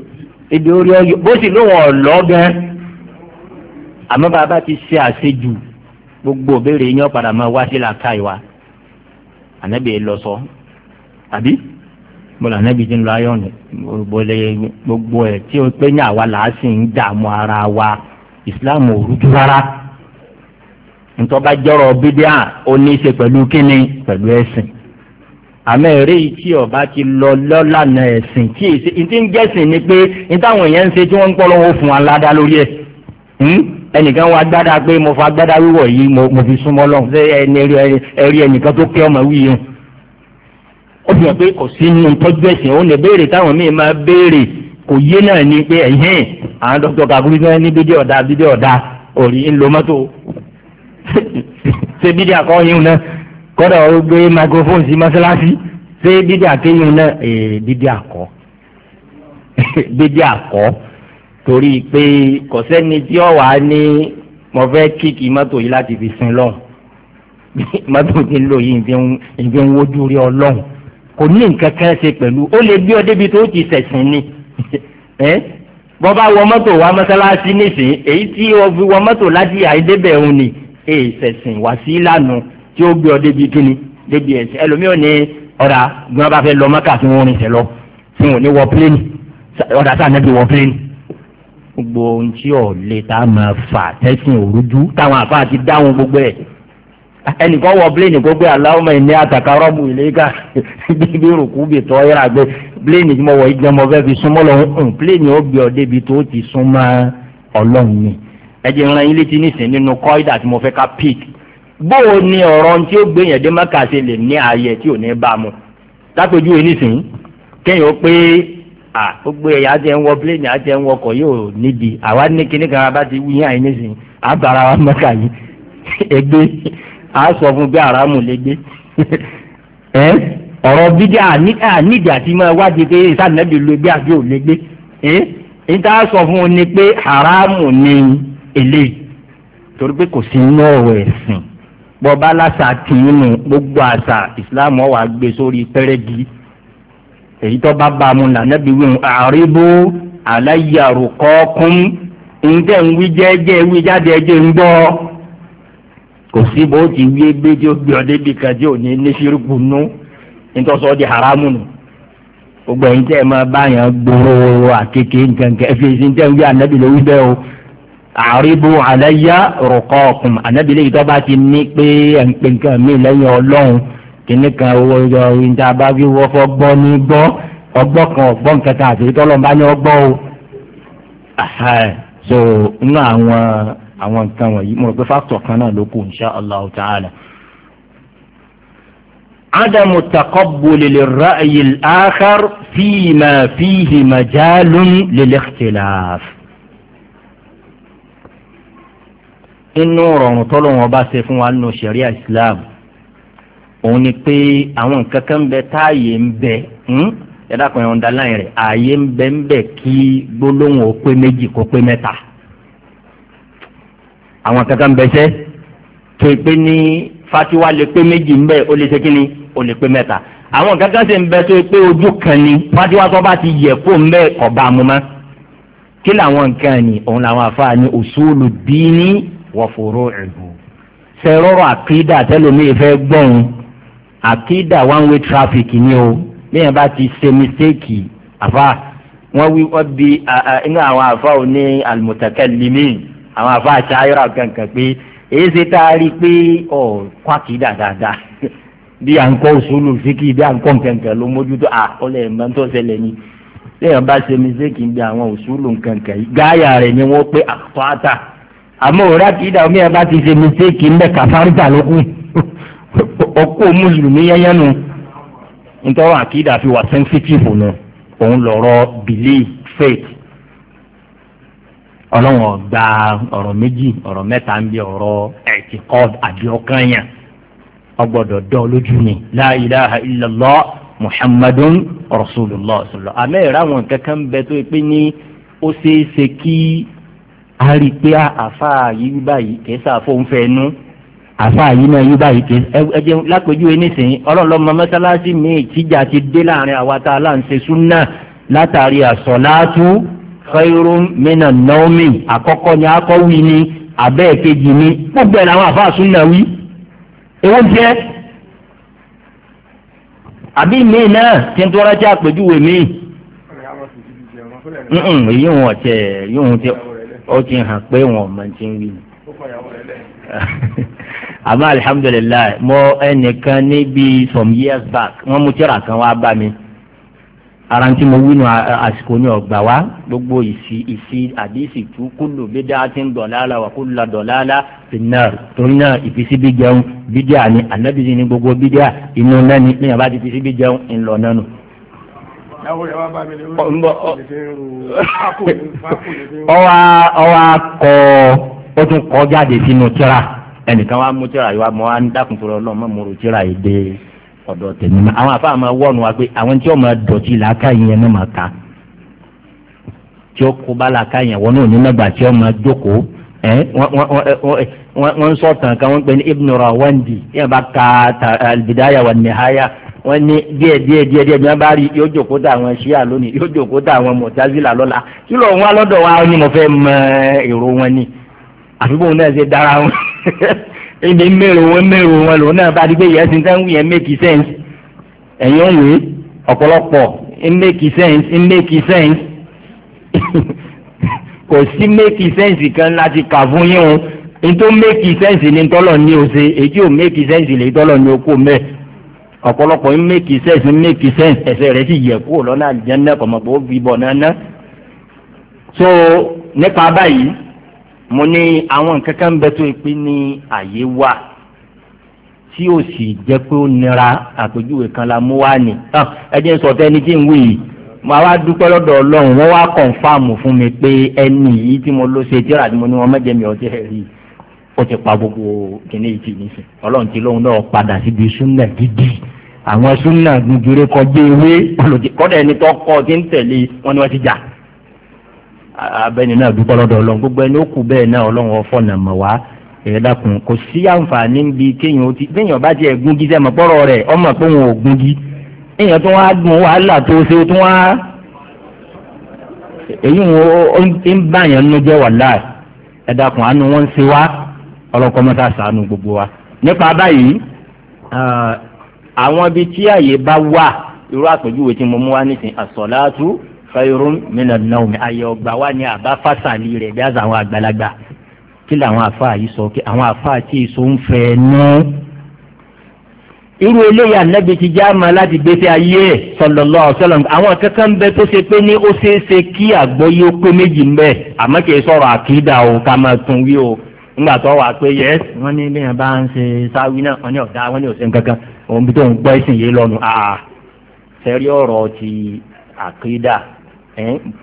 èdè orí ọyọ bó sì lóun ọ̀lọ́ gan àmọ́ bàbá ti ṣe àṣejù gbogbo òbéèrè yín ọ̀padà máa wá sí làákà ìwà ànábìyẹ lọ sọ àbí bọ́lá ànábìyẹ ti ń lọ ayọ̀nù gbogbo ẹ̀ tí ó pé ní àwa làá sì ń dààmú ara wa ìsìláàmù ò rújú rárá ntọ́ bá jọ̀rọ̀ bídíà ó ní í ṣe pẹ̀lú kíni pẹ̀lú ẹ̀sìn àmọ́ èrè yìí tí ọba ti lọ lọ́lànà ẹ̀sìn tí èsì ìdí ń gẹ̀sìn ni pé ìtàwọn èèyàn ń ṣe tí wọ́n ń pọ́lọ́wọ́ fún wa ládá lórí ẹ̀ hmm? ẹnìkan wa gbádá pé mo fa gbádá wíwọ̀ yìí mo fi súnmọ́ lọ́hùn ṣé ẹni ẹrí ẹnìkan tó kẹ́ ọmọ wíyẹn ó fi hàn pé kò sí nínú tọ́jú ẹ̀sìn òun lè béèrè táwọn míì máa béèrè kò yé náà ni pé ẹ̀yìn àwọn dókítà kakuru fẹ́ ní bídí ọ̀dà bídí ọ̀dà òrì ńlọ mọ́tò (laughs) ṣé bídí àkọ́yìn náà kọ́dọ̀ ó gbé microphone sí mọ́sálásí ṣé dídí àtẹ́yìn náà eh, dídí àkọ́ (laughs) dídí àkọ́ torí pé kọ̀sẹ́ni tí ó wà ní mo fẹ́ kíkì mọ́tò yìí láti fi sin lọ́hùn (laughs) mọ́tò tí ń lò yìí ń fi ń wojú rí ọlọ́hùn kò ní nǹkan kan ṣe pẹ̀lú ó lè bí ọ débi tó ti ṣẹ̀sìn ni (laughs) eh? bọ́ bá wọ mọ́tò wá mọ́sálásí nísìnyí èyí tí ó fi wọ mọ́tò láti àìdébẹ̀ òun ni èèṣẹ̀sìn eh, wá sí ìlànà tí ó gbé ọ débi kíni débi ẹsẹ ẹlòmíì ò ní ọ̀dà gbọ́n bá fẹ́ lọ mọ́kà tí wọ́n rìn sẹ́ lọ tí wọ́n ní wọ pléènì ọ̀dà sáà nẹ́bí wọ pléènì. gbogbo ohun tí ò lè tá a máa fà tẹ́sìn òrújú táwọn àfáà ti dáhùn gbogbo ẹ̀ ẹnìkan wọ pléènì kó (laughs) gbé aláwọ̀mọ̀ ìní àtàkà rọ́ọ̀mù ìlẹ́gà bíbí rùkú bì tọ́ yẹ́ra gbé pléènì tí mo wọ̀ bóò ni ọ̀rọ̀ tí ó gbé yẹn dé ṣe lè ní ààyè tí ò ní bá mu lápẹjú nísìnyí kéèyàn ó pé à ó gbé ẹ̀yà àti ẹ̀wọ̀ pílẹ̀nì àti ẹ̀wọ̀ ọkọ̀ yóò níbi àwa ní kan bá ti wí àyè nísìnyí àbára wa (laughs) ẹgbẹ́ à sọ fún bí aráàmù lè gbé (laughs) ẹ ọ̀rọ̀ bídíà nídìí àti lu ẹgbẹ́ ò lè gbé ẹ sọ fún un ni pé ni eléyìí torí pé kò sí bọba gbogbo àṣà islam ọwà gbé sórí pẹrẹgì èyí tó bá bá a mú nà nẹbi wíwọn àríbó aláyàrò kọọkún ǹjẹ́ ń wí jẹ́jẹ́ wí jáde ẹjẹ́ ń gbọ́ kò sí ti wí gbé tí ó gbé ọ débi kan ò ní ní di haramu nù gbogbo ẹ̀yin tẹ́ ẹ máa bá yàn gbòòrò o. àríbù àlẹ́yà rọ̀kọ́ ọ̀kùn ànábìlẹ̀ yìí tó bá ti ní pé ẹ̀ǹpẹ̀ nǹkan mi lẹ́yìn ọlọ́run kìnnì kan owó yọ ìjà bá fi wọ́fọ́ gbọ́ ní gbọ́ ọgbọ́ kan ọgbọ́n kẹta àtẹ̀yí tọ́lọ́ ní ọgbọ́ o. so inú àwọn àwọn nǹkan wọ̀nyí mo rò pé fáktọ̀ kan náà ló kù insha allah ta'ala. عدم التقبل للرأي الآخر فيما فيه مجال للاختلاف inú rọrùn tọ́lọ́wọ́n bá ṣe fún wa nù sẹ̀ríà islam òun ni pé àwọn nǹkan kan ń bẹ táàyè ń bẹ ẹ̀dá kan ẹ̀hún dáláyìn rẹ̀ ààyè ń bẹ ń bẹ kí gbólóhùn ó pé méjì kó pé mẹ́ta àwọn nǹkan kan ń bẹ sẹ́ tó o pé ní fatiwa lè pé méjì ń bẹ ó lè ṣe kí ni ó lè pé mẹ́ta àwọn nǹkan kan sì ń bẹ tó o pé ojú kan ni fatiwa tó bá ti yẹ kó ń bẹ ọ̀bà mu mọ́ kí làwọn nǹkan ni òun làwọn àfa ni òṣùlù dín ní wa furu'uhu. ṣe rọrọ àkídà tẹlomi fẹ́ gbọ́n àkídà one way traffic ni o bẹ́ẹ̀ bá ti ṣe mistake àfa wọ́n wí wọ́n bi inú àwọn àfa ò ní al àwọn àfa àṣàyọ̀rọ̀ kankan pé èyí ṣe tá a rí i pé ọ̀ kọ́ àkídà dáadáa (laughs) bí à ń kọ́ òṣùlù fíkì bí à ń kọ́ nkankan ló mójútó à ó lè mọ tó ṣẹlẹ̀ ni lẹ́yìn bá ṣe mistake bí àwọn òṣùlù nkankan gáyà rẹ̀ ni wọ́n pé àtọ́ àtà àmọ́ òrà kì í dà omi ẹ̀ bá ti ṣe mistake ń bẹ̀ kàfárítà ló kù ọkọ (laughs) mùsùlùmí yẹnyẹn nu nítorí àkìdá fi wà sensitive nù òun lọ̀rọ̀ belief faith ọlọ́run ọ̀gbà ọ̀rọ̀ méjì ọ̀rọ̀ mẹ́ta ń bí ọ̀rọ̀ ẹ̀tìkọ́d àbíọ́kànyà ọgbọ́dọ̀ dọ́ lójú ni la ilaha illallah muhammadun rasulullah àmẹ́ ìráwọn kankan bẹ tó pé ní ó ṣeé ṣe kí a rí i pé àfa yìí báyìí kì í sàfóun fẹnu àfa yìí náà yìí báyìí kì í ẹ jẹun lápèjúwe nísìnyí ọlọ́ọ̀lọ́mọ mọ́sálásí mi ìtìjà ti dé láàrin àwa tá a là ń ṣe súnà látàrí àsọ̀láàtú khairun minan naumi àkọ́kọ́ ni akọ́wì ni abẹ́ kejì ni gbogbo ẹ̀ làwọn àfa súnà wí ewu jẹ́ àbí mi náà ti ń tọ́ra jẹ́ àpèjúwe mi ó ti hàn pé wọn ọmọ ti ń wí ni. àmọ́ alihamudulilayi mo ẹnìkan níbi some years back wọ́n mú tíra kan wá bá mi ara ti mo wí nu àsìkò ní ọgbà wa gbogbo ìsì ìsì àdìsì tú kúlù bídà ti ń dọ̀láàlà wà kúlù dọ̀láàlà fìnnà torí náà ìfisíbi jẹun bídà ni ànábìsí ni gbogbo bídà inú náà ni ní yàrá ti fisíbi jẹun ńlọ náà nù ọwọ́ akọ ó tún kọ jáde sínú tíra ẹnìkan wa mú tíra yìí wa mọ dákun tó lọ náà mọ mọ tíra yìí dé ọ̀dọ̀ tèmi ma àwọn afáà máa wọ́ọ̀nù wa pé àwọn tí ó máa dọ̀tí làákà yẹn náà máa ka tí ó kó bá làákà yẹn wọn náà ní mẹ́gbà tí ó máa jókòó wọ́n ń sọ̀tàn kan wọ́n pè ní ibn rawandi yẹn bá ka albidaya wa nihaya wọ́n ní díẹ̀ díẹ̀ díẹ̀ díẹ̀ bí wọ́n bá rí yóò jòkó tà àwọn ṣíà lónìí yóò jòkó tà àwọn mọ̀tázìlà lọ́la kí ló wọn lọ́dọ̀ wa ni mo fẹ́ mọ èrò wọn ni àfikún náà ṣe dára wọn ebi (laughs) mẹ́rin wọn mẹ́rin wọn lòun náà bá di pé yẹn ti ń tẹ́ ń yẹn make sense ẹ̀yin òwe ọ̀pọ̀lọpọ̀ make sense make sense (laughs) kò sí make sense kan láti kà fún yín o ní tó make sense ni tọ́lọ̀ ní o ṣe èyí ò make sense lè tọ́lọ̀ ní o kò mẹ́ẹ̀ ọ̀pọ̀lọpọ̀ ń mékì sẹ́ẹ̀sì ń mékì sẹ́ẹ̀sì ẹ̀sẹ̀ rẹ̀ sì yẹ kúrò lọ́nà àjẹ́ńdà kọ̀mọ̀pọ̀ ó fi bọ̀ náná. so nípa báyìí mo ní àwọn nǹkan kan bẹ tó pé ní àyè wà tí ó sì jẹ́ pé ó nira àpèjúwe kan la mú wá ní. ẹ jẹ́ sọ tẹ́ni tí ń wí yìí mo wá dúpẹ́ lọ́dọ̀ ọlọ́run wọ́n wá kọ̀ǹfàmù fún mi pé ẹni yìí tí mo lọ ṣe tíra ni mo ní mi ọ̀tí ó ti pa gbogbo kíní ìtì nísìn ọlọ́run ti lóun náà padà síbi súnà gidi àwọn súnà gbùdúrẹ́ kọjá ewé olùdíkọ́dà ẹni tó kọ́ ti ń tẹ̀lé wọn ni wọ́n ti jà abẹ́ni náà dúpọ́ lọ́dọ̀ ọlọ́run gbogbo ẹni ó kù bẹ́ẹ̀ náà ọlọ́run ọ̀fọ̀ nà mọ̀ wá ẹ̀ dákun kò sí àǹfààní bíi kéèyàn ó ti kéèyàn bá tiẹ̀ gúngi sẹ́mọ̀ pọ́rọ̀ rẹ̀ ọmọ pé òun ò gúngi èèyàn tó wá dùn wàhálà tó ṣe tó wá èyí ń báyàn nú jẹ́ wàhálà ẹ̀ dákun àánú wọn ń ṣe wá ọlọ́kọ́ mọ́ta sànù gbogbo wa. nípa báyìí àwọn ibi tí àyè bá wà irú àpèjúwe tí mo mú wá nísìnyí àsọ̀láàtú fẹ́rún mílíọ̀nù náà omi àyè ọgbà wà ní àbá fásàlì rẹ̀ bí àzà àwọn àgbàlagbà kí làwọn àfáà yìí sọ kí àwọn àfáà tí èso ń fẹ́ ná. irú eléyà nẹ́bi ti já máa láti gbèsè ayé ẹ̀ sọlọ́lọ́ àwọn kankan ń bẹ tó ṣe pé ní ó ṣeé ṣe kí àgbọ́yé ó pé méjì ń bẹ àmọ́ kì í sọ̀rọ̀ àkídà o ká máa tún wí o ńgbà tó wà pé yẹs wọn ní bẹ́ẹ̀ bá ń ṣe sáwí náà wọn ní ọ̀dà wọn ní òṣè kankan òun bí tó ń gbọ́ ìsìn yìí lọ́nu àà sẹ́rí ọ̀rọ̀ ti àkídà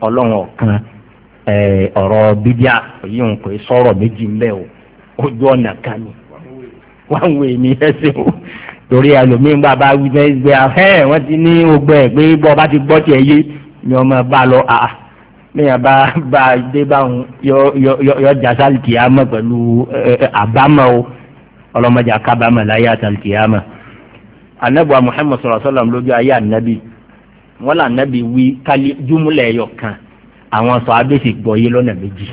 ọlọ́run ọ̀kan ọ̀rọ̀ bídíà èyí ń pè sọ̀rọ̀ méjì ńlẹ̀ o ojú ọ̀nà kan ni wọ́n wé ní ẹsẹ̀ o torí ẹlòmíín bá bá wí náà ẹgbẹ́ ahẹ́ wọ́n ti ní ogbẹ́ pé bọ́ bá ti gbọ́ tiẹ̀ yé ni ọmọ bá lọ àà bẹ́ẹ̀ bá bá dé báwọn yọ yọ yọ jásá kìámà pẹ̀lú àbámà o ọlọ́mọdé láyé àtàlùkìámà anabuwa muhammad sallallahu alaihi wa sallam lójú ayé anabi wọn là anabi wí kálí júmúlẹ̀ ẹ̀yọ̀ kan àwọn sọ abẹ́sì gbọ́yé lọ́nà méjì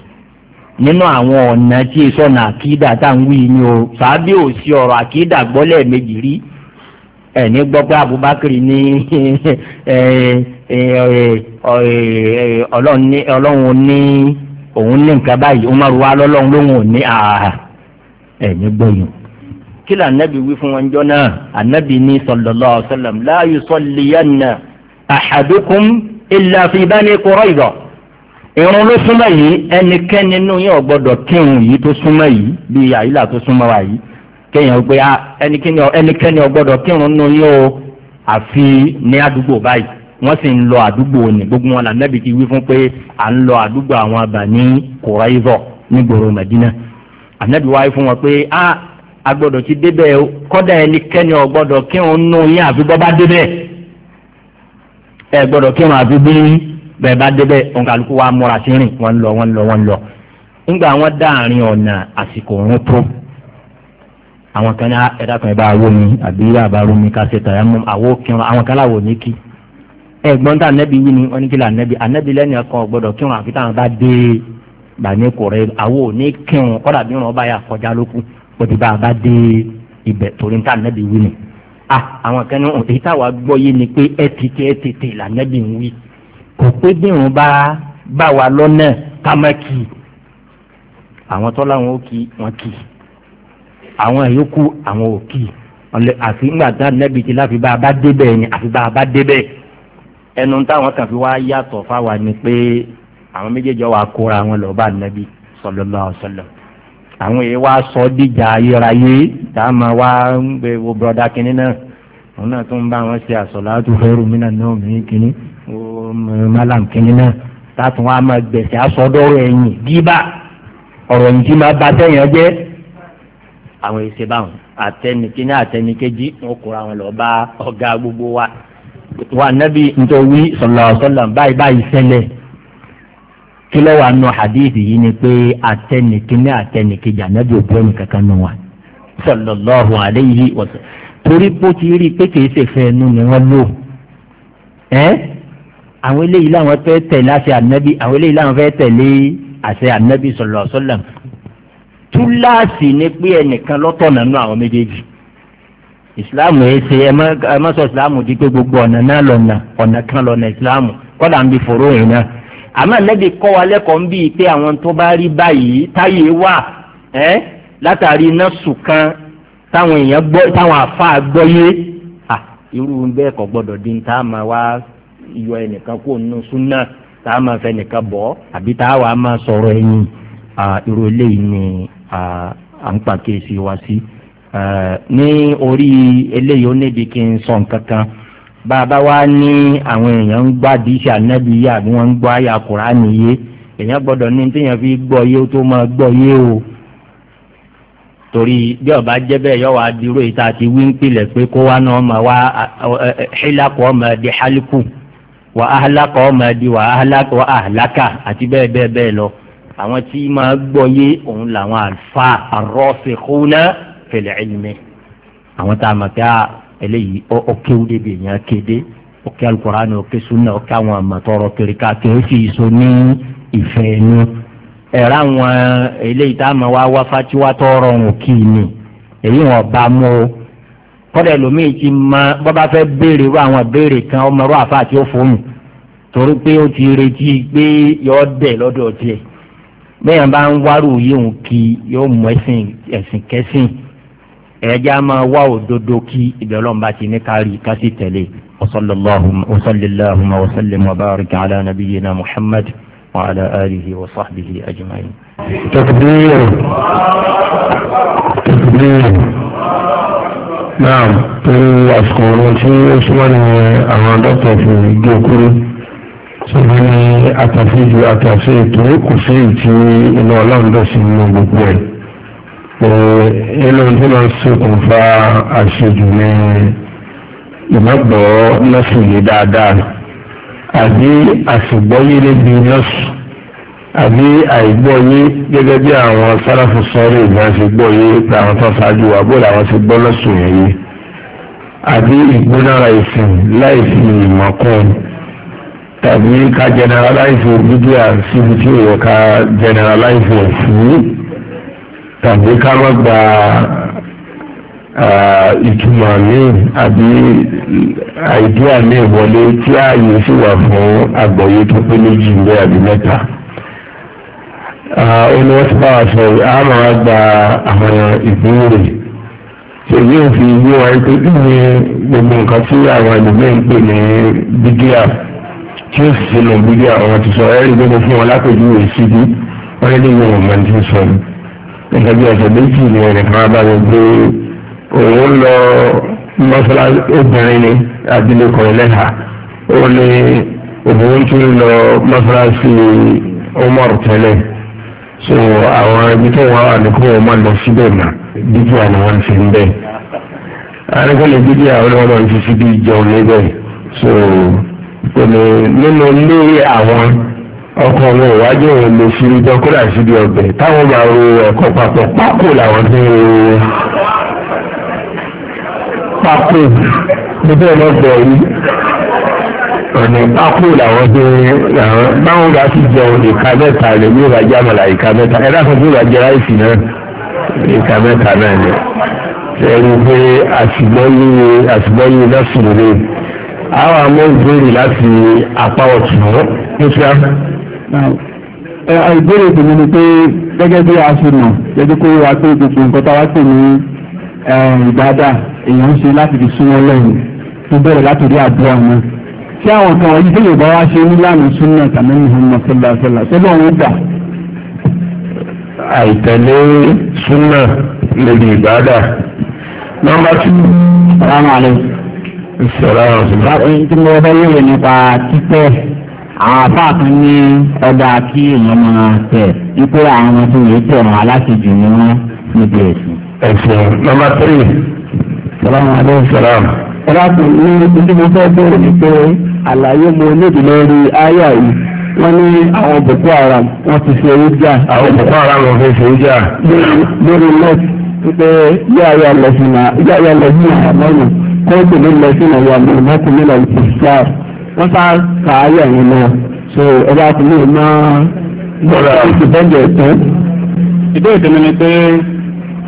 nínú àwọn ọ̀nà tí èso ọ̀nà àkídà tá à ń wí ni o sàábì ò sí ọ̀rọ̀ àkídà gbọ́ lẹ́ẹ̀mejì rí ẹ̀ní gbọ́ pé Abubakar ní (laughs) ọlọ́run ní òun ní nǹkan báyìí Umar wa lọ́lọ́run lóun ò ní ẹ̀ní gbọ́yìn kí lè anabi wí fún wọn jọ náà anabi ní sallallahu alaihi wasallam la yusalliyanna ahadukum illa fi bani Qurayza irun ló súnmọ́ yìí ẹnikẹ́ni nínú yín ò gbọ́dọ̀ kírun yìí tó súnmọ́ yìí bíi àyílà tó súnmọ́ wa yìí. kéèyàn gbé ah, ẹnikẹ́ni ọgbọ́dọ̀ kírun nù yín o àfi ní àdúgbò báyìí wọ́n sì ń lọ àdúgbò ní gbogbo wọn wí fún pé à ń lọ àdúgbò àwọn àbà ní kòráìzọ nígboro mẹdínà ànàbì wáyé fún wọn pé ah, a agbọ́dọ̀ ti débẹ̀ kọ́dà ẹnikẹ́ni ọgbọ́dọ̀ kírun nù yín àfi bọ́ ẹ gbọ́dọ̀ kírun àfi bí bẹ́ẹ̀ bá débẹ̀ òǹkàlùkù wa múra sí rìn wọ́n lọ wọ́n lọ wọ́n lọ àwọn kan ní ah, ẹ̀dá kan ìbá aró mi àbí àbá aró mi ká ṣe tàyà mọ́ àwọ̀ kírun àwọn kan láwọ̀ ní kí ẹ̀gbọ́n tá ànẹ́bí wí ni wọ́n ní kí lè ànẹ́bí ànẹ́bí lẹ́nu ẹ̀kan gbọ́dọ̀ kírun àfi táwọn bá dé bàní kò rẹ àwọ̀ ní kírun kọ́dà bí wọn bá yà kọjá lókù ó bá a bá dé ibẹ̀ torí tá ànẹ́bí wí ni. à ah, àwọn kan ní èyí táwa gbọ́ yé ni pé ẹ ti tẹ ẹ tètè lànẹ́bí ń wí kò pé bí wọn bá bá wa lọ́nà ká má kì í àwọn tọ́lá wọn ó kì í kì í àwọn ìyókù àwọn òkì àfi ńgbà tá nẹ́bi ti láfi bá a bá débẹ̀ ni àfi bá a bá débẹ̀ ẹnu táwọn kan fi wá yàtọ̀ fáwa ni pé àwọn méjèèjì wa kóra wọn lọ bá nẹ́bi sọlọ́lá ọ̀sọ̀lọ̀ àwọn èyí wá sọ díjà ayérayé tá a máa wá ń gbé wo bọ́dá kínní náà wọn náà tún bá wọn ṣe àsọ̀láàtú fẹ́rù mí náà náà mí kínní mọ́làm kínní náà tá tún wá máa gbèsè àsọdọ́rọ̀ ẹ̀yìn bíbá ọ̀rọ̀ ẹ̀yìn bá sẹ́yìn ọjẹ́ àwọn èsì báwọn àtẹnikíní àtẹnikejì wọn kóra wọn lọ bá ọgá gbogbo wa wa nabi nítorí sọlọsọlọ báyìí báyìí ṣẹlẹ̀ kí ló wà nù hadith yìí ni pé àtẹnikíní àtẹnikejì ànábì òbí ẹnì kankan nù wa sọlọlọhu aleyhi wọsẹ torí bó ti rí i pé kìí ṣe fẹ́ ẹnu ni wọ́n lò ẹ́ àwọn eléyìí làwọn fẹ́ tẹ̀lé àṣẹ ànábì àwọn eléyìí làwọn fẹ́ tẹ̀lé àṣẹ ànábì sọlọsọlọ. túláàsì ni pé ẹnìkan lọ́tọ̀ nínú àwọn méjèèjì ìsìláàmù yìí ṣe ẹ má ìsìláàmù di pé gbogbo ọ̀nà náà lọ́nà ọ̀nà kan lọ́nà ìsìláàmù kọ́dà ń bi fòró yìí náà àmọ́ ẹ̀lẹ́bi kọ́ wa lẹ́kọ̀ọ́ ń bí pé àwọn tó bá rí báyìí táyé wà ẹ́ látàrí iná táwọn èèyàn gbọ́ táwọn gbọ́ yé irú bẹ́ẹ̀ kọ́ gbọ́dọ̀ tá a máa wá yọ ẹnìkan kó súnà nìkan àbí tá a wà máa sọ̀rọ̀ ẹ̀yìn à ń pàkíyèsí wa sí. ní orí eléyìí ó níbi kí n sọ nǹkan kan bá a bá wá ní àwọn èèyàn ń gbọ́ àdìsí ànábì yé àbí wọ́n ń gbọ́ àyà kùránì yé èèyàn gbọ́dọ̀ ní téèyàn fi gbọ́ yé tó máa gbọ́ yé o torí bí ọba jẹ́ bẹ́ẹ̀ yọ wá dúró yìí tá a ti wí ń pilẹ̀ pé kó wá náà máa wá xilakọ̀ ọmọ di xaliku wà áhàlákọ̀ ọmọ di wà áhàlákọ̀ àhàlákà àti bẹ́ẹ̀ bẹ́ẹ̀ bẹ́ẹ̀ lọ. àwọn tí máa gbọ́ yé òun làwọn àlùfà àrọ́sẹ̀kúnà fẹ̀lẹ̀ ẹ̀yìnmẹ́ àwọn tá a mọ̀ pé ah, eléyìí ó kéwú débi èèyàn kéde ó ké alukóraní ó ké súnà ó ké àwọn àmọ̀tọ́rọ̀ kiri káàkiri ó sì so ní ìfẹ́ inú ẹ̀rọ àwọn eléyìí tá a mọ̀ wá wá fatiwa tọrọ òun kì í ni èyí wọn bá mú o kọ́dà ẹlòmíì ti mọ bọ́bá fẹ́ béèrè irú àwọn béèrè kan ọmọ irú àfa àti ó fóònù torí pé ó ti retí pé yọ ọ́ dẹ̀ lọ́dọ̀ tiẹ̀ bẹ́ẹ̀ bá ń wárò yíyún kí yóò mú ẹ̀sìn ẹ̀sìn kẹ́sìn ẹ̀ẹ́dẹ́ a máa wá òdodo kí ibẹ̀ ọlọ́run bá ti ní kárí kásì tẹ̀lé wasalilahuma wasalima barika ala nabiyina muhammad wa ala alihi wa sahbihi ajumain. takbir takbir naam pẹ̀lú àsìkò ọ̀rọ̀ tí ó súnmọ́ ní àwọn dókítà fún ìgbé ṣùgbọ́n ni àtàfíjù àtàfí ètò kò sí ìtì iná ọlọ́ndọ̀sí nínú gbogbo ẹ̀ pé inú tí wọ́n ṣokùnfà àṣejù ní ìmọ̀gbọ́ nọ́ọ̀sì yìí dáadáa àbí àṣìgbọ́yé níbi nọ́ọ̀sì àbí àìgbọ́yé gẹ́gẹ́ bí àwọn sáráfù sọ́ọ́rì ìgbà ṣe pé àwọn tó ṣáájú wa bó làwọn ṣe gbọ́ nọ́ọ̀sì yẹn yìí àbí ìgbónára ìsìn láì fi tàbí ká generalize òbídíà síbi tí ó ká generalize òfin tàbí ká má gba uh, ìtumọ̀ míì àbí àìdíà míì wọlé tí ààyè sì wà fún àgbọ̀yé tó pé méjì ilé àbí mẹ́ta. Uh, ó ní wọ́n ti bá wa sọ a máa gba àwọn ìbéèrè èyí ò fi yé pé kí ni gbogbo nǹkan tí àwọn ẹlòmíín pè ní bídíà tí ó sì lọ gbígbé àwọn ti sọ ẹ̀rí gbogbo fún wọn lápèjúwe síbi wọn lé ní wọn máa ti sọ nígbà bí ọ̀sẹ̀ méjì ni ẹ̀rẹ̀ kan bá mi gbé òun lọ mọ́sálásí obìnrin ni abilékọ ẹlẹ́hà ó ní òun tún lọ mọ́sálásí Umar tẹ́lẹ̀ so àwọn ibi tó wà wà ní kó wọn máa lọ síbẹ̀ náà dídí àwọn wọn ti ń bẹ́ẹ̀ àríkọ́ lè dídí àwọn ọlọ́run ti fi bí níbẹ̀ so kò lè nínú ilé àwọn ọkọ wọn ìwájú òun lè fi ìjọ kódà síbi ọbẹ̀ táwọn máa ro ẹ̀kọ́ papọ̀ pákó làwọn ti ń ro pákó níbẹ̀ lọ́gbọ̀ yìí ọ̀nà pákó làwọn ti ń báwọn bá ti jẹun ìka mẹ́ta lè ní ìrajà àmàlà ìka mẹ́ta ẹ̀dá kan tó ìrajà ráìsì náà ìka mẹ́ta náà ni ẹ̀rù pé àtìgbọ́yé àtìgbọ́yé lọ́sùn lè àwọn àmọ́ ìbéèrè láti apá ọ̀tún ní fíà. ìbéèrè tèmi ni pé gẹ́gẹ́ bí a ṣe mọ̀ gẹ́gẹ́ pé wàá pé gbogbo nǹkan tá a wá pè ní ìbádà èèyàn ń ṣe láti fi súnmọ́ lẹ́yìn tó bẹ̀rẹ̀ láti rí àdúrà wọn. tí àwọn kan wọ̀nyí tó yóò bá wá ṣe nílànà súnmọ́ tàbí Muhammad sallallahu alaihi wasallam sọ́dọ̀ wọn gbà. àìtẹ̀lé súnmọ́ lórí ìbádà. nọ́mbà tù. salamu alaykum ìṣòro ìbáwọ̀n tí mo fẹ́ lóye nípa títẹ̀ àwọn afáà kan ní ọjà kí èèyàn máa tẹ̀ wípé àwọn ọmọ tó yẹ tẹ̀ wọn aláṣejù ni wọ́n níbi ẹ̀sìn. ẹ̀sìn nọ́mbà tírì. sàlámù aleykum sàlám. ọlọ́pàá ní ibi mo fẹ́ bẹ̀rẹ̀ ni pé àlàyé mo níbi lórí àyà yìí wọ́n ní àwọn boko haram wọ́n ti ṣe orí jà. àwọn boko haram wọ́n fi ṣe orí jà. lórí lórí lọ́ọ̀tì pé yáa yà lọ sí náà yáa yà lọ sí náà lọ́nà kóòtù lílọ sí ìnáwó àmọ́tí nílò ìfìsíláàf wọ́n sá kàáyọ̀ yẹn náà so ẹ bá fi mí mọ́ ìbọ̀dọ̀ ìbọ̀dọ̀ ìtàn. ìbéèrè tẹ́lẹ̀ ni pé.